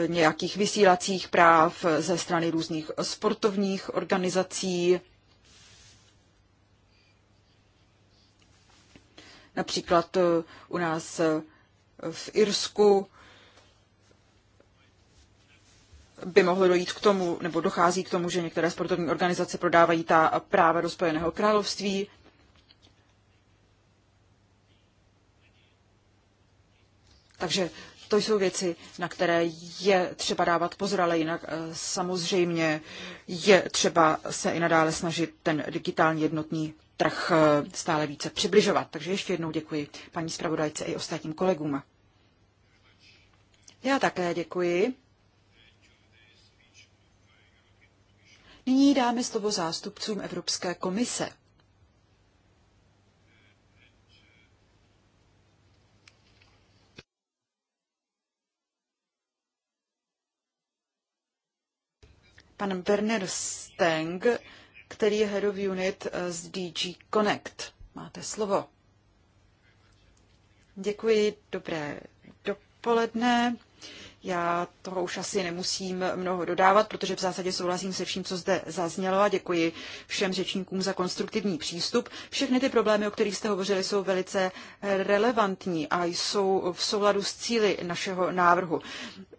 eh, nějakých vysílacích práv ze strany různých sportovních organizací. Například eh, u nás v Irsku by mohlo dojít k tomu, nebo dochází k tomu, že některé sportovní organizace prodávají ta práva do Spojeného království. Takže to jsou věci, na které je třeba dávat pozor, ale jinak eh, samozřejmě je třeba se i nadále snažit ten digitální jednotný trh eh, stále více přibližovat. Takže ještě jednou děkuji paní zpravodajce i ostatním kolegům. Já také děkuji. Nyní dáme slovo zástupcům Evropské komise. pan Werner Steng, který je head of unit eh, z DG Connect. Máte slovo. Děkuji, dobré dopoledne. Já toho už asi nemusím mnoho dodávat, protože v zásadě souhlasím se vším, co zde zaznělo a děkuji všem řečníkům za konstruktivní přístup. Všechny ty problémy, o kterých jste hovořili, jsou velice relevantní a jsou v souladu s cíly našeho návrhu.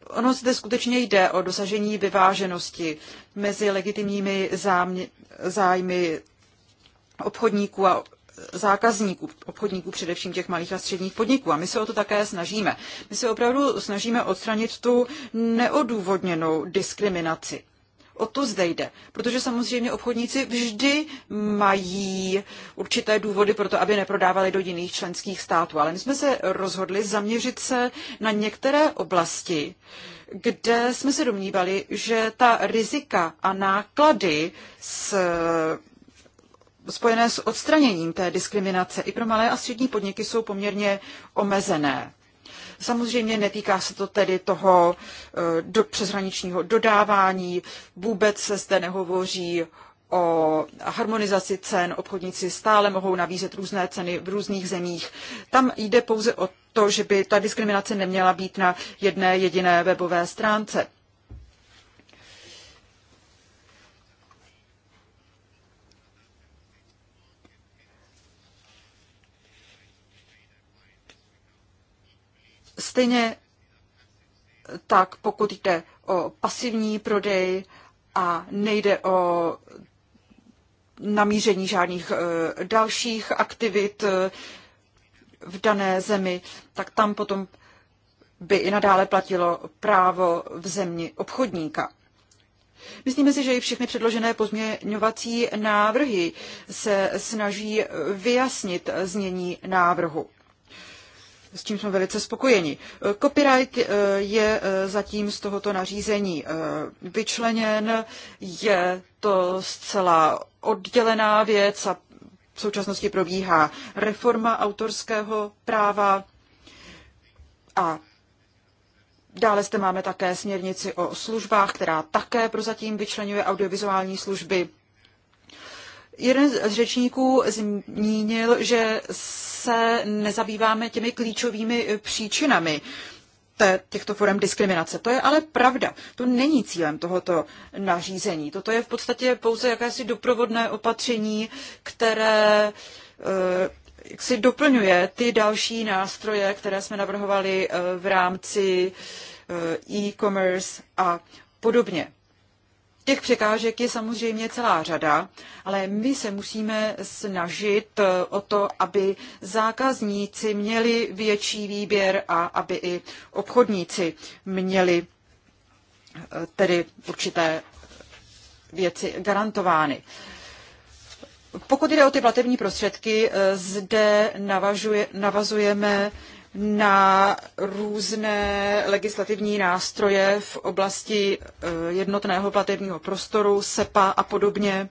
Ono zde skutečně jde o dosažení vyváženosti mezi legitimními zájmy obchodníků a zákazníků, obchodníků, především těch malých a středních podniků. A my se o to také snažíme. My se opravdu snažíme odstranit tu neodůvodněnou diskriminaci. O to zde jde, protože samozřejmě obchodníci vždy mají určité důvody pro to, aby neprodávali do jiných členských států. Ale my jsme se rozhodli zaměřit se na některé oblasti, kde jsme se domnívali, že ta rizika a náklady s spojené s odstraněním té diskriminace i pro malé a střední podniky jsou poměrně omezené. Samozřejmě netýká se to tedy toho eh, do, přeshraničního dodávání, vůbec se zde nehovoří o harmonizaci cen, obchodníci stále mohou nabízet různé ceny v různých zemích. Tam jde pouze o to, že by ta diskriminace neměla být na jedné jediné webové stránce. Stejně tak, pokud jde o pasivní prodej a nejde o namíření žádných e, dalších aktivit e, v dané zemi, tak tam potom by i nadále platilo právo v zemi obchodníka. Myslíme si, že i všechny předložené pozměňovací návrhy se snaží vyjasnit znění návrhu s čím jsme velice spokojeni. Eh, copyright eh, je eh, zatím z tohoto nařízení vyčleněn, je to zcela oddělená věc a v současnosti probíhá reforma autorského práva a Dále zde máme také směrnici o službách, která také prozatím vyčlenuje audiovizuální služby. Jeden z řečníků zmínil, že se nezabýváme těmi klíčovými eh, příčinami těchto forem diskriminace. To je ale pravda. To není cílem tohoto nařízení. Toto je v podstatě pouze jakési doprovodné opatření, které eh, jak si doplňuje ty další nástroje, které jsme navrhovali eh, v rámci e-commerce a podobně. Těch překážek je samozřejmě celá řada, ale my se musíme snažit eh, o to, aby zákazníci měli větší výběr a aby i obchodníci měli eh, tedy určité věci garantovány. Pokud jde o ty platební prostředky, eh, zde navazujeme na různé legislativní nástroje v oblasti eh, jednotného platebního prostoru, SEPA a podobně.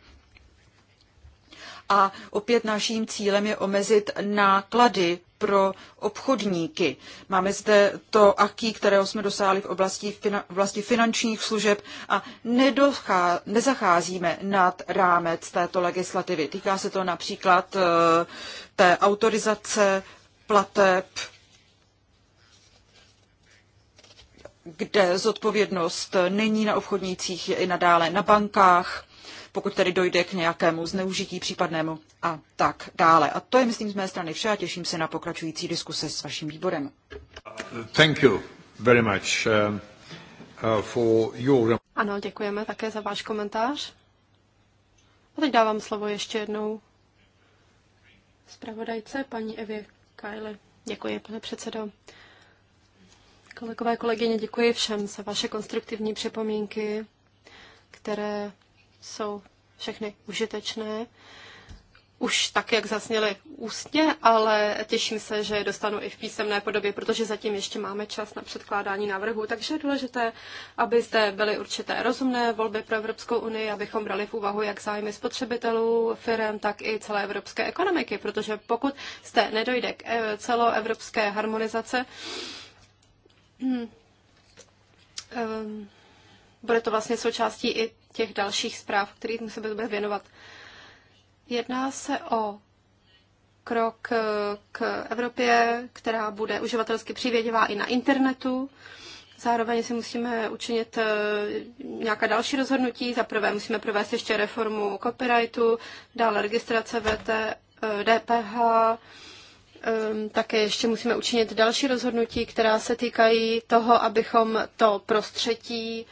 A opět naším cílem je omezit náklady pro obchodníky. Máme zde to aký, kterého jsme dosáhli v oblasti, v oblasti finančních služeb a nedochá, nezacházíme nad rámec této legislativy. Týká se to například eh, té autorizace plateb kde zodpovědnost není na obchodnících, je i nadále na bankách, pokud tedy dojde k nějakému zneužití případnému a tak dále. A to je, myslím, z mé strany vše a těším se na pokračující diskuse s vaším výborem. Thank you very much uh, uh, for your... Ano, děkujeme také za váš komentář. A teď dávám slovo ještě jednou zpravodajce paní Evě Kajle. Děkuji, pane předsedo. Kolegové, kolegyně, děkuji všem za vaše konstruktivní připomínky, které jsou všechny užitečné. Už tak, jak zasněly ústně, ale těším se, že je dostanu i v písemné podobě, protože zatím ještě máme čas na předkládání návrhu. Takže je důležité, aby zde byly určité rozumné volby pro Evropskou unii, abychom brali v úvahu jak zájmy spotřebitelů, firm, tak i celé evropské ekonomiky, protože pokud zde nedojde k eh, celoevropské harmonizace, Hmm. Ehm, bude to vlastně součástí i těch dalších zpráv, kterým se bude věnovat. Jedná se o krok eh, k Evropě, která bude uživatelsky přivěděvá i na internetu. Zároveň si musíme učinit eh, nějaká další rozhodnutí. Za prvé musíme provést ještě reformu copyrightu, dále registrace VT, DPH, eh, Ehm, také ještě musíme učinit další rozhodnutí, která se týkají toho, abychom to prostředí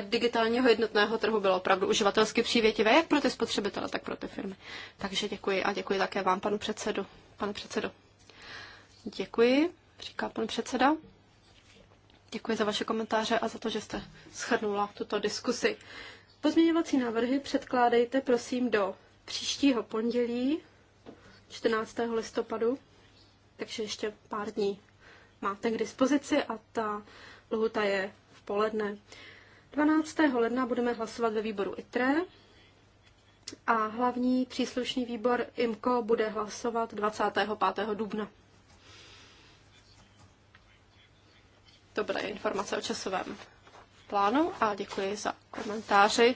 digitálního jednotného trhu bylo opravdu uživatelsky přívětivé, jak pro ty spotřebitele, tak pro ty firmy. Takže děkuji a děkuji také vám, panu předsedu. Pane předsedo. Děkuji, říká pan předseda. Děkuji za vaše komentáře a za to, že jste schrnula tuto diskusi. Pozměňovací návrhy předkládejte prosím do příštího pondělí 14. listopadu takže ještě pár dní máte k dispozici a ta lhuta je v poledne. 12. ledna budeme hlasovat ve výboru ITRE a hlavní příslušný výbor IMCO bude hlasovat 25. dubna. To byla informace o časovém plánu a děkuji za komentáři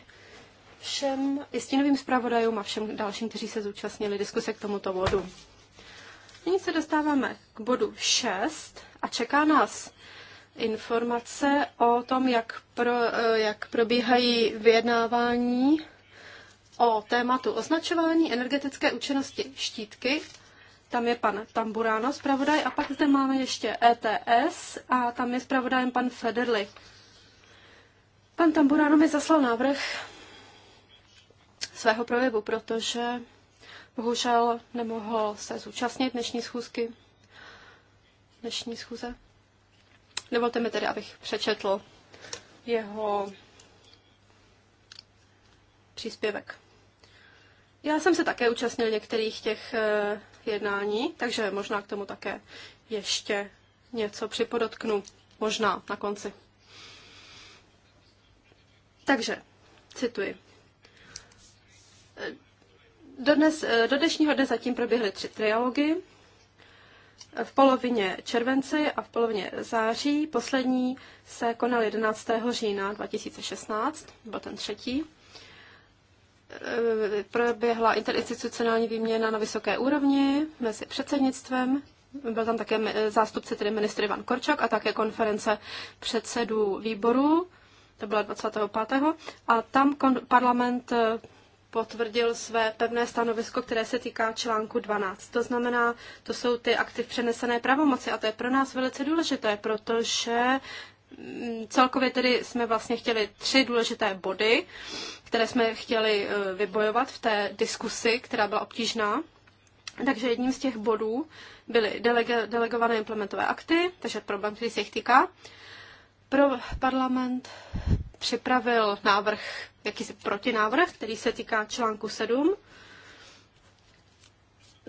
všem i stínovým zpravodajům a všem dalším, kteří se zúčastnili diskuse k tomuto vodu. Nyní se dostáváme k bodu 6 a čeká nás informace o tom, jak, pro, eh, jak probíhají vyjednávání o tématu označování energetické účinnosti štítky. Tam je pan Tamburáno, zpravodaj, a pak zde máme ještě ETS a tam je zpravodajem pan Federli. Pan Tamburáno mi zaslal návrh svého projevu, protože bohužel nemohl se zúčastnit dnešní schůzky, dnešní schůze. Dovolte mi tedy, abych přečetl jeho příspěvek. Já jsem se také účastnil některých těch eh, jednání, takže možná k tomu také ještě něco připodotknu, možná na konci. Takže, cituji. Dodnes, eh, do dnešního dne zatím proběhly tři trialogy. V polovině července a v polovině září. Poslední se konal 11. října 2016, byl ten třetí. Eh, proběhla interinstitucionální výměna na vysoké úrovni mezi předsednictvem. Byl tam také zástupce tedy ministr Ivan Korčak a také konference předsedů výboru. To byla 25. A tam parlament eh, potvrdil své pevné stanovisko, které se týká článku 12. To znamená, to jsou ty aktiv přenesené pravomoci a to je pro nás velice důležité, protože mm, celkově tedy jsme vlastně chtěli tři důležité body, které jsme chtěli eh, vybojovat v té diskusi, která byla obtížná. Takže jedním z těch bodů byly delege, delegované implementové akty, takže problém, který se jich týká. Pro parlament připravil návrh jakýsi protinávrh, který se týká článku 7,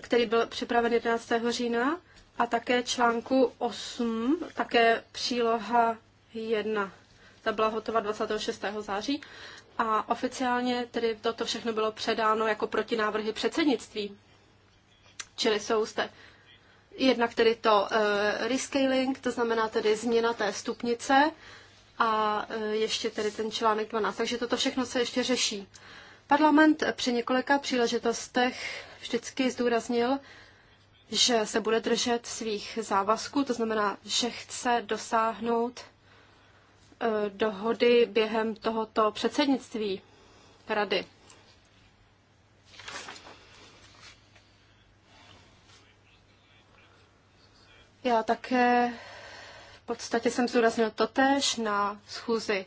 který byl připraven 11. října, a také článku 8, také příloha 1. Ta byla hotová 26. září a oficiálně tedy toto všechno bylo předáno jako protinávrhy předsednictví. Čili jsou zde jednak tedy to uh, rescaling, to znamená tedy změna té stupnice, a e, ještě tedy ten článek 12. Takže toto všechno se ještě řeší. Parlament při několika příležitostech vždycky zdůraznil, že se bude držet svých závazků, to znamená, že chce dosáhnout e, dohody během tohoto předsednictví rady. Já také v podstatě jsem zdůraznil totéž na schůzi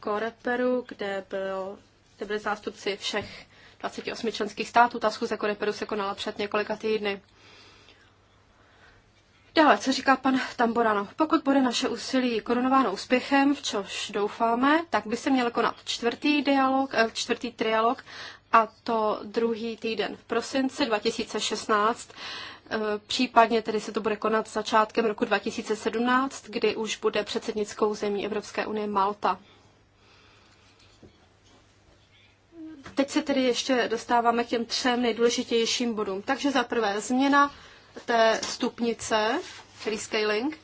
Koreperu, kde, bylo, kde byli zástupci všech 28 členských států. Ta schůze Koreperu se konala před několika týdny. Dále, co říká pan Tamborano? Pokud bude naše úsilí korunováno úspěchem, v čož doufáme, tak by se měl konat čtvrtý, dialog, eh, čtvrtý trialog a to druhý týden v prosinci 2016. Eh, případně tedy se to bude konat začátkem roku 2017, kdy už bude předsednickou zemí Evropské unie Malta. Teď se tedy ještě dostáváme k těm třem nejdůležitějším bodům. Takže za prvé změna té stupnice, rescaling,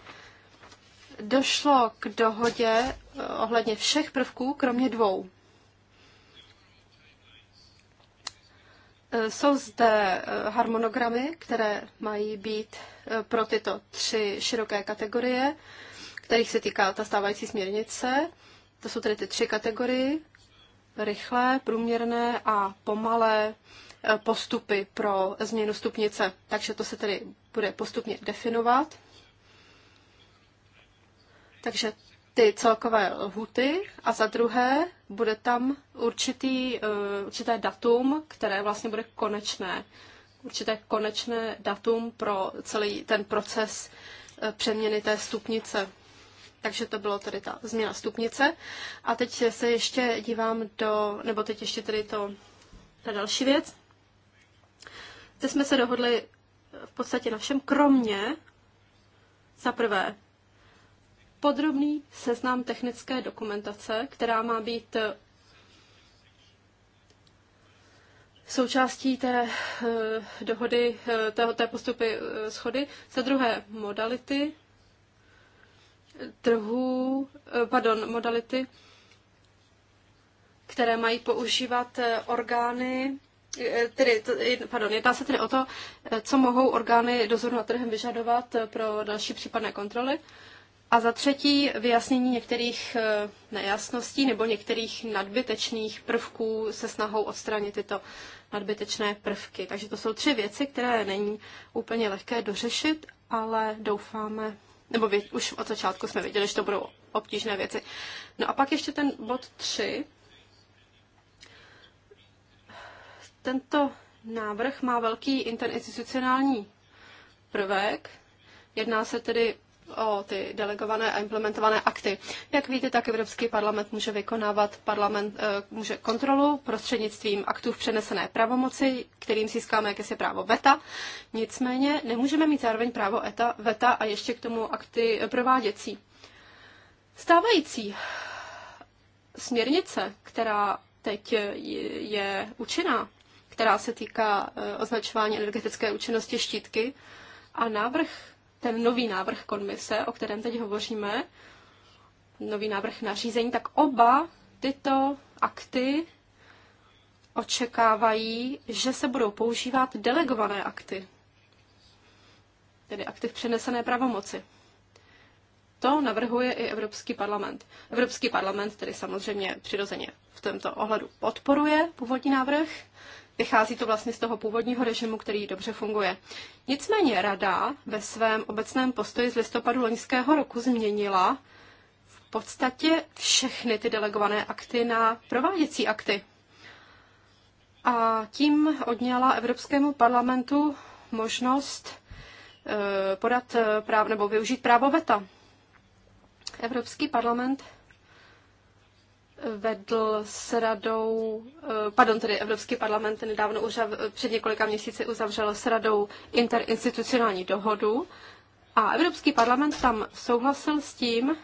došlo k dohodě eh, ohledně všech prvků, kromě dvou. Eh, jsou zde eh, harmonogramy, které mají být eh, pro tyto tři široké kategorie, kterých se týká ta stávající směrnice. To jsou tedy ty tři kategorie. Rychlé, průměrné a pomalé postupy pro změnu stupnice. Takže to se tedy bude postupně definovat. Takže ty celkové lhuty a za druhé bude tam určitý, eh, určité datum, které vlastně bude konečné, určité konečné datum pro celý ten proces eh, přeměny té stupnice. Takže to bylo tedy ta změna stupnice. A teď se ještě dívám do, nebo teď ještě tedy to, ta další věc. Teď jsme se dohodli v podstatě na všem, kromě za prvé podrobný seznam technické dokumentace, která má být eh, součástí té eh, dohody, eh, tého té postupy schody. Za druhé, modality trhů, pardon, modality, které mají používat orgány, tedy, pardon, jedná se tedy o to, co mohou orgány dozoru nad trhem vyžadovat pro další případné kontroly. A za třetí vyjasnění některých eh, nejasností nebo některých nadbytečných prvků se snahou odstranit tyto nadbytečné prvky. Takže to jsou tři věci, které není úplně lehké dořešit, ale doufáme, nebo vě, už od začátku jsme věděli, že to budou obtížné věci. No a pak ještě ten bod tři. Tento návrh má velký interinstitucionální prvek. Jedná se tedy o ty delegované a implementované akty. Jak víte, tak Evropský parlament může vykonávat parlament, eh, může kontrolu prostřednictvím aktů v přenesené pravomoci, kterým získáme jakési právo VETA. Nicméně nemůžeme mít zároveň právo ETA, VETA a ještě k tomu akty prováděcí. Stávající směrnice, která teď je účinná, která se týká eh, označování energetické účinnosti štítky a návrh ten nový návrh komise, o kterém teď hovoříme, nový návrh nařízení, tak oba tyto akty očekávají, že se budou používat delegované akty, tedy akty v přenesené pravomoci. To navrhuje i Evropský parlament. Evropský parlament tedy samozřejmě přirozeně v tomto ohledu podporuje původní návrh, vychází to vlastně z toho původního režimu, který dobře funguje. Nicméně rada ve svém obecném postoji z listopadu loňského roku změnila v podstatě všechny ty delegované akty na prováděcí akty. A tím odněla Evropskému parlamentu možnost eh, podat eh, právo nebo využít právo veta. Evropský parlament vedl s radou, eh, pardon, tedy Evropský parlament nedávno už před několika měsíci uzavřel s radou interinstitucionální dohodu a Evropský parlament tam souhlasil s tím,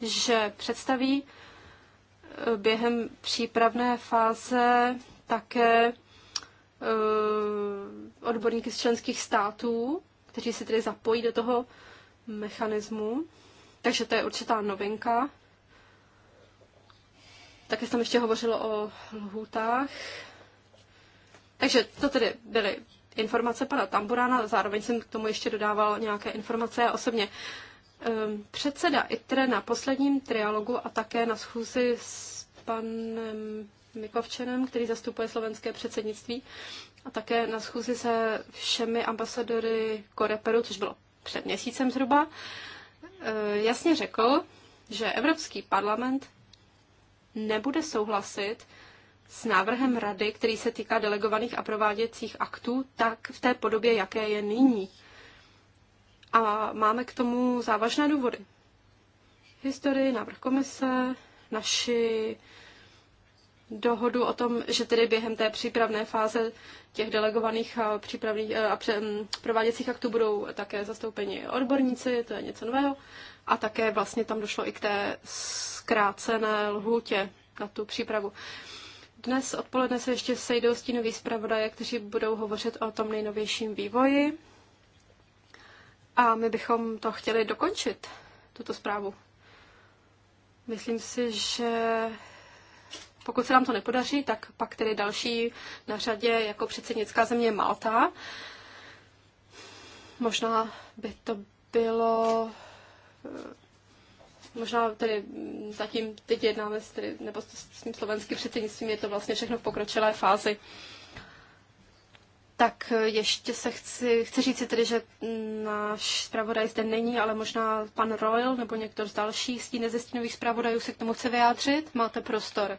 že představí eh, během přípravné fáze také eh, odborníky z členských států, kteří se tedy zapojí do toho mechanismu. Takže to je určitá novinka. Také jsem ještě hovořilo o lhůtách. Takže to tedy byly informace pana Tamburána, zároveň jsem k tomu ještě dodával nějaké informace já osobně. Ehm, předseda ITRE na posledním trialogu a také na schůzi s panem Mikovčenem, který zastupuje slovenské předsednictví, a také na schůzi se všemi ambasadory Koreperu, což bylo před měsícem zhruba, ehm, jasně řekl, že Evropský parlament nebude souhlasit s návrhem rady, který se týká delegovaných a prováděcích aktů, tak v té podobě, jaké je nyní. A máme k tomu závažné důvody. Historii, návrh komise, naši dohodu o tom, že tedy během té přípravné fáze těch delegovaných a, eh, přípravných eh, a pře, mm, prováděcích aktů budou také zastoupeni odborníci, to je něco nového. A také vlastně tam došlo i k té zkrácené lhůtě na tu přípravu. Dnes odpoledne se ještě sejdou stínoví zpravodaje, kteří budou hovořit o tom nejnovějším vývoji. A my bychom to chtěli dokončit, tuto zprávu. Myslím si, že pokud se nám to nepodaří, tak pak tedy další na řadě jako předsednická země Malta. Možná by to bylo eh, možná tedy zatím teď jednáme s, tedy, nebo s tím slovenským předsednictvím, je to vlastně všechno v pokročilé fázi. Tak eh, ještě se chci, chci říct si tedy, že náš zpravodaj zde není, ale možná pan Royal nebo někdo z dalších z nezestinových zpravodajů se k tomu chce vyjádřit. Máte prostor. Uh,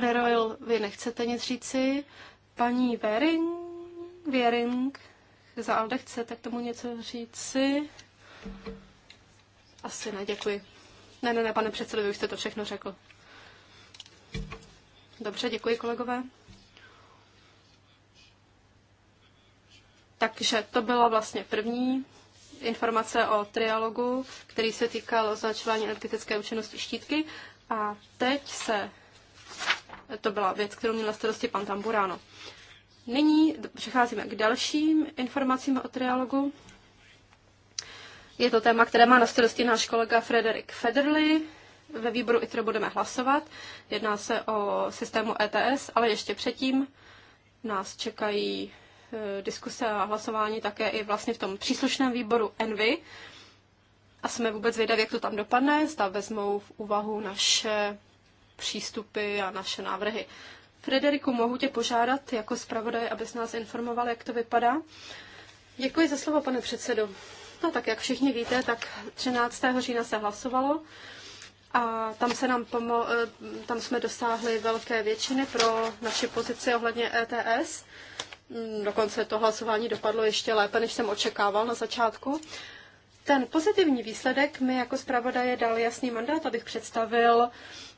Pane Royal, vy nechcete nic říci? Paní Wering, Wering, za Alde chce, tak tomu něco říci? Asi ne, děkuji. Ne, ne, ne, pane předsedo, vy už jste to všechno řekl. Dobře, děkuji, kolegové. Takže to byla vlastně první informace o trialogu, který se týkal označování energetické účinnosti štítky. A teď se to byla věc, kterou měl na starosti pan Tamburano. Nyní přecházíme k dalším informacím o trialogu. Je to téma, které má na starosti náš kolega Frederik Federley. Ve výboru ITRO budeme hlasovat. Jedná se o systému ETS, ale ještě předtím nás čekají e, diskuse a hlasování také i vlastně v tom příslušném výboru ENVY. A jsme vůbec vědaví, jak to tam dopadne, zda vezmou v úvahu naše přístupy a naše návrhy. Frederiku, mohu tě požádat jako zpravodaj, abys nás informoval, jak to vypadá? Děkuji za slovo, pane předsedo. No tak, jak všichni víte, tak 13. října se hlasovalo a tam, se nám pomo- eh, tam jsme dosáhli velké většiny pro naše pozici ohledně ETS. Mm, dokonce to hlasování dopadlo ještě lépe, než jsem očekával na začátku. Ten pozitivní výsledek mi jako zpravodaje dal jasný mandát, abych představil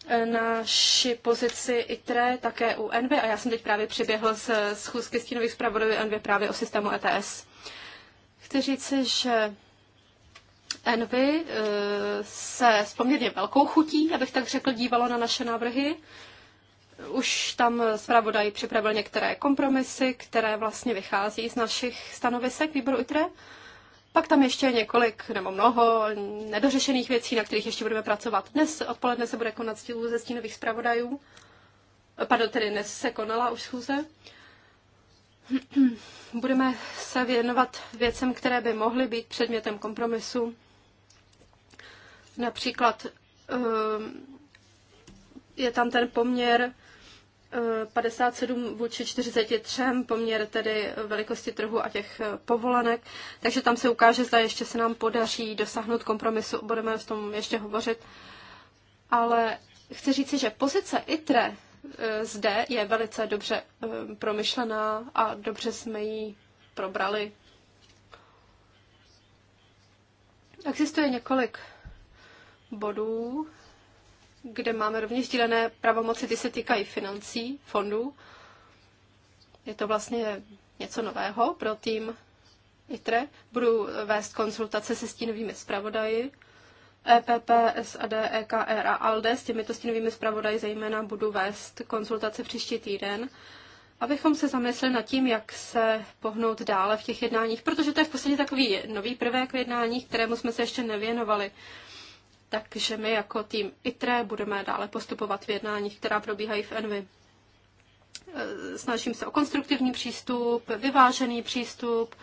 eh, naši pozici ITRE, také u NV a já jsem teď právě přiběhl z schůzky stínových zpravodajů NV právě o systému ETS. Chci říci, že NV eh, se s poměrně velkou chutí, abych tak řekl, dívalo na naše návrhy. Už tam zpravodaj připravil některé kompromisy, které vlastně vychází z našich stanovisek výboru ITRE. Pak tam ještě několik nebo mnoho nedořešených věcí, na kterých ještě budeme pracovat. Dnes odpoledne se bude konat ze stínových zpravodajů. Pardon, tedy dnes se konala už schůze. Budeme se věnovat věcem, které by mohly být předmětem kompromisu. Například ehm, je tam ten poměr 57 vůči 43 poměr tedy velikosti trhu a těch eh, povolenek, takže tam se ukáže, zda ještě se nám podaří dosáhnout kompromisu, budeme v tom ještě hovořit. Ale chci říci, že pozice ITRE eh, zde je velice dobře eh, promyšlená a dobře jsme ji probrali. Existuje několik bodů, kde máme rovněž sdílené pravomoci, ty se týkají financí, fondů. Je to vlastně něco nového pro tým ITRE. Budu vést konzultace se stínovými zpravodaji. EPP, SAD, EKR a ALDE. S těmito stínovými zpravodaji zejména budu vést konzultace příští týden, abychom se zamysleli nad tím, jak se pohnout dále v těch jednáních, protože to je v podstatě takový nový prvek v jednáních, kterému jsme se ještě nevěnovali takže my jako tým ITRE budeme dále postupovat v jednáních, která probíhají v ENVI. E, snažím se o konstruktivní přístup, vyvážený přístup.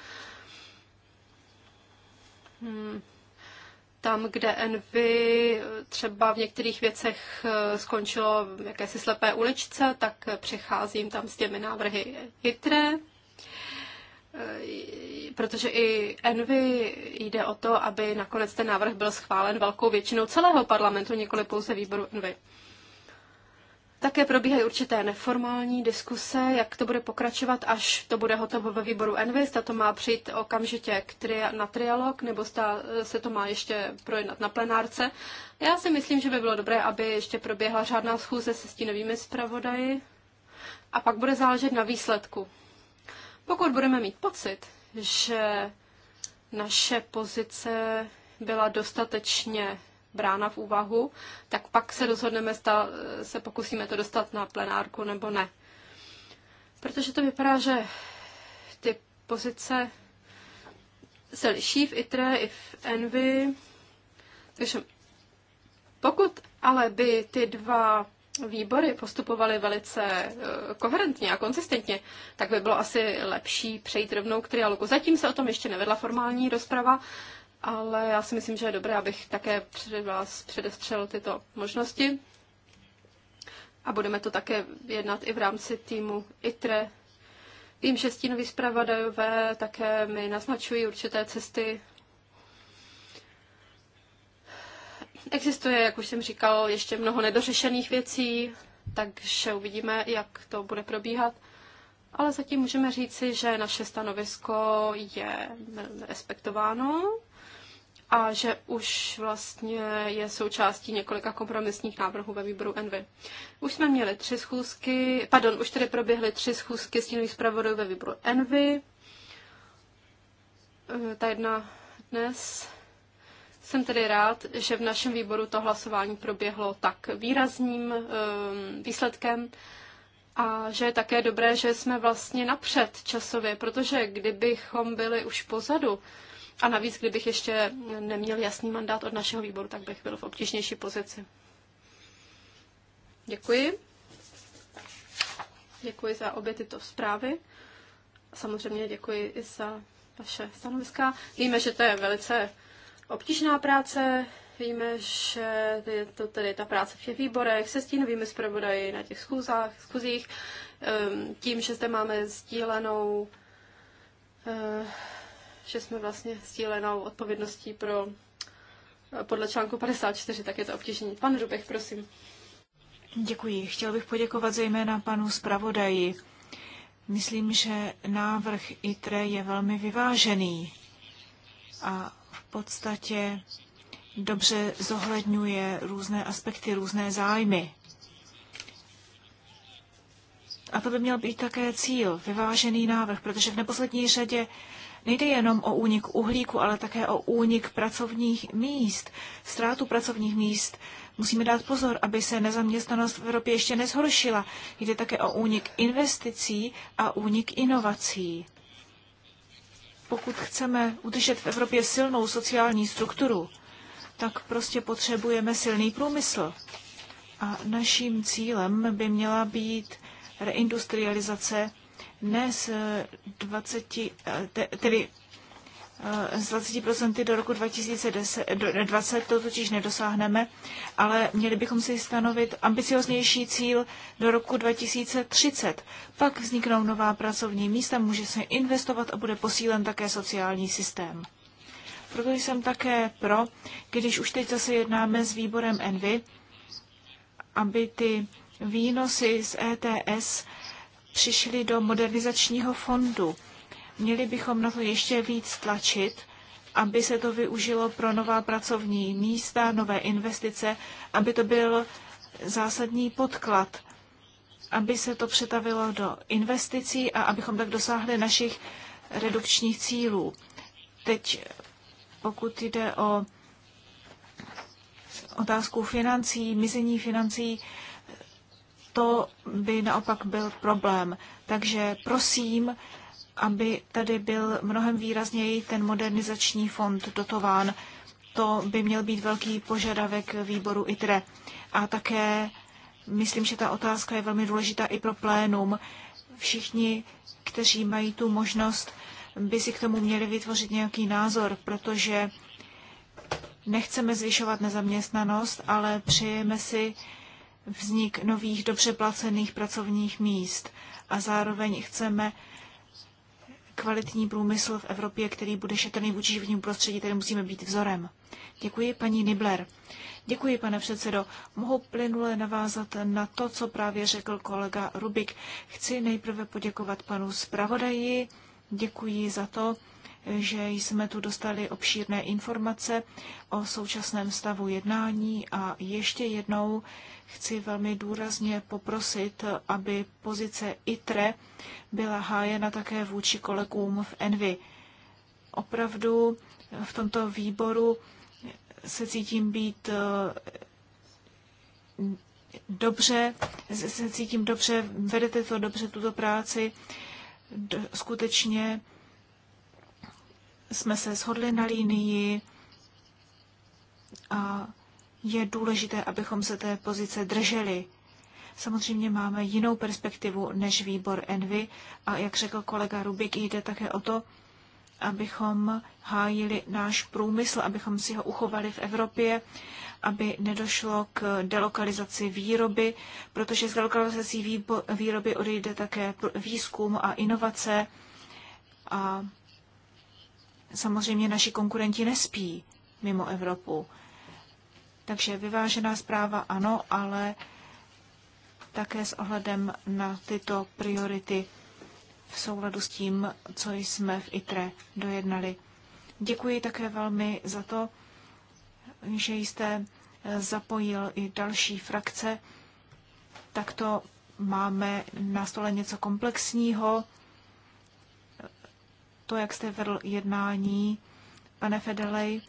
Hmm tam, kde Envy třeba v některých věcech e, skončilo v jakési slepé uličce, tak přecházím tam s těmi návrhy ITRE. Eh, protože i Envy jde o to, aby nakonec ten návrh byl schválen velkou většinou celého parlamentu, nikoli pouze výboru Envy. Také probíhají určité neformální diskuse, jak to bude pokračovat, až to bude hotovo ve výboru Envy, zda to má přijít okamžitě k tri- na trialog, nebo zda eh, se to má ještě projednat na plenárce. Já si myslím, že by bylo dobré, aby ještě proběhla řádná schůze se stínovými zpravodaji a pak bude záležet na výsledku. Pokud budeme mít pocit, že naše pozice byla dostatečně brána v úvahu, tak pak se rozhodneme, zda eh, se pokusíme to dostat na plenárku nebo ne. Protože to vypadá, že ty pozice se liší v ITRE i v ENVY. Takže pokud ale by ty dva výbory postupovaly velice eh, koherentně a konzistentně, tak by bylo asi lepší přejít rovnou k trialogu. Zatím se o tom ještě nevedla formální rozprava, ale já si myslím, že je dobré, abych také před vás předestřel tyto možnosti. A budeme to také jednat i v rámci týmu ITRE. Vím, že stínoví zpravodajové také mi naznačují určité cesty, Existuje, jak už jsem říkal, ještě mnoho nedořešených věcí, takže uvidíme, jak to bude probíhat. Ale zatím můžeme říci, že naše stanovisko je respektováno a že už vlastně je součástí několika kompromisních návrhů ve výboru NV. Už jsme měli tři schůzky, pardon, už tedy proběhly tři schůzky s stínových zpravodajů ve výboru NV. E, ta jedna dnes jsem tedy rád, že v našem výboru to hlasování proběhlo tak výrazným eh, výsledkem a že je také dobré, že jsme vlastně napřed časově, protože kdybychom byli už pozadu, a navíc, kdybych ještě neměl jasný mandát od našeho výboru, tak bych byl v obtížnější pozici. Děkuji. Děkuji za obě tyto zprávy. Samozřejmě děkuji i za vaše stanoviska. Víme, že to je velice obtížná práce. Víme, že je to tedy ta práce v těch výborech, se stínovými zpravodaji na těch schůzách, schůzích, ehm, tím, že zde máme sdílenou, eh, že jsme vlastně sdílenou odpovědností pro eh, podle článku 54, tak je to obtížný. Pan Rubech, prosím. Děkuji. Chtěl bych poděkovat zejména panu zpravodaji. Myslím, že návrh ITRE je velmi vyvážený a podstatě dobře zohledňuje různé aspekty, různé zájmy. A to by měl být také cíl, vyvážený návrh, protože v neposlední řadě nejde jenom o únik uhlíku, ale také o únik pracovních míst, ztrátu pracovních míst. Musíme dát pozor, aby se nezaměstnanost v Evropě ještě nezhoršila. Jde také o únik investicí a únik inovací pokud chceme udržet v Evropě silnou sociální strukturu, tak prostě potřebujeme silný průmysl. A naším cílem by měla být reindustrializace ne z 20, tedy Eh, z 20% do roku 2020 to totiž nedosáhneme, ale měli bychom si stanovit ambicioznější cíl do roku 2030. Pak vzniknou nová pracovní místa, může se investovat a bude posílen také sociální systém. Proto jsem také pro, když už teď zase jednáme s výborem Envy, aby ty výnosy z ETS přišly do modernizačního fondu Měli bychom na to ještě víc tlačit, aby se to využilo pro nová pracovní místa, nové investice, aby to byl zásadní podklad, aby se to přetavilo do investicí a abychom tak dosáhli našich redukčních cílů. Teď pokud jde o otázku financí, mizení financí, to by naopak byl problém. Takže prosím, aby tady byl mnohem výrazněji ten modernizační fond dotován. To by měl být velký požadavek výboru ITRE. A také myslím, že ta otázka je velmi důležitá i pro plénum. Všichni, kteří mají tu možnost, by si k tomu měli vytvořit nějaký názor, protože nechceme zvyšovat nezaměstnanost, ale přejeme si vznik nových dobře placených pracovních míst a zároveň chceme kvalitní průmysl v Evropě, který bude šetrný vůči životnímu prostředí, tedy musíme být vzorem. Děkuji, paní Nibler. Děkuji, pane předsedo. Mohu plynule navázat na to, co právě řekl kolega Rubik. Chci nejprve poděkovat panu zpravodaji. Děkuji za to, že jsme tu dostali obšírné informace o současném stavu jednání a ještě jednou chci velmi důrazně poprosit, aby pozice ITRE byla hájena také vůči kolegům v ENVY. Opravdu v tomto výboru se cítím být eh, dobře, se cítím dobře, vedete to dobře, tuto práci. Skutečně jsme se shodli na línii a je důležité, abychom se té pozice drželi. Samozřejmě máme jinou perspektivu než výbor Envy a jak řekl kolega Rubik, jde také o to, abychom hájili náš průmysl, abychom si ho uchovali v Evropě, aby nedošlo k delokalizaci výroby, protože z delokalizací výroby odejde také výzkum a inovace a samozřejmě naši konkurenti nespí mimo Evropu. Takže vyvážená zpráva ano, ale také s ohledem na tyto priority v souladu s tím, co jsme v ITRE dojednali. Děkuji také velmi za to, že jste eh, zapojil i další frakce. Takto máme na stole něco komplexního. To, jak jste vedl jednání, pane Fedelej,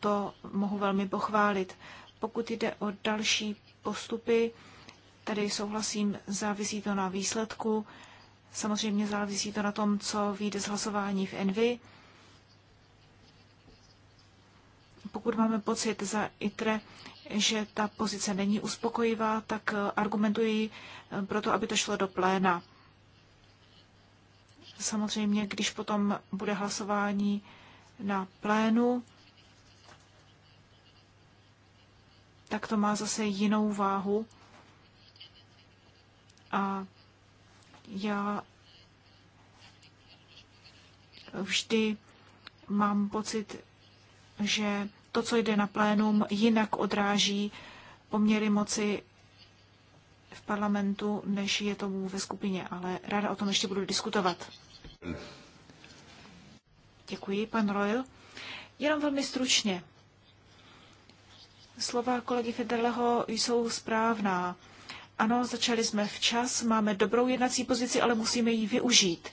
to mohu velmi pochválit. Pokud jde o další postupy, tady souhlasím, závisí to na výsledku. Samozřejmě závisí to na tom, co vyjde z hlasování v Envy. Pokud máme pocit za ITRE, že ta pozice není uspokojivá, tak argumentuji to, aby to šlo do pléna. Samozřejmě, když potom bude hlasování na plénu, tak to má zase jinou váhu. A já vždy mám pocit, že to, co jde na plénum, jinak odráží poměry moci v parlamentu, než je tomu ve skupině, ale ráda o tom ještě budu diskutovat. Děkuji, pan Royal. Jenom velmi stručně. Slova kolegy Federleho jsou správná. Ano, začali jsme včas, máme dobrou jednací pozici, ale musíme ji využít.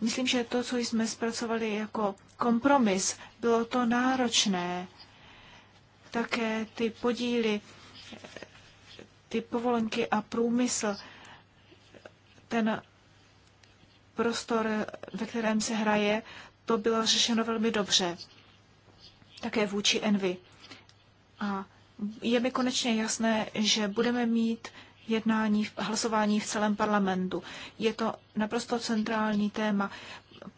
Myslím, že to, co jsme zpracovali jako kompromis, bylo to náročné. Také ty podíly, ty povolenky a průmysl, ten prostor, ve kterém se hraje, to bylo řešeno velmi dobře. Také vůči Envy. A je mi konečně jasné, že budeme mít jednání, hlasování v celém parlamentu. Je to naprosto centrální téma.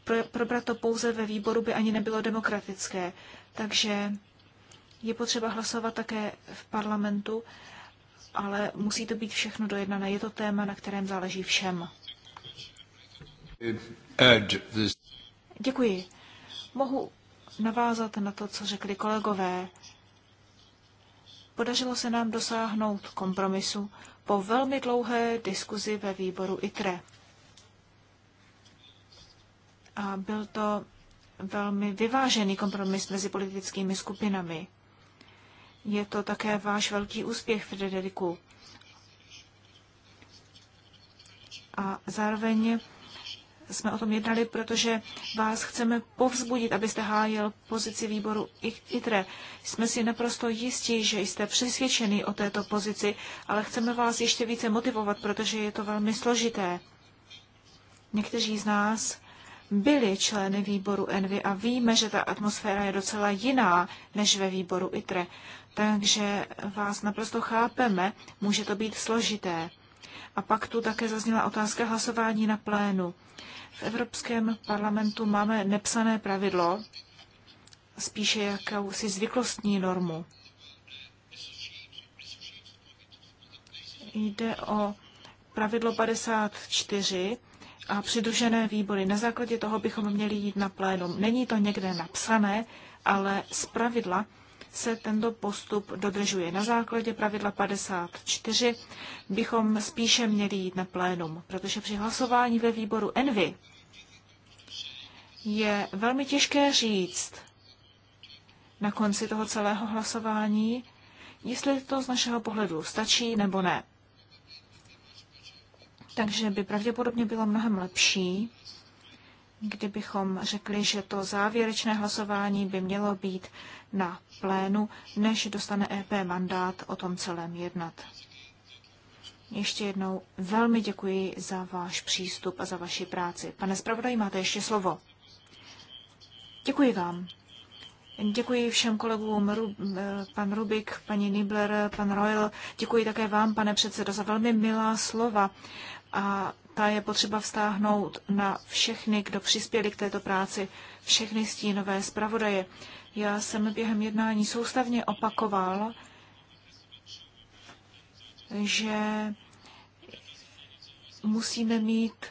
Pro, probrat to pouze ve výboru by ani nebylo demokratické. Takže je potřeba hlasovat také v parlamentu, ale musí to být všechno dojednané. Je to téma, na kterém záleží všem. Děkuji. Mohu navázat na to, co řekli kolegové. Podařilo se nám dosáhnout kompromisu po velmi dlouhé diskuzi ve výboru ITRE. A byl to velmi vyvážený kompromis mezi politickými skupinami. Je to také váš velký úspěch, Frederiku. A zároveň jsme o tom jednali, protože vás chceme povzbudit, abyste hájil pozici výboru ITRE. Jsme si naprosto jistí, že jste přesvědčeni o této pozici, ale chceme vás ještě více motivovat, protože je to velmi složité. Někteří z nás byli členy výboru Envy a víme, že ta atmosféra je docela jiná než ve výboru ITRE. Takže vás naprosto chápeme, může to být složité. A pak tu také zazněla otázka hlasování na plénu. V Evropském parlamentu máme nepsané pravidlo, spíše jakousi zvyklostní normu. Jde o pravidlo 54 a přidružené výbory. Na základě toho bychom měli jít na plénum. Není to někde napsané, ale z pravidla se tento postup dodržuje. Na základě pravidla 54 bychom spíše měli jít na plénum, protože při hlasování ve výboru Envy je velmi těžké říct na konci toho celého hlasování, jestli to z našeho pohledu stačí nebo ne. Takže by pravděpodobně bylo mnohem lepší, kdybychom řekli, že to závěrečné hlasování by mělo být na plénu, než dostane EP mandát o tom celém jednat. Ještě jednou velmi děkuji za váš přístup a za vaši práci. Pane zpravodaj, máte ještě slovo. Děkuji vám. Děkuji všem kolegům, eh, pan Rubik, paní Nibler, pan Royal. Děkuji také vám, pane předsedo, za velmi milá slova. A ta je potřeba vztáhnout na všechny, kdo přispěli k této práci, všechny stínové zpravodaje. Já jsem během jednání soustavně opakoval, že musíme mít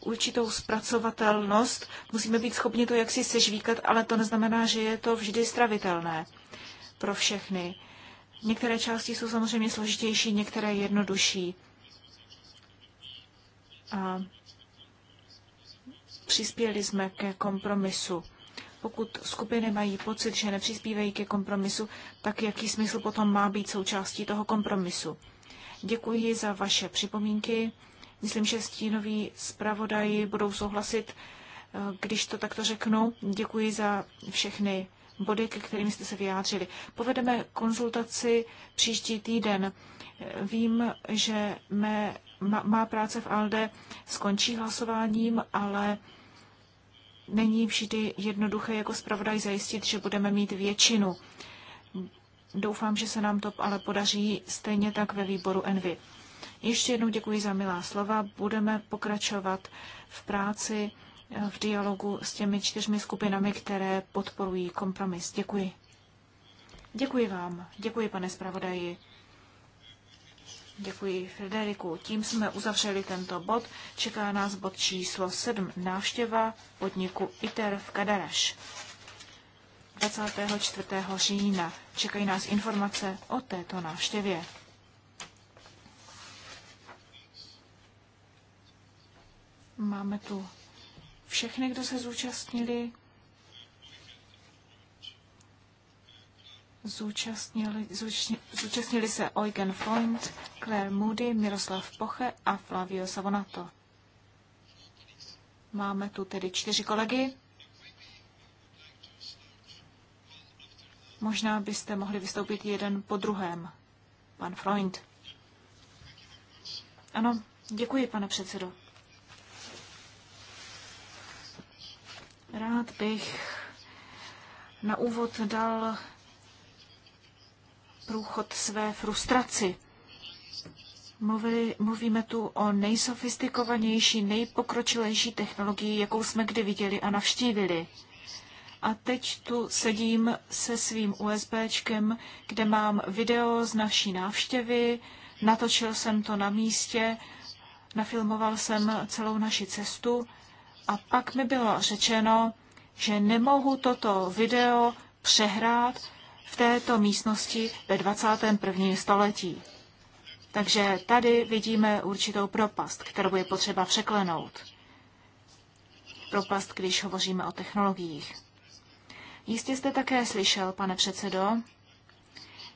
určitou zpracovatelnost, musíme být schopni to jaksi sežvíkat, ale to neznamená, že je to vždy stravitelné pro všechny. Některé části jsou samozřejmě složitější, některé jednodušší a přispěli jsme ke kompromisu. Pokud skupiny mají pocit, že nepřispívají ke kompromisu, tak jaký smysl potom má být součástí toho kompromisu? Děkuji za vaše připomínky. Myslím, že stínoví zpravodaji budou souhlasit, eh, když to takto řeknu. Děkuji za všechny body, ke kterým jste se vyjádřili. Povedeme konzultaci příští týden. Eh, Vím, že mé má práce v ALDE skončí hlasováním, ale není vždy jednoduché jako zpravodaj zajistit, že budeme mít většinu. Doufám, že se nám to ale podaří stejně tak ve výboru Envy. Ještě jednou děkuji za milá slova. Budeme pokračovat v práci, eh, v dialogu s těmi čtyřmi skupinami, které podporují kompromis. Děkuji. Děkuji vám. Děkuji, pane zpravodaji. Děkuji Frederiku. Tím jsme uzavřeli tento bod. Čeká nás bod číslo 7. Návštěva podniku ITER v Kadaraš. 24. října. Čekají nás informace o této návštěvě. Máme tu všechny, kdo se zúčastnili. Zúčastnili, zúčastnili, se Eugen Freund, Claire Moody, Miroslav Poche a Flavio Savonato. Máme tu tedy čtyři kolegy. Možná byste mohli vystoupit jeden po druhém. Pan Freund. Ano, děkuji, pane předsedo. Rád bych na úvod dal průchod své frustraci. Mluvili, mluvíme tu o nejsofistikovanější, nejpokročilejší technologii, jakou jsme kdy viděli a navštívili. A teď tu sedím se svým USBčkem, kde mám video z naší návštěvy, natočil jsem to na místě, nafilmoval jsem celou naši cestu a pak mi bylo řečeno, že nemohu toto video přehrát, v této místnosti ve 21. století. Takže tady vidíme určitou propast, kterou je potřeba překlenout. Propast, když hovoříme o technologiích. Jistě jste také slyšel, pane předsedo,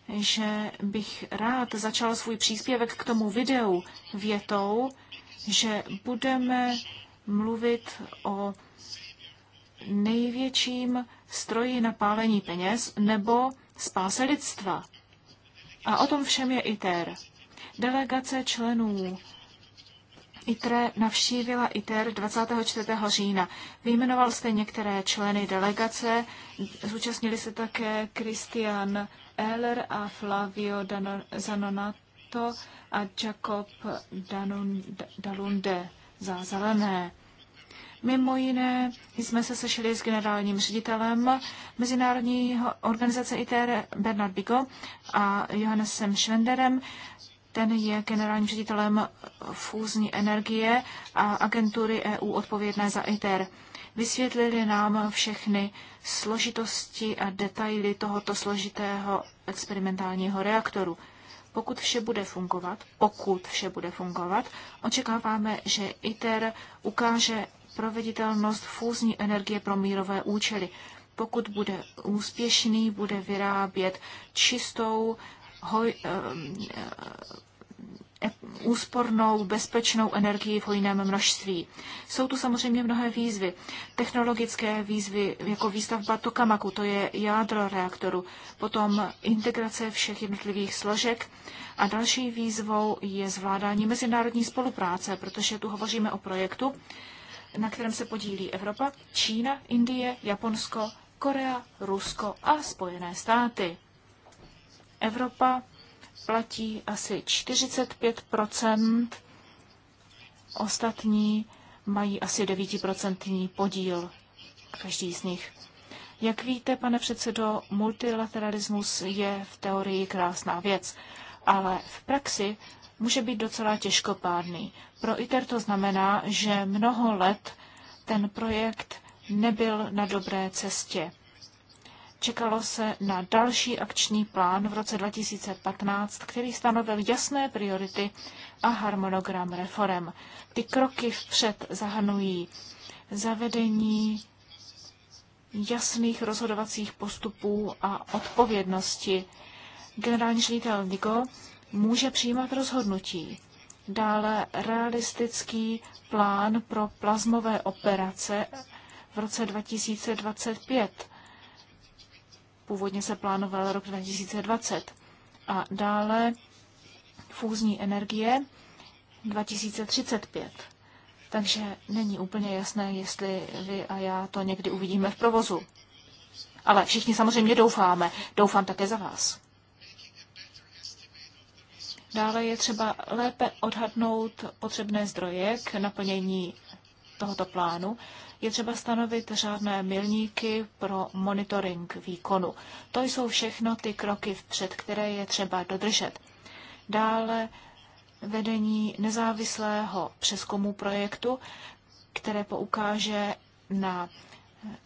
že bych rád začal svůj příspěvek k tomu videu větou, že budeme mluvit o největším stroji na pálení peněz nebo spáse lidstva. A o tom všem je ITER. Delegace členů ITER navštívila ITER 24. října. Vyjmenoval jste některé členy delegace, zúčastnili se také Christian Eller a Flavio Zanonato a Jacob Dalunde za zelené. Mimo jiné jsme se sešli s generálním ředitelem Mezinárodní organizace ITER Bernard Bigo a Johannesem Schwenderem. Ten je generálním ředitelem fúzní energie a agentury EU odpovědné za ITER. Vysvětlili nám všechny složitosti a detaily tohoto složitého experimentálního reaktoru pokud vše bude fungovat, pokud vše bude fungovat, očekáváme, že ITER ukáže proveditelnost fúzní energie pro mírové účely. Pokud bude úspěšný, bude vyrábět čistou, hoj, e, úspornou, bezpečnou energii v hojném množství. Jsou tu samozřejmě mnohé výzvy. Technologické výzvy, jako výstavba Tokamaku, to je jádro reaktoru, potom integrace všech jednotlivých složek a další výzvou je zvládání mezinárodní spolupráce, protože tu hovoříme o projektu, na kterém se podílí Evropa, Čína, Indie, Japonsko, Korea, Rusko a Spojené státy. Evropa platí asi 45 ostatní mají asi 9% podíl každý z nich. Jak víte, pane předsedo, multilateralismus je v teorii krásná věc, ale v praxi může být docela těžkopádný. Pro ITER to znamená, že mnoho let ten projekt nebyl na dobré cestě. Čekalo se na další akční plán v roce 2015, který stanovil jasné priority a harmonogram reform. Ty kroky vpřed zahrnují zavedení jasných rozhodovacích postupů a odpovědnosti. Generální ředitel Nigo může přijímat rozhodnutí. Dále realistický plán pro plazmové operace v roce 2025. Původně se plánoval rok 2020. A dále fúzní energie 2035. Takže není úplně jasné, jestli vy a já to někdy uvidíme v provozu. Ale všichni samozřejmě doufáme. Doufám také za vás. Dále je třeba lépe odhadnout potřebné zdroje k naplnění tohoto plánu. Je třeba stanovit řádné milníky pro monitoring výkonu. To jsou všechno ty kroky vpřed, které je třeba dodržet. Dále vedení nezávislého přeskumu projektu, které poukáže na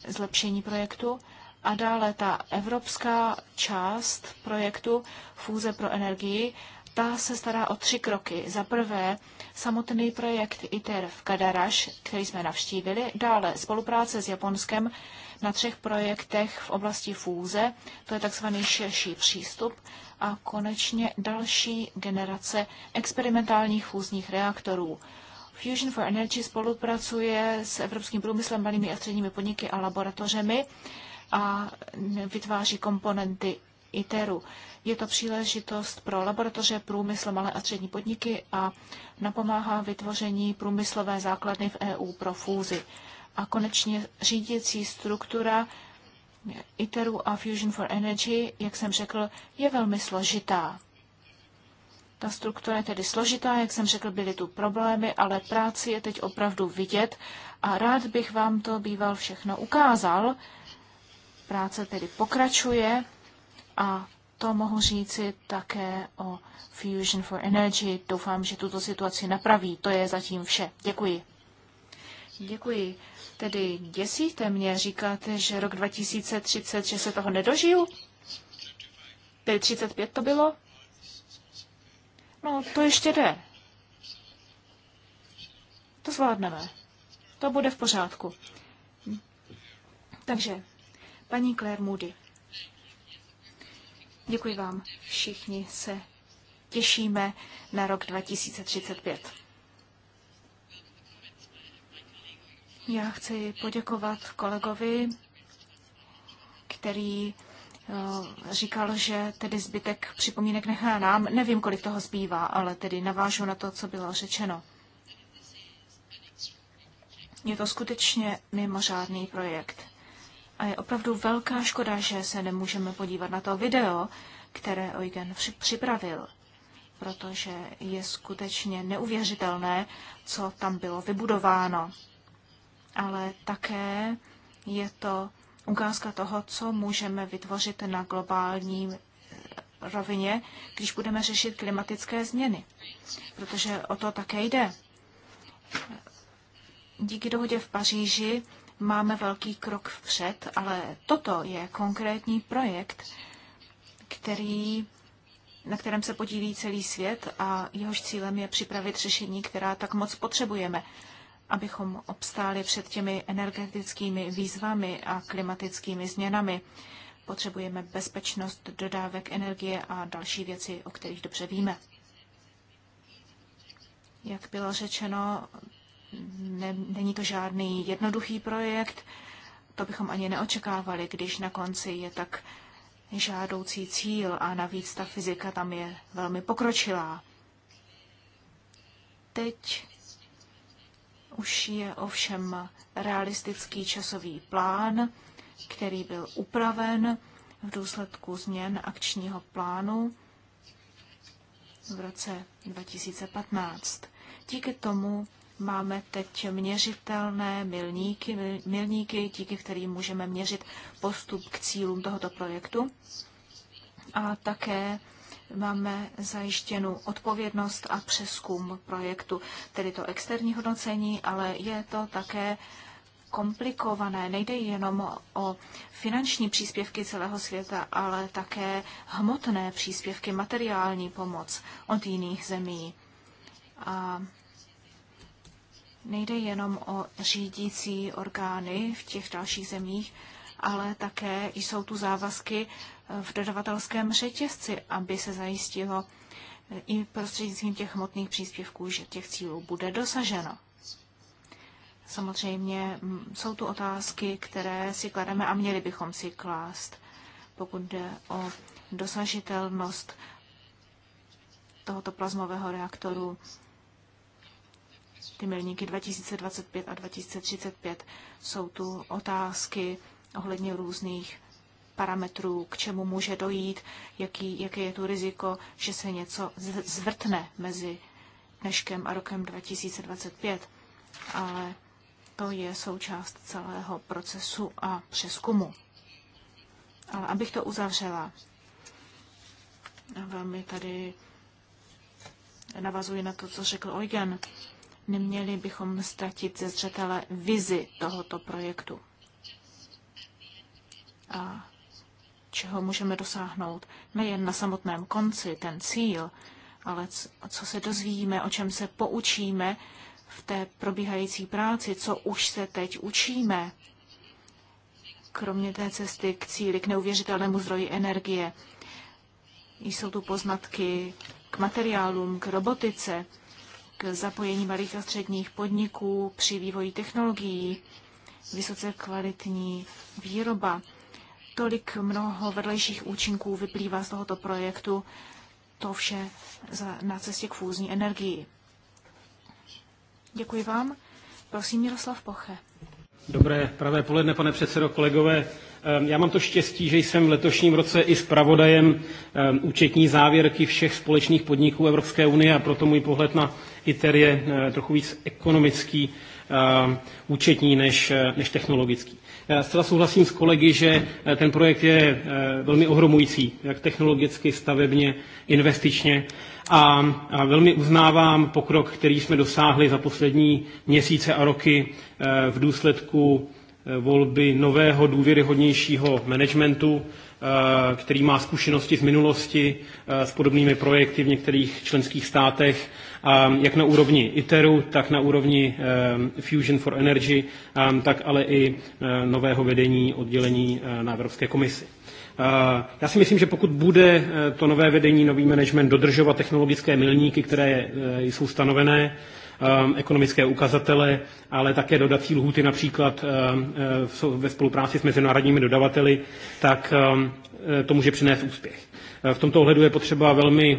zlepšení projektu. A dále ta evropská část projektu Fůze pro energii, ta se stará o tři kroky. Za prvé samotný projekt ITER v Kadaraš, který jsme navštívili, dále spolupráce s Japonskem na třech projektech v oblasti fůze, to je takzvaný širší přístup, a konečně další generace experimentálních fúzních reaktorů. Fusion for Energy spolupracuje s evropským průmyslem, malými a středními podniky a laboratořemi a vytváří komponenty ITERu. Je to příležitost pro laboratoře, průmysl, malé a střední podniky a napomáhá vytvoření průmyslové základny v EU pro fúzi. A konečně řídící struktura ITERu a Fusion for Energy, jak jsem řekl, je velmi složitá. Ta struktura je tedy složitá, jak jsem řekl, byly tu problémy, ale práci je teď opravdu vidět a rád bych vám to býval všechno ukázal. Práce tedy pokračuje a to mohu říci také o Fusion for Energy. Doufám, že tuto situaci napraví. To je zatím vše. Děkuji. Děkuji. Tedy děsíte mě, říkáte, že rok 2030, že se toho nedožiju? 35 to bylo? No, to ještě jde. To zvládneme. To bude v pořádku. Takže, paní Claire Moody. Děkuji vám. Všichni se těšíme na rok 2035. Já chci poděkovat kolegovi, který eh, říkal, že tedy zbytek připomínek nechá nám. Nevím, kolik toho zbývá, ale tedy navážu na to, co bylo řečeno. Je to skutečně mimořádný projekt. A je opravdu velká škoda, že se nemůžeme podívat na to video, které Eugen připravil, protože je skutečně neuvěřitelné, co tam bylo vybudováno. Ale také je to ukázka toho, co můžeme vytvořit na globální eh, rovině, když budeme řešit klimatické změny. Protože o to také jde. Díky dohodě v Paříži máme velký krok vpřed, ale toto je konkrétní projekt, který, na kterém se podílí celý svět a jehož cílem je připravit řešení, která tak moc potřebujeme, abychom obstáli před těmi energetickými výzvami a klimatickými změnami. Potřebujeme bezpečnost dodávek energie a další věci, o kterých dobře víme. Jak bylo řečeno, není to žádný jednoduchý projekt, to bychom ani neočekávali, když na konci je tak žádoucí cíl a navíc ta fyzika tam je velmi pokročilá. Teď už je ovšem realistický časový plán, který byl upraven v důsledku změn akčního plánu v roce 2015. Díky tomu Máme teď měřitelné milníky, milníky, díky kterým můžeme měřit postup k cílům tohoto projektu. A také máme zajištěnu odpovědnost a přeskum projektu, tedy to externí hodnocení, ale je to také komplikované. Nejde jenom o finanční příspěvky celého světa, ale také hmotné příspěvky, materiální pomoc od jiných zemí. A Nejde jenom o řídící orgány v těch dalších zemích, ale také jsou tu závazky v dodavatelském řetězci, aby se zajistilo i prostřednictvím těch hmotných příspěvků, že těch cílů bude dosaženo. Samozřejmě mm, jsou tu otázky, které si klademe a měli bychom si klást, pokud jde o dosažitelnost tohoto plazmového reaktoru ty milníky 2025 a 2035. Jsou tu otázky ohledně různých parametrů, k čemu může dojít, jaký, jaké je tu riziko, že se něco zvrtne mezi dneškem a rokem 2025. Ale to je součást celého procesu a přeskumu. Ale abych to uzavřela, velmi tady navazuji na to, co řekl Eugen. Neměli bychom ztratit ze zřetele vizi tohoto projektu. A čeho můžeme dosáhnout nejen na samotném konci, ten cíl, ale co se dozvíme, o čem se poučíme v té probíhající práci, co už se teď učíme, kromě té cesty k cíli, k neuvěřitelnému zdroji energie. Jsou tu poznatky k materiálům, k robotice, zapojení malých a středních podniků při vývoji technologií, vysoce kvalitní výroba. Tolik mnoho vedlejších účinků vyplývá z tohoto projektu, to vše za, na cestě k fúzní energii. Děkuji vám. Prosím, Miroslav Poche. Dobré pravé poledne, pane předsedo, kolegové. Ehm, já mám to štěstí, že jsem v letošním roce i zpravodajem ehm, účetní závěrky všech společných podniků Evropské unie a proto můj pohled na ITER je eh, trochu víc ekonomický, eh, účetní než, eh, než technologický. Zcela souhlasím s kolegy, že ten projekt je velmi ohromující, jak technologicky, stavebně, investičně. A, a velmi uznávám pokrok, který jsme dosáhli za poslední měsíce a roky v důsledku volby nového důvěryhodnějšího managementu, který má zkušenosti z minulosti s podobnými projekty v některých členských státech Ehm, jak na úrovni ITERu, tak na úrovni ehm, Fusion for Energy, ehm, tak ale i e, nového vedení oddělení e, na Evropské komisi. Já si myslím, že pokud bude e, to nové vedení, nový management dodržovat technologické milníky, které jsou stanovené, ekonomické ukazatele, ale také dodací lhuty například ve spolupráci s mezinárodními dodavateli, tak to může přinést úspěch. V tomto ohledu je potřeba velmi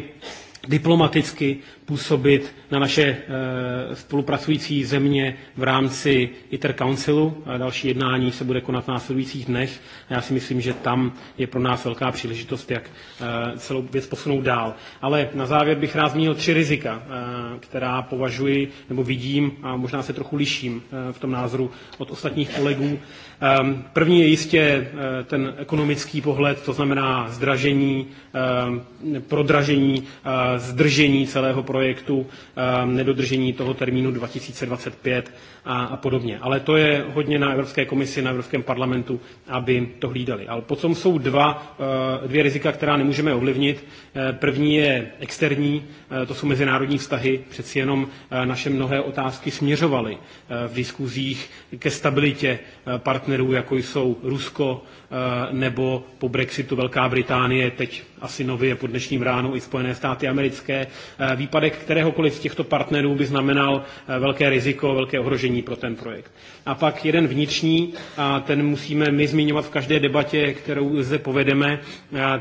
diplomaticky působit na naše eh, spolupracující země v rámci ITER Councilu. Další jednání se bude konat v následujících dnech já si myslím, že tam je pro nás velká příležitost, jak eh, celou věc posunout dál. Ale na závěr bych rád zmínil tři rizika, eh, která považuji nebo vidím a možná se trochu liším v tom názoru od ostatních kolegů Ehm, první je jistě eh, ten ekonomický pohled, to znamená zdražení, ehm, prodražení, eh, zdržení celého projektu, ehm, nedodržení toho termínu 2025 a, a podobně. Ale to je hodně na Evropské komisi, na Evropském parlamentu, aby to hlídali. Ale potom jsou dva, eh, dvě rizika, která nemůžeme ovlivnit. První je externí, to jsou mezinárodní vztahy. Přeci jenom naše mnohé otázky směřovaly v diskuzích ke stabilitě partnerů partnerů, jako jsou Rusko eh, nebo po Brexitu Velká Británie, teď asi nově po dnešním ránu i Spojené státy americké. Eh, výpadek kteréhokoliv z těchto partnerů by znamenal eh, velké riziko, velké ohrožení pro ten projekt. A pak jeden vnitřní, a ten musíme my zmiňovat v každé debatě, kterou zde povedeme,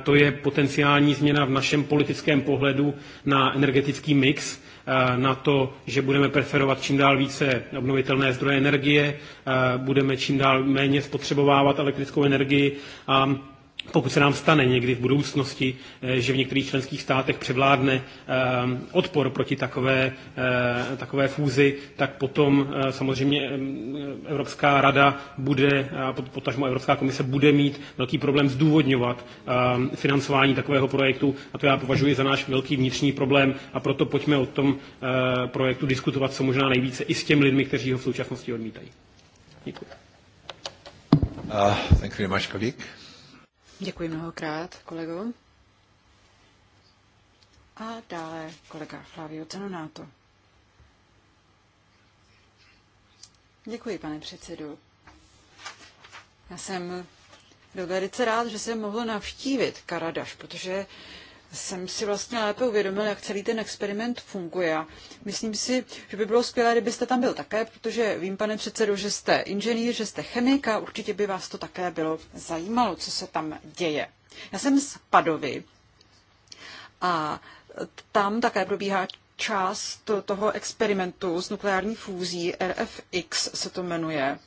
to je potenciální změna v našem politickém pohledu na energetický mix Eh, na to, že budeme preferovat čím dál více obnovitelné zdroje energie, eh, budeme čím dál méně spotřebovávat elektrickou energii a pokud se nám stane někdy v budoucnosti, eh, že v některých členských státech převládne eh, odpor proti takové, eh, takové fúzi, tak potom samozřejmě Evropská rada bude, potažmo Evropská komise bude mít velký problém zdůvodňovat financování takového projektu a to já považuji za náš velký vnitřní problém a proto pojďme o tom projektu diskutovat co možná nejvíce i s těmi lidmi, kteří ho v současnosti odmítají. Děkuji. Uh, thank you very much, colleague. Děkuji mnohokrát, kolego. A dále kolega Flavio Cenonato. Děkuji, pane předsedu. Já jsem byl velice rád, že jsem mohl navštívit Karadaš, protože jsem si vlastně lépe uvědomil, jak celý ten experiment funguje. A myslím si, že by bylo skvělé, kdybyste tam byl také, protože vím, pane předsedo, že jste inženýr, že jste chemik a určitě by vás to také bylo zajímalo, co se tam děje. Já jsem z Padovy a tam také probíhá část toho experimentu s nukleární fúzí, RFX se to jmenuje.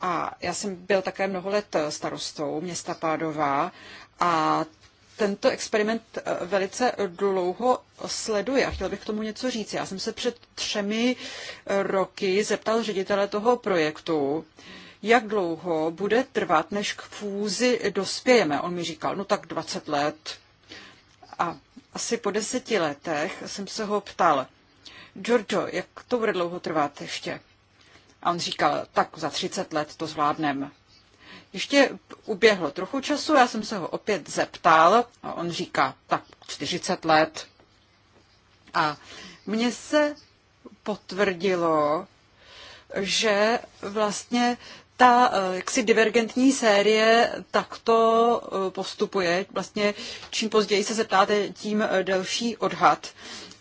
A já jsem byl také mnoho let starostou města Pádová a tento experiment eh, velice dlouho sleduje a chtěl bych k tomu něco říct. Já jsem se před třemi eh, roky zeptal ředitele toho projektu, jak dlouho bude trvat, než k fúzi dospějeme. On mi říkal, no tak 20 let. A asi po deseti letech jsem se ho ptal, Giorgio, jak to bude dlouho trvat ještě? A on říkal, tak za 30 let to zvládnem. Ještě uběhlo trochu času, já jsem se ho opět zeptal a on říká, tak 40 let. A mně se potvrdilo, že vlastně ta eh, jaksi divergentní série takto eh, postupuje. Vlastně čím později se zeptáte, tím eh, delší odhad.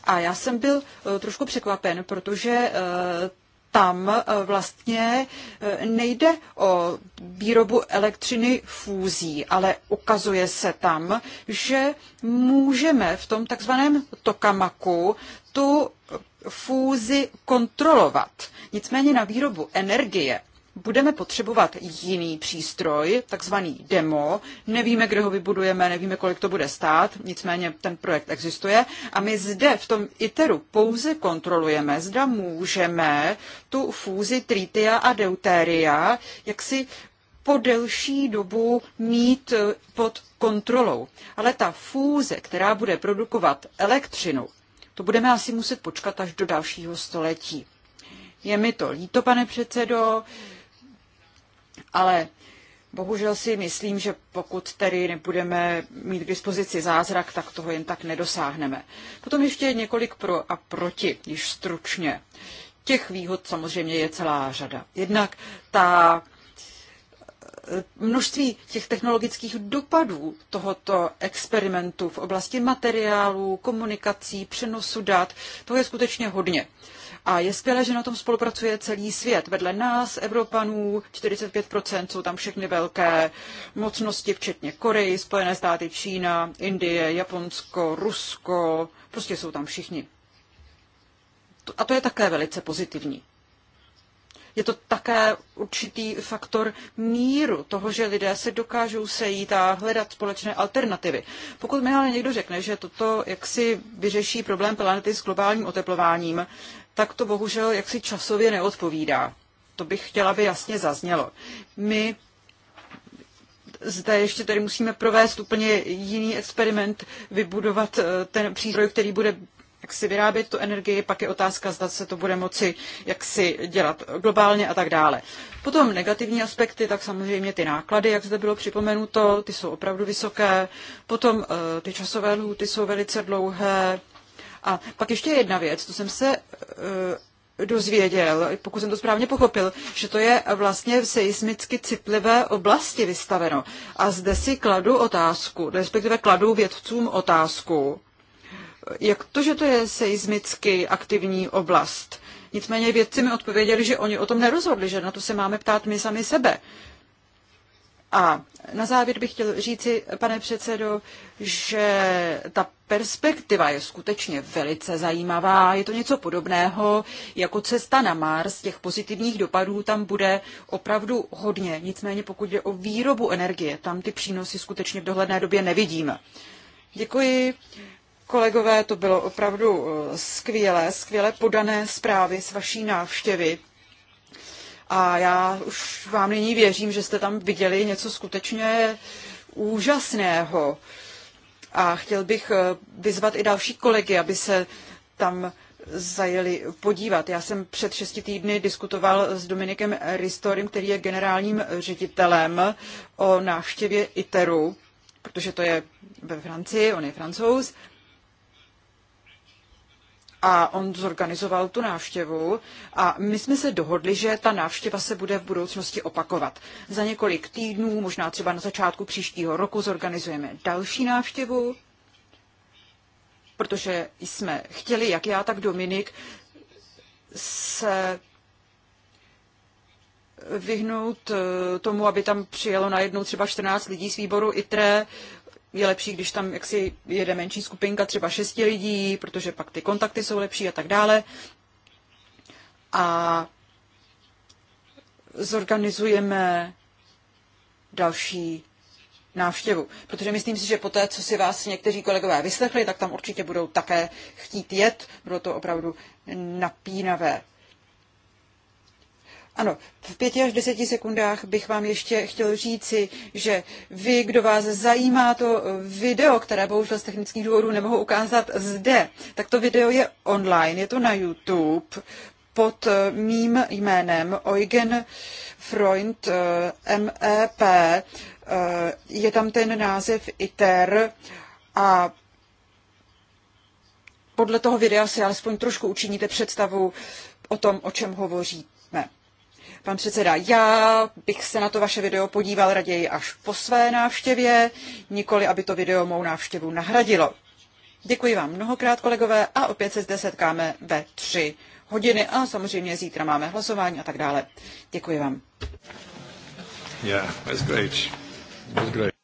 A já jsem byl trošku překvapen, protože tam eh, vlastně eh, nejde o výrobu elektřiny fúzí, ale ukazuje se tam, že můžeme v tom takzvaném tokamaku tu fúzi kontrolovat. Nicméně na výrobu energie budeme potřebovat jiný přístroj, takzvaný demo. Nevíme, kde ho vybudujeme, nevíme, kolik to bude stát, nicméně ten projekt existuje. A my zde v tom ITERu pouze kontrolujeme, zda můžeme tu fúzi tritia a deutéria jaksi po delší dobu mít eh, pod kontrolou. Ale ta fúze, která bude produkovat elektřinu, to budeme asi muset počkat až do dalšího století. Je mi to líto, pane předsedo, ale bohužel si myslím, že pokud tedy nebudeme mít k dispozici zázrak, tak toho jen tak nedosáhneme. Potom ještě několik pro a proti, již stručně. Těch výhod samozřejmě je celá řada. Jednak ta eh, množství těch technologických dopadů tohoto experimentu v oblasti materiálů, komunikací, přenosu dat, toho je skutečně hodně. A je skvělé, že na tom spolupracuje celý svět. Vedle nás, Evropanů, 45% jsou tam všechny velké mocnosti, včetně Koreji, Spojené státy, Čína, Indie, Japonsko, Rusko, prostě jsou tam všichni. A to je také velice pozitivní. Je to také určitý faktor míru toho, že lidé se dokážou sejít a hledat společné alternativy. Pokud mi ale někdo řekne, že toto jaksi vyřeší problém planety s globálním oteplováním, tak to bohužel jaksi časově neodpovídá. To bych chtěla, aby jasně zaznělo. My zde ještě tady musíme provést úplně jiný experiment, vybudovat eh, ten přístroj, který bude jak si vyrábět tu energii, pak je otázka, zda se to bude moci jak si dělat globálně a tak dále. Potom negativní aspekty, tak samozřejmě ty náklady, jak zde bylo připomenuto, ty jsou opravdu vysoké. Potom eh, ty časové lhůty jsou velice dlouhé, a pak ještě jedna věc, to jsem se e, dozvěděl, pokud jsem to správně pochopil, že to je vlastně v seismicky citlivé oblasti vystaveno. A zde si kladu otázku, respektive kladu vědcům otázku, jak to, že to je seismicky aktivní oblast? Nicméně vědci mi odpověděli, že oni o tom nerozhodli, že na to se máme ptát my sami sebe. A na závěr bych chtěl říci, pane předsedo, že ta perspektiva je skutečně velice zajímavá. Je to něco podobného jako cesta na Mars. Těch pozitivních dopadů tam bude opravdu hodně. Nicméně pokud jde o výrobu energie, tam ty přínosy skutečně v dohledné době nevidíme. Děkuji. Kolegové, to bylo opravdu eh, skvělé, skvěle podané zprávy z vaší návštěvy. A já už vám nyní věřím, že jste tam viděli něco skutečně úžasného. A chtěl bych eh, vyzvat i další kolegy, aby se tam zajeli podívat. Já jsem před šesti týdny diskutoval s Dominikem Ristorem, který je generálním ředitelem o návštěvě ITERu, protože to je ve Francii, on je francouz a on zorganizoval tu návštěvu a my jsme se dohodli, že ta návštěva se bude v budoucnosti opakovat. Za několik týdnů, možná třeba na začátku příštího roku, zorganizujeme další návštěvu, protože jsme chtěli, jak já, tak Dominik, se vyhnout eh, tomu, aby tam přijelo najednou třeba 14 lidí z výboru ITRE, je lepší, když tam jaksi jede menší skupinka, třeba šesti lidí, protože pak ty kontakty jsou lepší a tak dále. A zorganizujeme další návštěvu. Protože myslím si, že po té, co si vás někteří kolegové vyslechli, tak tam určitě budou také chtít jet. Bylo to opravdu napínavé. Ano, v pěti až deseti sekundách bych vám ještě chtěl říci, že vy, kdo vás zajímá to video, které bohužel z technických důvodů nemohu ukázat zde, tak to video je online, je to na YouTube pod mým jménem Eugen Freund eh, MEP. Eh, je tam ten název ITER a podle toho videa si alespoň trošku učiníte představu o tom, o čem hovoří Pan předseda, já bych se na to vaše video podíval raději až po své návštěvě, nikoli aby to video mou návštěvu nahradilo. Děkuji vám mnohokrát, kolegové, a opět se zde setkáme ve tři hodiny a samozřejmě zítra máme hlasování a tak dále. Děkuji vám. Yeah, that's great. That's great.